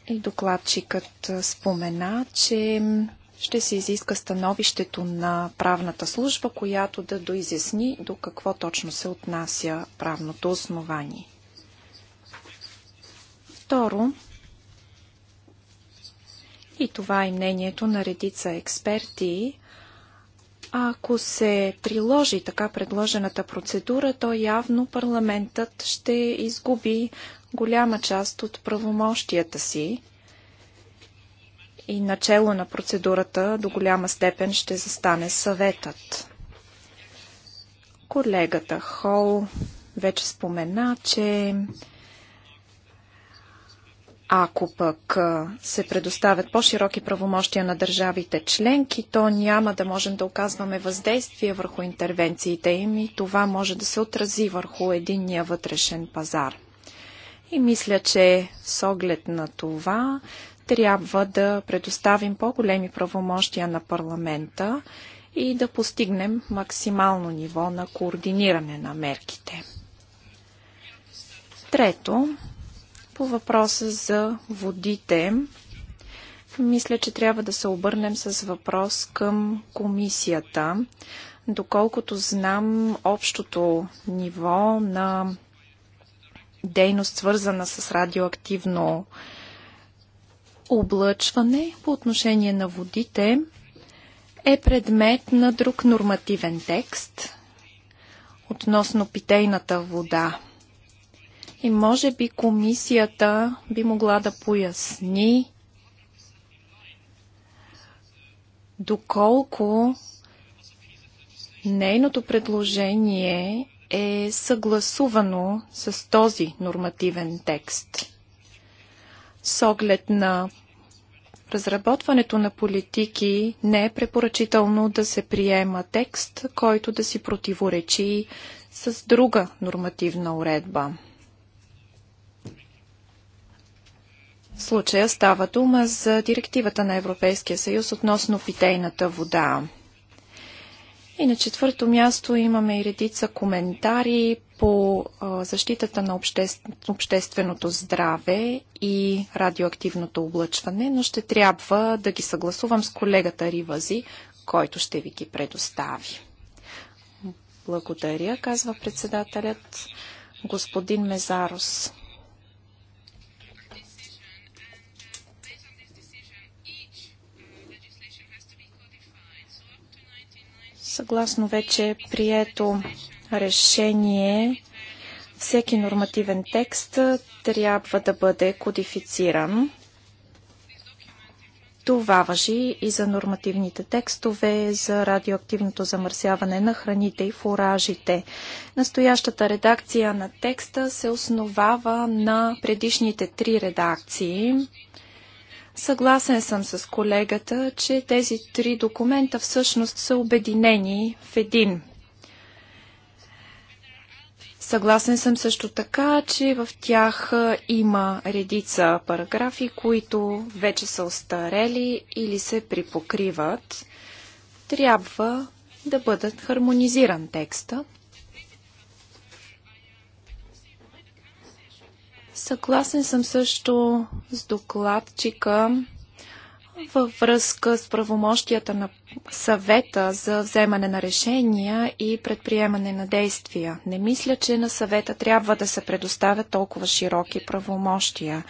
И докладчикът спомена, че ще се изиска становището на правната служба, която да доизясни до какво точно се отнася правното основание. Второ, и това е мнението на редица експерти. Ако се приложи така предложената процедура, то явно парламентът ще изгуби голяма част от правомощията си и начало на процедурата до голяма степен ще застане съветът. Колегата Хол вече спомена, че ако пък се предоставят по-широки правомощия на държавите членки, то няма да можем да оказваме въздействие върху интервенциите им и това може да се отрази върху единния вътрешен пазар. И мисля, че с оглед на това трябва да предоставим по-големи правомощия на парламента и да постигнем максимално ниво на координиране на мерките. Трето, по въпроса за водите, мисля, че трябва да се обърнем с въпрос към комисията. Доколкото знам общото ниво на дейност, свързана с радиоактивно облъчване по отношение на водите, е предмет на друг нормативен текст относно питейната вода. И може би комисията би могла да поясни доколко нейното предложение е съгласувано с този нормативен текст. С оглед на разработването на политики не е препоръчително да се приема текст, който да си противоречи с друга нормативна уредба. случая става дума за директивата на Европейския съюз относно питейната вода. И на четвърто място имаме и редица коментари по защитата на обще... общественото здраве и радиоактивното облъчване, но ще трябва да ги съгласувам с колегата Ривази, който ще ви ги предостави. Благодаря, казва председателят господин Мезарос. Съгласно вече прието решение, всеки нормативен текст трябва да бъде кодифициран. Това въжи и за нормативните текстове за радиоактивното замърсяване на храните и фуражите. Настоящата редакция на текста се основава на предишните три редакции. Съгласен съм с колегата, че тези три документа всъщност са обединени в един. Съгласен съм също така, че в тях има редица параграфи, които вече са остарели или се припокриват. Трябва да бъдат хармонизиран текста, Съгласен съм също с докладчика във връзка с правомощията на съвета за вземане на решения и предприемане на действия. Не мисля, че на съвета трябва да се предоставят толкова широки правомощия.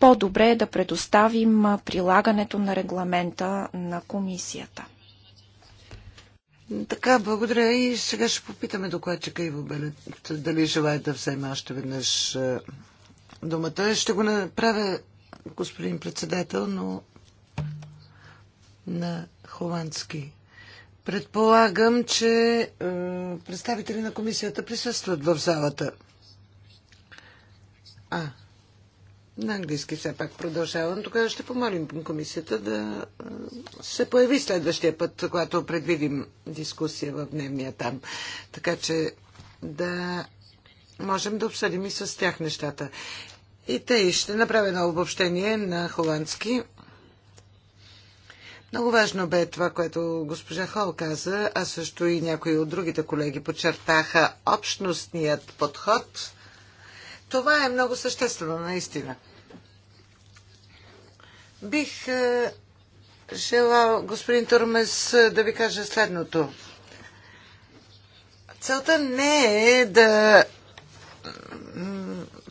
По-добре е да предоставим прилагането на регламента на комисията. Така, благодаря и сега ще попитаме докладчика Иво Белет дали желая да вземе още веднъж думата. Ще го направя, господин председател, но на холандски. Предполагам, че е, представители на комисията присъстват в залата. А, на английски все пак продължавам. Тогава ще помолим комисията да е, се появи следващия път, когато предвидим дискусия в дневния там. Така че да можем да обсъдим и с тях нещата. И тъй ще направя едно обобщение на холандски. Много важно бе това, което госпожа Хол каза, а също и някои от другите колеги подчертаха общностният подход. Това е много съществено, наистина. Бих е, желал, господин Турмес, да ви кажа следното. Целта не е да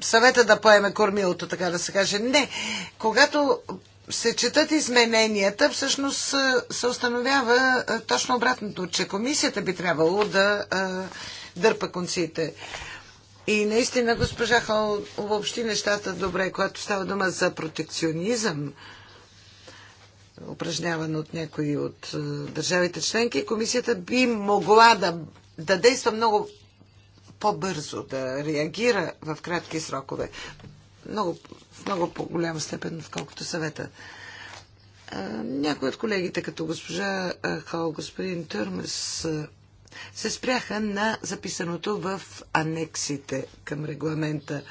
съвета да поеме кормилото, така да се каже. Не. Когато се четат измененията, всъщност се установява точно обратното, че комисията би трябвало да дърпа конците. И наистина госпожа Хол обобщи нещата добре, когато става дума за протекционизъм, упражняван от някои от държавите членки, комисията би могла да, да действа много по-бързо, да реагира в кратки срокове. Много, в много по-голяма степен, отколкото съвета. Някои от колегите, като госпожа Хал, господин Търмес, се спряха на записаното в анексите към регламента.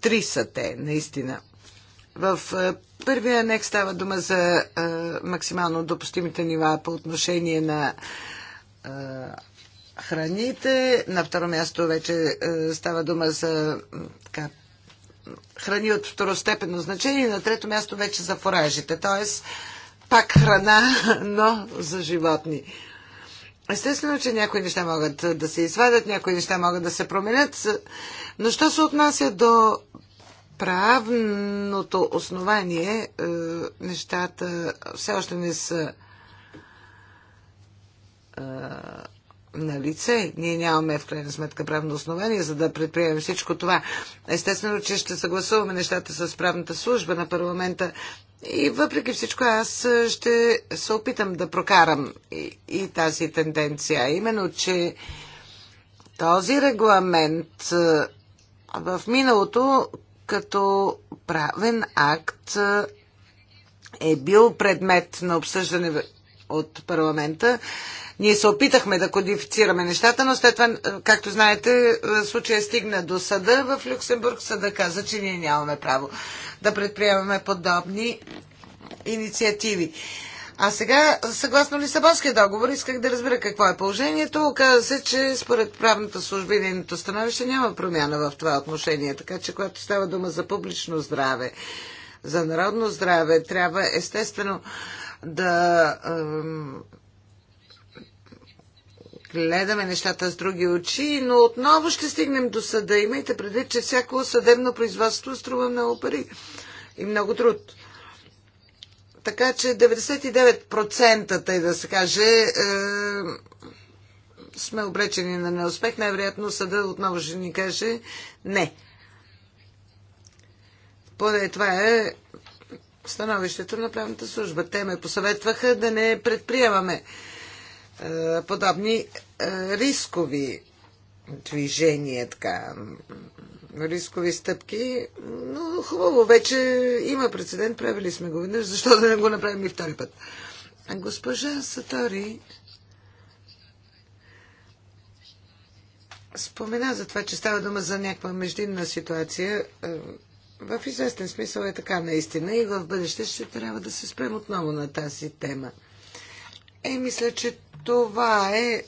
Три са те, наистина. В първия анекс става дума за максимално допустимите нива по отношение на храните. На второ място вече е, става дума за така, храни от второстепенно значение. На трето място вече за фуражите. т.е. пак храна, но за животни. Естествено, че някои неща могат да се извадят, някои неща могат да се променят, но що се отнася до правното основание, е, нещата все още не са е, на лице. Ние нямаме в крайна сметка правно основание, за да предприемем всичко това. Естествено, че ще съгласуваме нещата с правната служба на парламента. И въпреки всичко, аз ще се опитам да прокарам и, и тази тенденция. Именно, че този регламент в миналото като правен акт е бил предмет на обсъждане от парламента. Ние се опитахме да кодифицираме нещата, но след това, както знаете, случая стигна до съда в Люксембург. Съда каза, че ние нямаме право да предприемаме подобни инициативи. А сега, съгласно Лисабонския договор, исках да разбера какво е положението. Оказа се, че според правната служба и нейното становище няма промяна в това отношение. Така че, когато става дума за публично здраве, за народно здраве, трябва естествено да гледаме нещата с други очи, но отново ще стигнем до съда. Имайте предвид, че всяко съдебно производство струва много пари и много труд. Така че 99% тъй да се каже е, сме обречени на неуспех. Най-вероятно съда отново ще ни каже не. Поне това е становището на правната служба. Те ме посъветваха да не предприемаме е, подобни е, рискови движения, така, рискови стъпки, но хубаво, вече има прецедент, правили сме го веднъж, защо да не го направим и втори път. Госпожа Сатори спомена за това, че става дума за някаква междинна ситуация е, в известен смисъл е така наистина и в бъдеще ще трябва да се спрем отново на тази тема. Е, мисля, че това е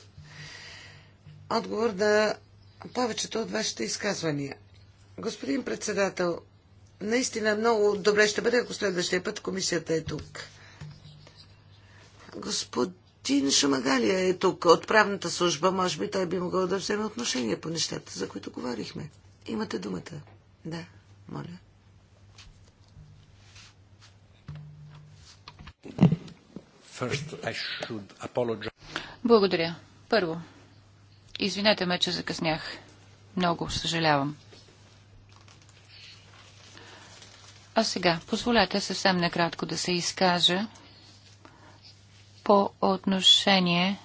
отговор на повечето от вашите изказвания. Господин председател, наистина много добре ще бъде, ако следващия път комисията е тук. Господин Шамагалия е тук от правната служба. Може би той би могъл да вземе отношение по нещата, за които говорихме. Имате думата. Да, моля. First, Благодаря. Първо, извинете ме, че закъснях. Много съжалявам. А сега, позволете съвсем накратко да се изкажа по отношение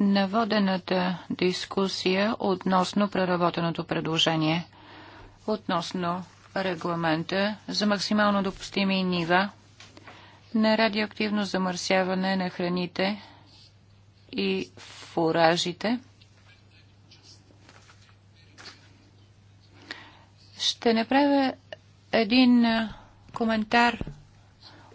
на водената дискусия относно преработеното предложение, относно регламента за максимално допустими нива на радиоактивно замърсяване на храните и фуражите. Ще направя един коментар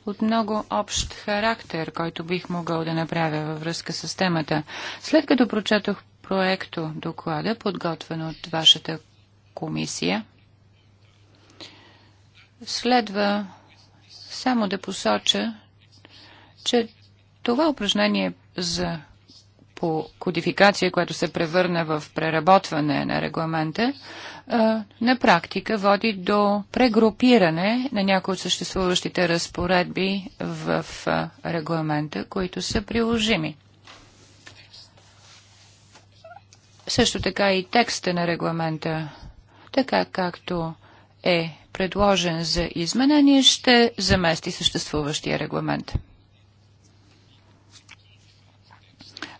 от много общ характер, който бих могъл да направя във връзка с темата. След като прочетох проекто доклада, подготвен от вашата комисия, следва само да посоча, че това упражнение за по кодификация, което се превърна в преработване на регламента, на практика води до прегрупиране на някои от съществуващите разпоредби в регламента, които са приложими. Също така и текста на регламента, така както е предложен за изменение, ще замести съществуващия регламент.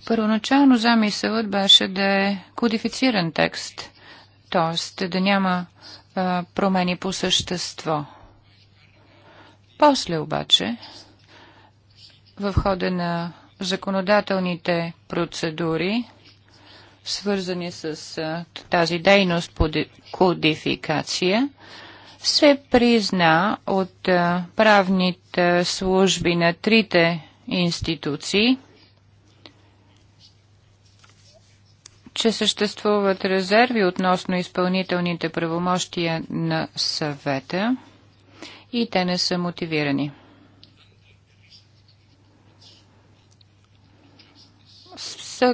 Първоначално замисълът беше да е кодифициран текст, т.е. да няма а, промени по същество. После обаче, в хода на законодателните процедури, свързани с а, тази дейност по кодификация, се призна от правните служби на трите институции, че съществуват резерви относно изпълнителните правомощия на съвета и те не са мотивирани.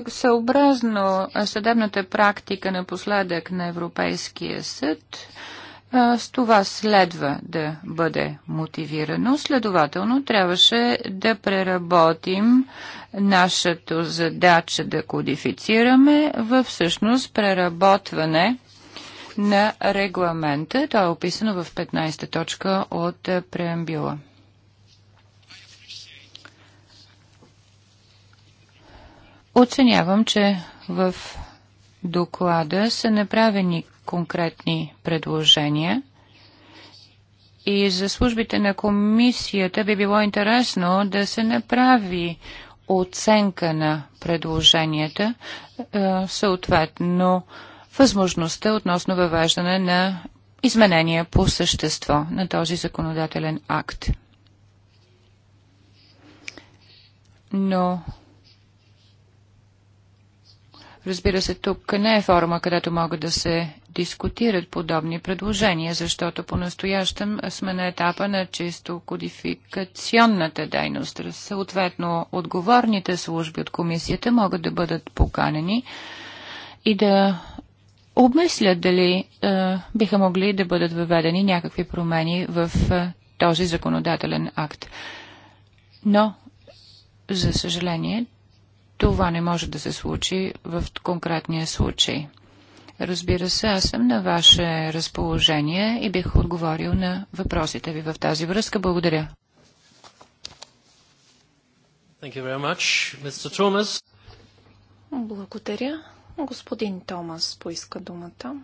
Съобразно съдебната практика напоследък на Европейския съд, с това следва да бъде мотивирано. Следователно, трябваше да преработим нашата задача да кодифицираме в всъщност преработване на регламента. Това е описано в 15 та точка от преамбюла. Оценявам, че в доклада са направени конкретни предложения. И за службите на комисията би било интересно да се направи оценка на предложенията, е, съответно възможността относно въвеждане на изменения по същество на този законодателен акт. Но Разбира се, тук не е форма, където могат да се дискутират подобни предложения, защото по-настоящем сме на етапа на чисто кодификационната дейност. Съответно, отговорните служби от комисията могат да бъдат поканени и да обмислят дали е, биха могли да бъдат въведени някакви промени в е, този законодателен акт. Но, за съжаление, това не може да се случи в конкретния случай. Разбира се, аз съм на ваше разположение и бих отговорил на въпросите ви в тази връзка. Благодаря. Much, Благодаря. Господин Томас поиска думата.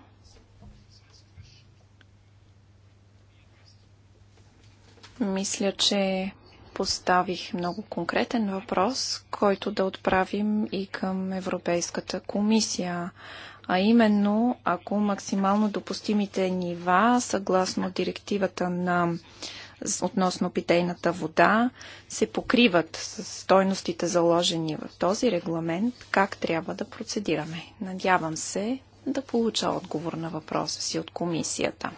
Мисля, че поставих много конкретен въпрос, който да отправим и към Европейската комисия а именно ако максимално допустимите нива, съгласно директивата на относно питейната вода, се покриват с стойностите заложени в този регламент, как трябва да процедираме. Надявам се да получа отговор на въпроса си от комисията.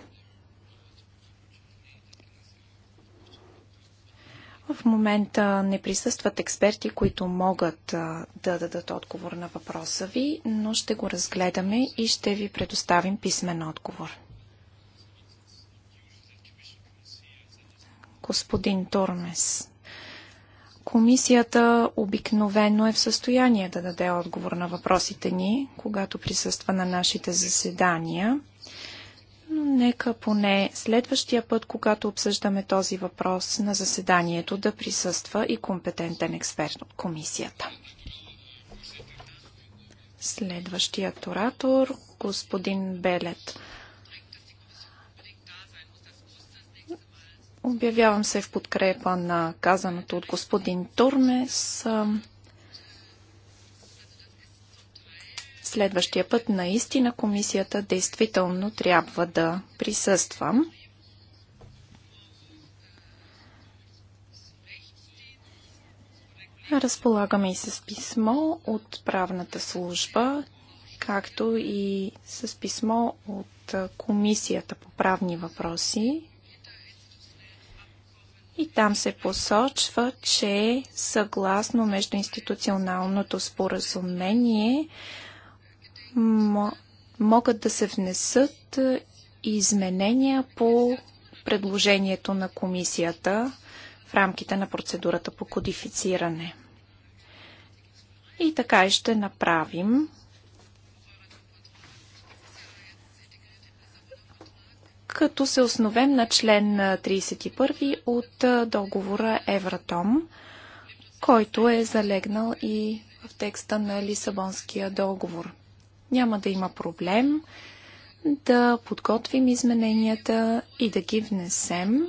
В момента не присъстват експерти, които могат да дадат отговор на въпроса ви, но ще го разгледаме и ще ви предоставим писмен отговор. Господин Турмес. Комисията обикновено е в състояние да даде отговор на въпросите ни, когато присъства на нашите заседания – но нека поне следващия път, когато обсъждаме този въпрос на заседанието, да присъства и компетентен експерт от комисията. Следващият оратор, господин Белет. Обявявам се в подкрепа на казаното от господин Турмес. Следващия път наистина комисията действително трябва да присъствам. Разполагаме и с писмо от правната служба, както и с писмо от Комисията по правни въпроси. И там се посочва, че съгласно междуинституционалното споразумение, могат да се внесат е, изменения по предложението на комисията в рамките на процедурата по кодифициране. И така и ще направим. като се основем на член 31 е, от е, договора Евратом, който е залегнал и в текста на Лисабонския договор няма да има проблем да подготвим измененията и да ги внесем.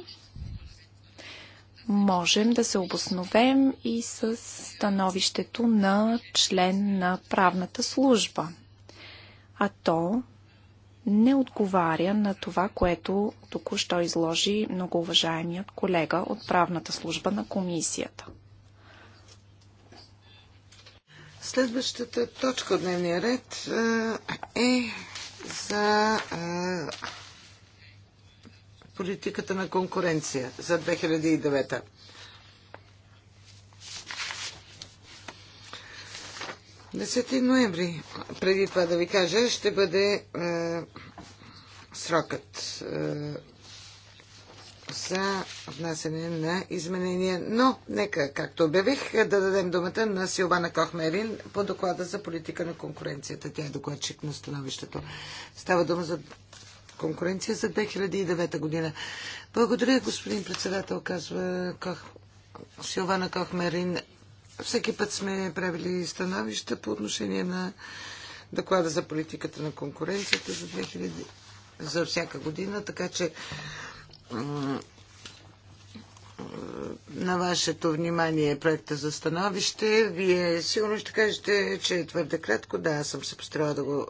Можем да се обосновем и с становището на член на правната служба. А то не отговаря на това, което току-що изложи многоуважаемият колега от правната служба на комисията. Следващата точка от дневния ред е за политиката на конкуренция за 2009. 10 ноември, преди това да ви кажа, ще бъде срокът за внасене на изменения. Но, нека, както обявих, да дадем думата на Силвана Кохмерин по доклада за политика на конкуренцията. Тя е докладчик на становището. Става дума за конкуренция за 2009 година. Благодаря, господин председател, казва Кох... Силвана Кохмерин. Всеки път сме правили становища по отношение на доклада за политиката на конкуренцията за 2000 за всяка година, така че на вашето внимание е проекта за становище. Вие сигурно ще кажете, че е твърде кратко. Да, аз съм се постарала да го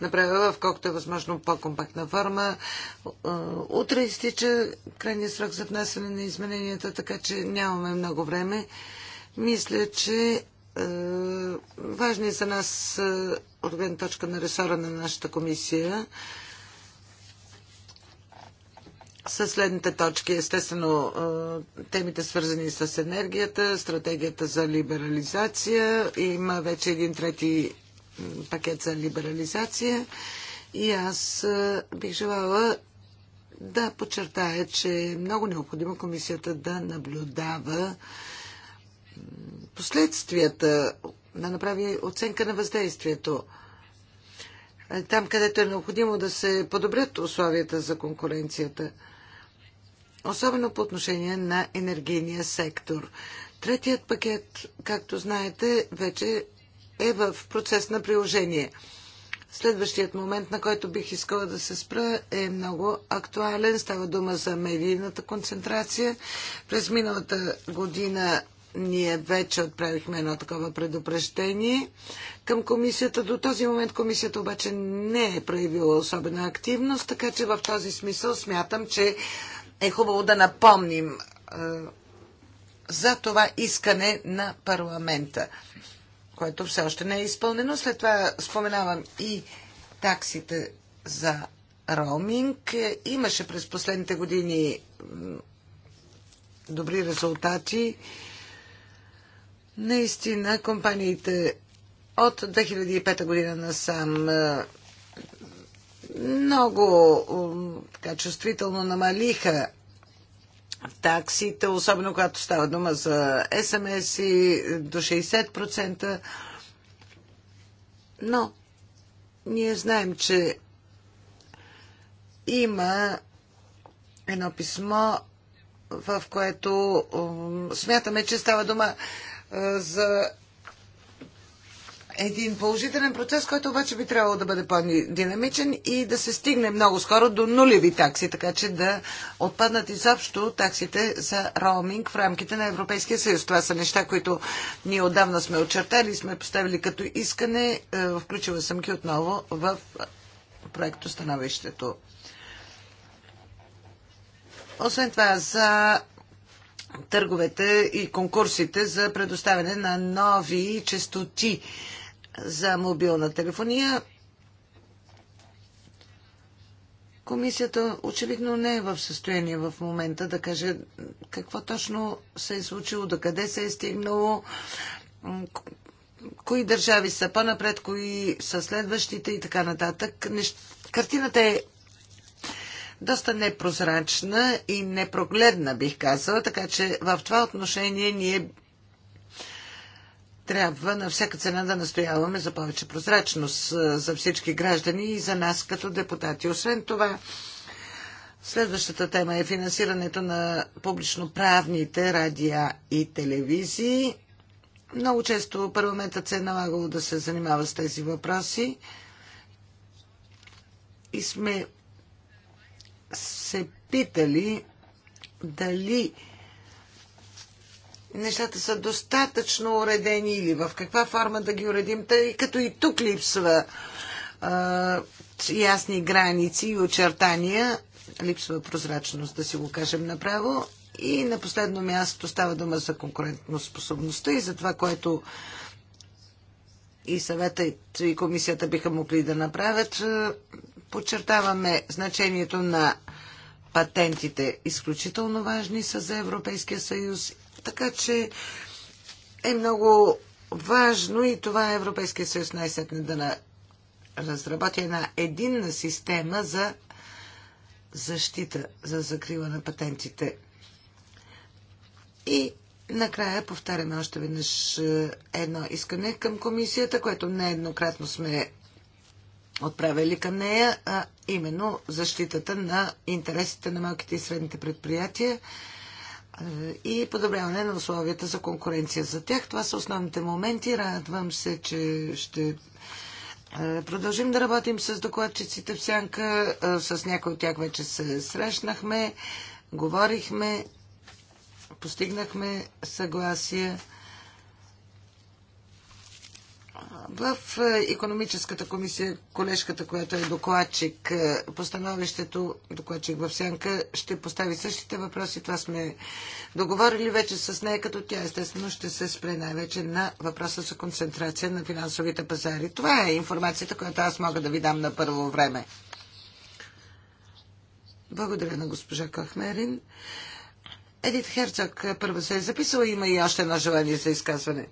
направя в колкото е възможно по-компактна форма. Е, утре изтича крайния срок за внасяне на измененията, така че нямаме много време. Мисля, че е, важни за нас от гледна точка на ресора на нашата комисия с следните точки. Естествено, темите свързани с енергията, стратегията за либерализация. Има вече един трети пакет за либерализация. И аз бих желала да подчертая, че е много необходимо комисията да наблюдава последствията, да направи оценка на въздействието. Е, там, където е необходимо да се подобрят условията за конкуренцията – особено по отношение на енергийния сектор. Третият пакет, както знаете, вече е в процес на приложение. Следващият момент, на който бих искала да се спра, е много актуален. Става дума за медийната концентрация. През миналата година ние вече отправихме едно такова предупреждение към комисията. До този момент комисията обаче не е проявила особена активност, така че в този смисъл смятам, че е хубаво да напомним е, за това искане на парламента, което все още не е изпълнено. След това споменавам и таксите за роуминг. Имаше през последните години добри резултати. Наистина, компаниите от 2005 година насам е, много така, чувствително намалиха таксите, особено когато става дума за СМС и до 60%. Но ние знаем, че има едно писмо, в което смятаме, че става дума за един положителен процес, който обаче би трябвало да бъде по-динамичен и да се стигне много скоро до нулеви такси, така че да отпаднат изобщо таксите за роуминг в рамките на Европейския съюз. Това са неща, които ние отдавна сме очертали и сме поставили като искане. Е, включила съм ги отново в проекто становището. Освен това, за търговете и конкурсите за предоставяне на нови частоти за мобилна телефония. Комисията очевидно не е в състояние в момента да каже какво точно се е случило, до къде се е стигнало, кои държави са по-напред, кои са следващите и така нататък. Нещ... Картината е доста непрозрачна и непрогледна, бих казала, така че в това отношение ние трябва на всяка цена да настояваме за повече прозрачност за всички граждани и за нас като депутати. Освен това, следващата тема е финансирането на публично-правните радиа и телевизии. Много често парламентът се е налагало да се занимава с тези въпроси и сме се питали дали нещата са достатъчно уредени или в каква форма да ги уредим, тъй като и тук липсва а, ясни граници и очертания, липсва прозрачност, да си го кажем направо. И на последно място става дума за конкурентоспособността и за това, което и съвета и комисията биха могли да направят. Подчертаваме значението на патентите. Изключително важни са за Европейския съюз така че е много важно и това е Европейския съюз най-сетне да на разработи една единна система за защита, за закрива на патентите. И накрая повтаряме още веднъж е, едно искане към комисията, което нееднократно сме отправили към нея, а именно защитата на интересите на малките и средните предприятия и подобряване на условията за конкуренция за тях. Това са основните моменти. Радвам се, че ще продължим да работим с докладчиците в Сянка. С някои от тях вече се срещнахме, говорихме, постигнахме съгласие. В е, економическата комисия колежката, която е докладчик е, по становището, докладчик в Сянка, ще постави същите въпроси. Това сме договорили вече с нея, като тя естествено ще се спре най-вече на въпроса за концентрация на финансовите пазари. Това е информацията, която аз мога да ви дам на първо време. Благодаря на госпожа Кахмерин. Едит Херцог първо се е записала, има и още едно желание за изказване.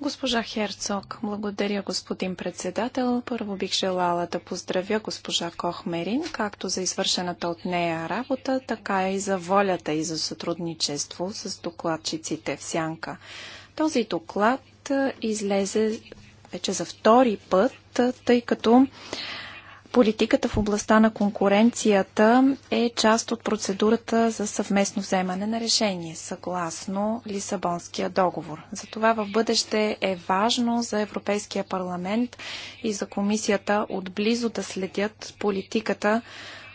Госпожа Херцог, благодаря господин председател. Първо бих желала да поздравя госпожа Кохмерин, както за извършената от нея работа, така и за волята и за сътрудничество с докладчиците в Сянка. Този доклад излезе вече за втори път, тъй като Политиката в областта на конкуренцията е част от процедурата за съвместно вземане на решение, съгласно Лисабонския договор. Затова в бъдеще е важно за Европейския парламент и за комисията отблизо да следят политиката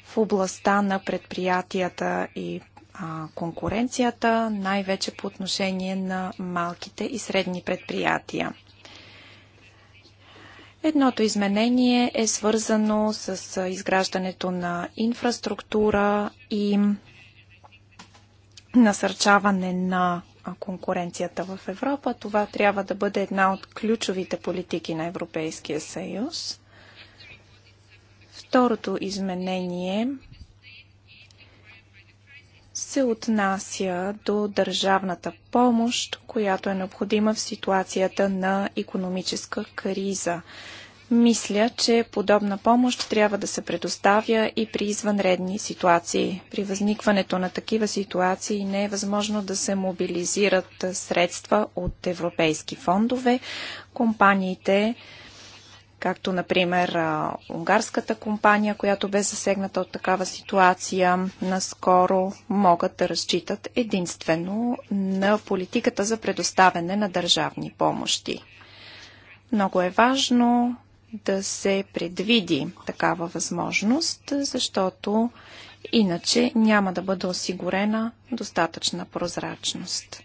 в областта на предприятията и конкуренцията, най-вече по отношение на малките и средни предприятия. Едното изменение е свързано с изграждането на инфраструктура и насърчаване на конкуренцията в Европа. Това трябва да бъде една от ключовите политики на Европейския съюз. Второто изменение се отнася до държавната помощ, която е необходима в ситуацията на економическа криза. Мисля, че подобна помощ трябва да се предоставя и при извънредни ситуации. При възникването на такива ситуации не е възможно да се мобилизират средства от европейски фондове. Компаниите както например унгарската компания, която бе засегната от такава ситуация, наскоро могат да разчитат единствено на политиката за предоставяне на държавни помощи. Много е важно да се предвиди такава възможност, защото иначе няма да бъде осигурена достатъчна прозрачност.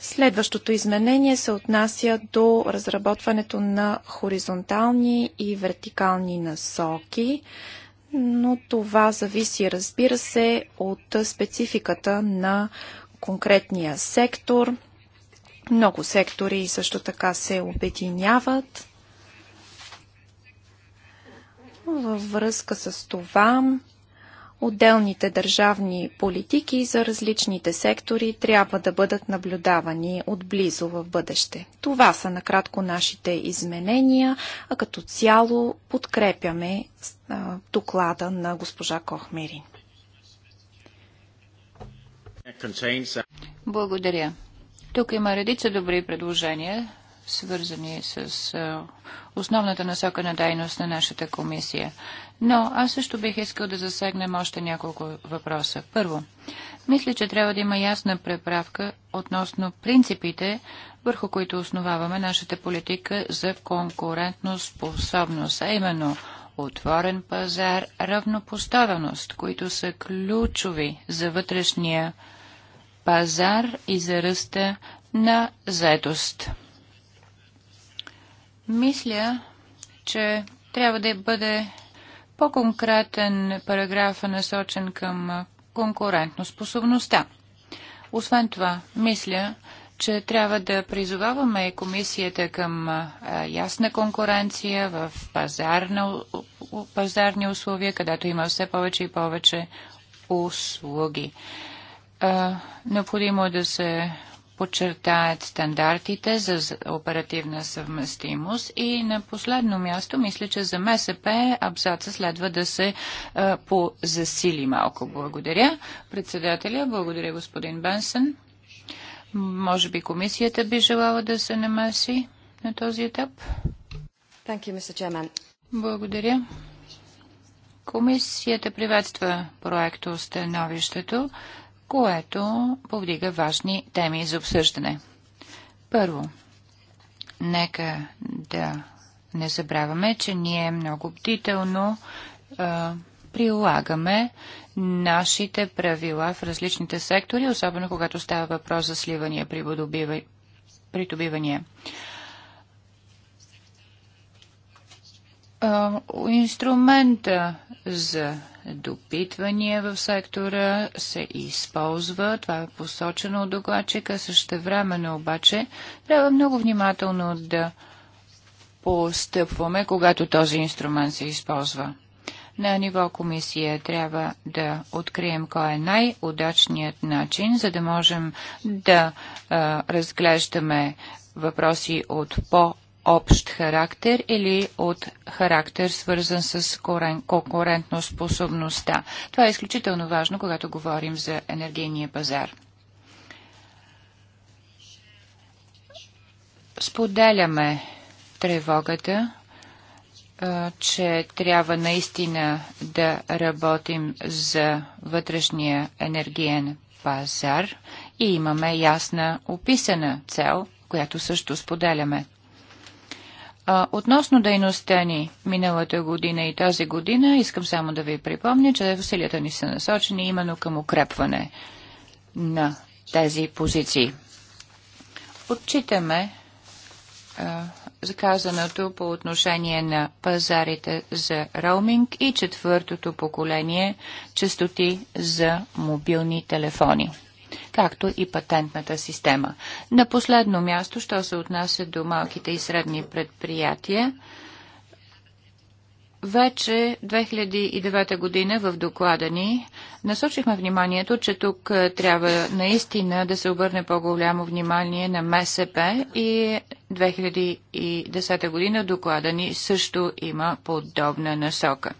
Следващото изменение се отнася до разработването на хоризонтални и вертикални насоки, но това зависи, разбира се, от спецификата на конкретния сектор. Много сектори също така се обединяват. Във връзка с това Отделните държавни политики за различните сектори трябва да бъдат наблюдавани отблизо в бъдеще. Това са накратко нашите изменения, а като цяло подкрепяме доклада на госпожа Кохмерин. Благодаря. Тук има редица добри предложения свързани с основната насока на дейност на нашата комисия. Но аз също бих искал да засегнем още няколко въпроса. Първо, мисля, че трябва да има ясна преправка относно принципите, върху които основаваме нашата политика за конкурентно способност, а именно отворен пазар, равнопоставеност, които са ключови за вътрешния пазар и за ръста на заедост. Мисля, че трябва да бъде по-конкретен параграф насочен към способността. Освен това, мисля, че трябва да призоваваме комисията към ясна конкуренция в пазарна, пазарни условия, където има все повече и повече услуги. необходимо е да се подчертаят стандартите за оперативна съвместимост и на последно място мисля, че за МСП абзаца следва да се а, позасили малко. Благодаря. Председателя, благодаря господин Бенсън. Може би комисията би желала да се намеси на този етап. You, благодаря. Комисията приветства проекто становището което повдига важни теми за обсъждане. Първо, нека да не забравяме, че ние много бдително а, прилагаме нашите правила в различните сектори, особено когато става въпрос за сливания при придобивания. Инструмента за допитвания в сектора се използва. Това е посочено от докладчика. Същевременно обаче трябва много внимателно да постъпваме, когато този инструмент се използва. На ниво комисия трябва да открием кой е най-удачният начин, за да можем да а, разглеждаме въпроси от по- общ характер или от характер свързан с конкурентно способността. Това е изключително важно, когато говорим за енергийния пазар. Споделяме тревогата, че трябва наистина да работим за вътрешния енергиен пазар и имаме ясна описана цел, която също споделяме. Относно дейността ни миналата година и тази година, искам само да ви припомня, че усилията ни са насочени именно към укрепване на тези позиции. Отчитаме заказаното по отношение на пазарите за роуминг и четвъртото поколение частоти за мобилни телефони както и патентната система. На последно място, що се отнася до малките и средни предприятия, вече 2009 година в доклада ни насочихме вниманието, че тук е, трябва наистина да се обърне по-голямо внимание на МСП и 2010 година доклада ни също има подобна насока.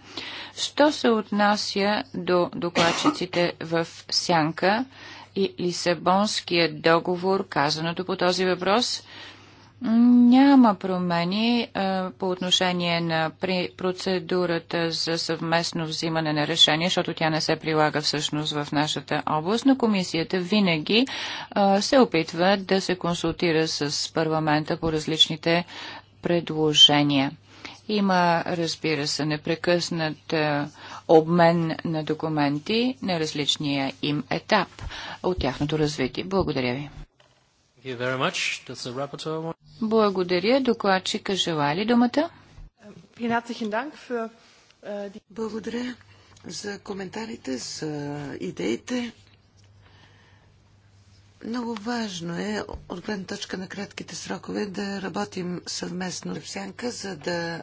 Що се отнася до докладчиците в Сянка, и Лисабонския договор, казаното по този въпрос, няма промени а, е, по отношение на при процедурата за съвместно взимане на решение, защото тя не се прилага всъщност в нашата област, но комисията винаги а, е, се опитва да се консултира с парламента по различните предложения. Има, разбира се, непрекъснат а, е, обмен на документи на различния им етап от тяхното развитие. Благодаря ви. Благодаря. Докладчика желая ли думата? Äh, Благодаря за коментарите, за идеите. Много важно е, от гледна точка на кратките срокове, да работим съвместно в сянка, за да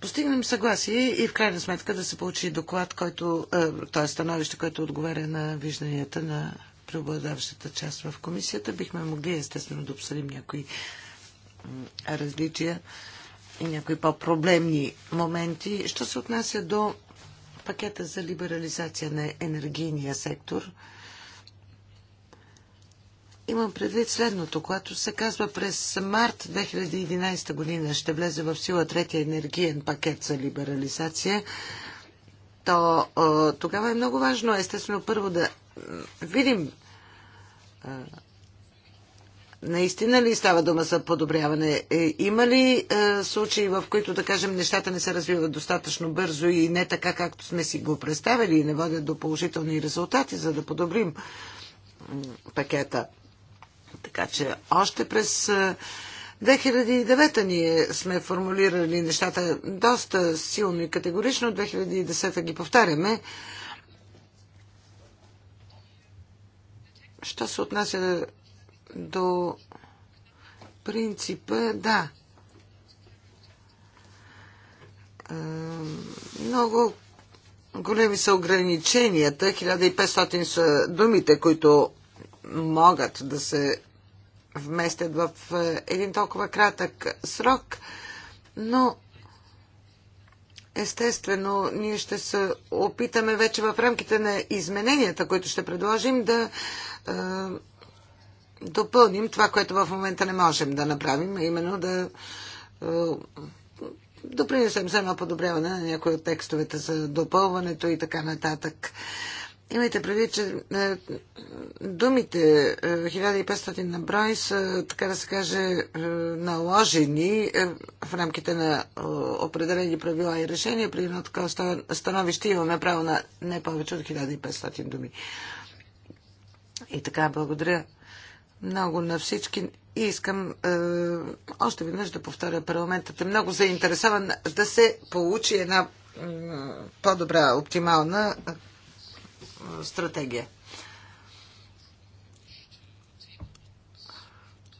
постигнем съгласие и в крайна сметка да се получи доклад, който, е, т.е. становище, което отговаря на вижданията на преобладаващата част в комисията. Бихме могли естествено да обсъдим някои различия и някои по-проблемни моменти. Що се отнася до пакета за либерализация на енергийния сектор – Имам предвид следното, когато се казва през март 2011 година ще влезе в сила третия енергиен пакет за либерализация, то тогава е много важно, естествено, първо да видим наистина ли става дума за подобряване? Е, има ли случаи, в които, да кажем, нещата не се развиват достатъчно бързо и не така, както сме си го представили и не водят до положителни резултати, за да подобрим пакета? Така че още през 2009 ние сме формулирали нещата доста силно и категорично, 2010 ги повтаряме. Що се отнася до принципа, да. Много големи са ограниченията. 1500 са думите, които могат да се вместят в е, един толкова кратък срок, но естествено ние ще се опитаме вече в рамките на измененията, които ще предложим, да е, допълним това, което в момента не можем да направим, именно да е, допринесем за едно подобряване на някои от текстовете за допълването и така нататък. Е, Имайте предвид, че е, думите 1500 е, на брой са, така да се каже, е, наложени в рамките на определени правила и решения. При едно такова становище имаме право на не повече от 1500 думи. И така, благодаря много на всички. И искам е, още веднъж да повторя, парламентът е много заинтересован да се получи една по-добра, оптимална стратегия.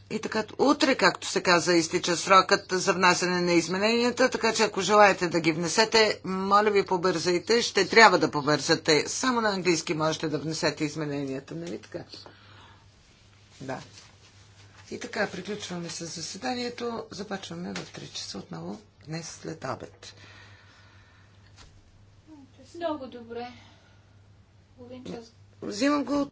И така, утре, както се каза, изтича срокът за внасяне на измененията, така че ако желаете да ги внесете, моля ви побързайте, ще трябва да побързате. Само на английски можете да внесете измененията, нали така? Да. И така, приключваме с заседанието. Започваме в 3 часа отново днес след обед. Много добре. Взимам го от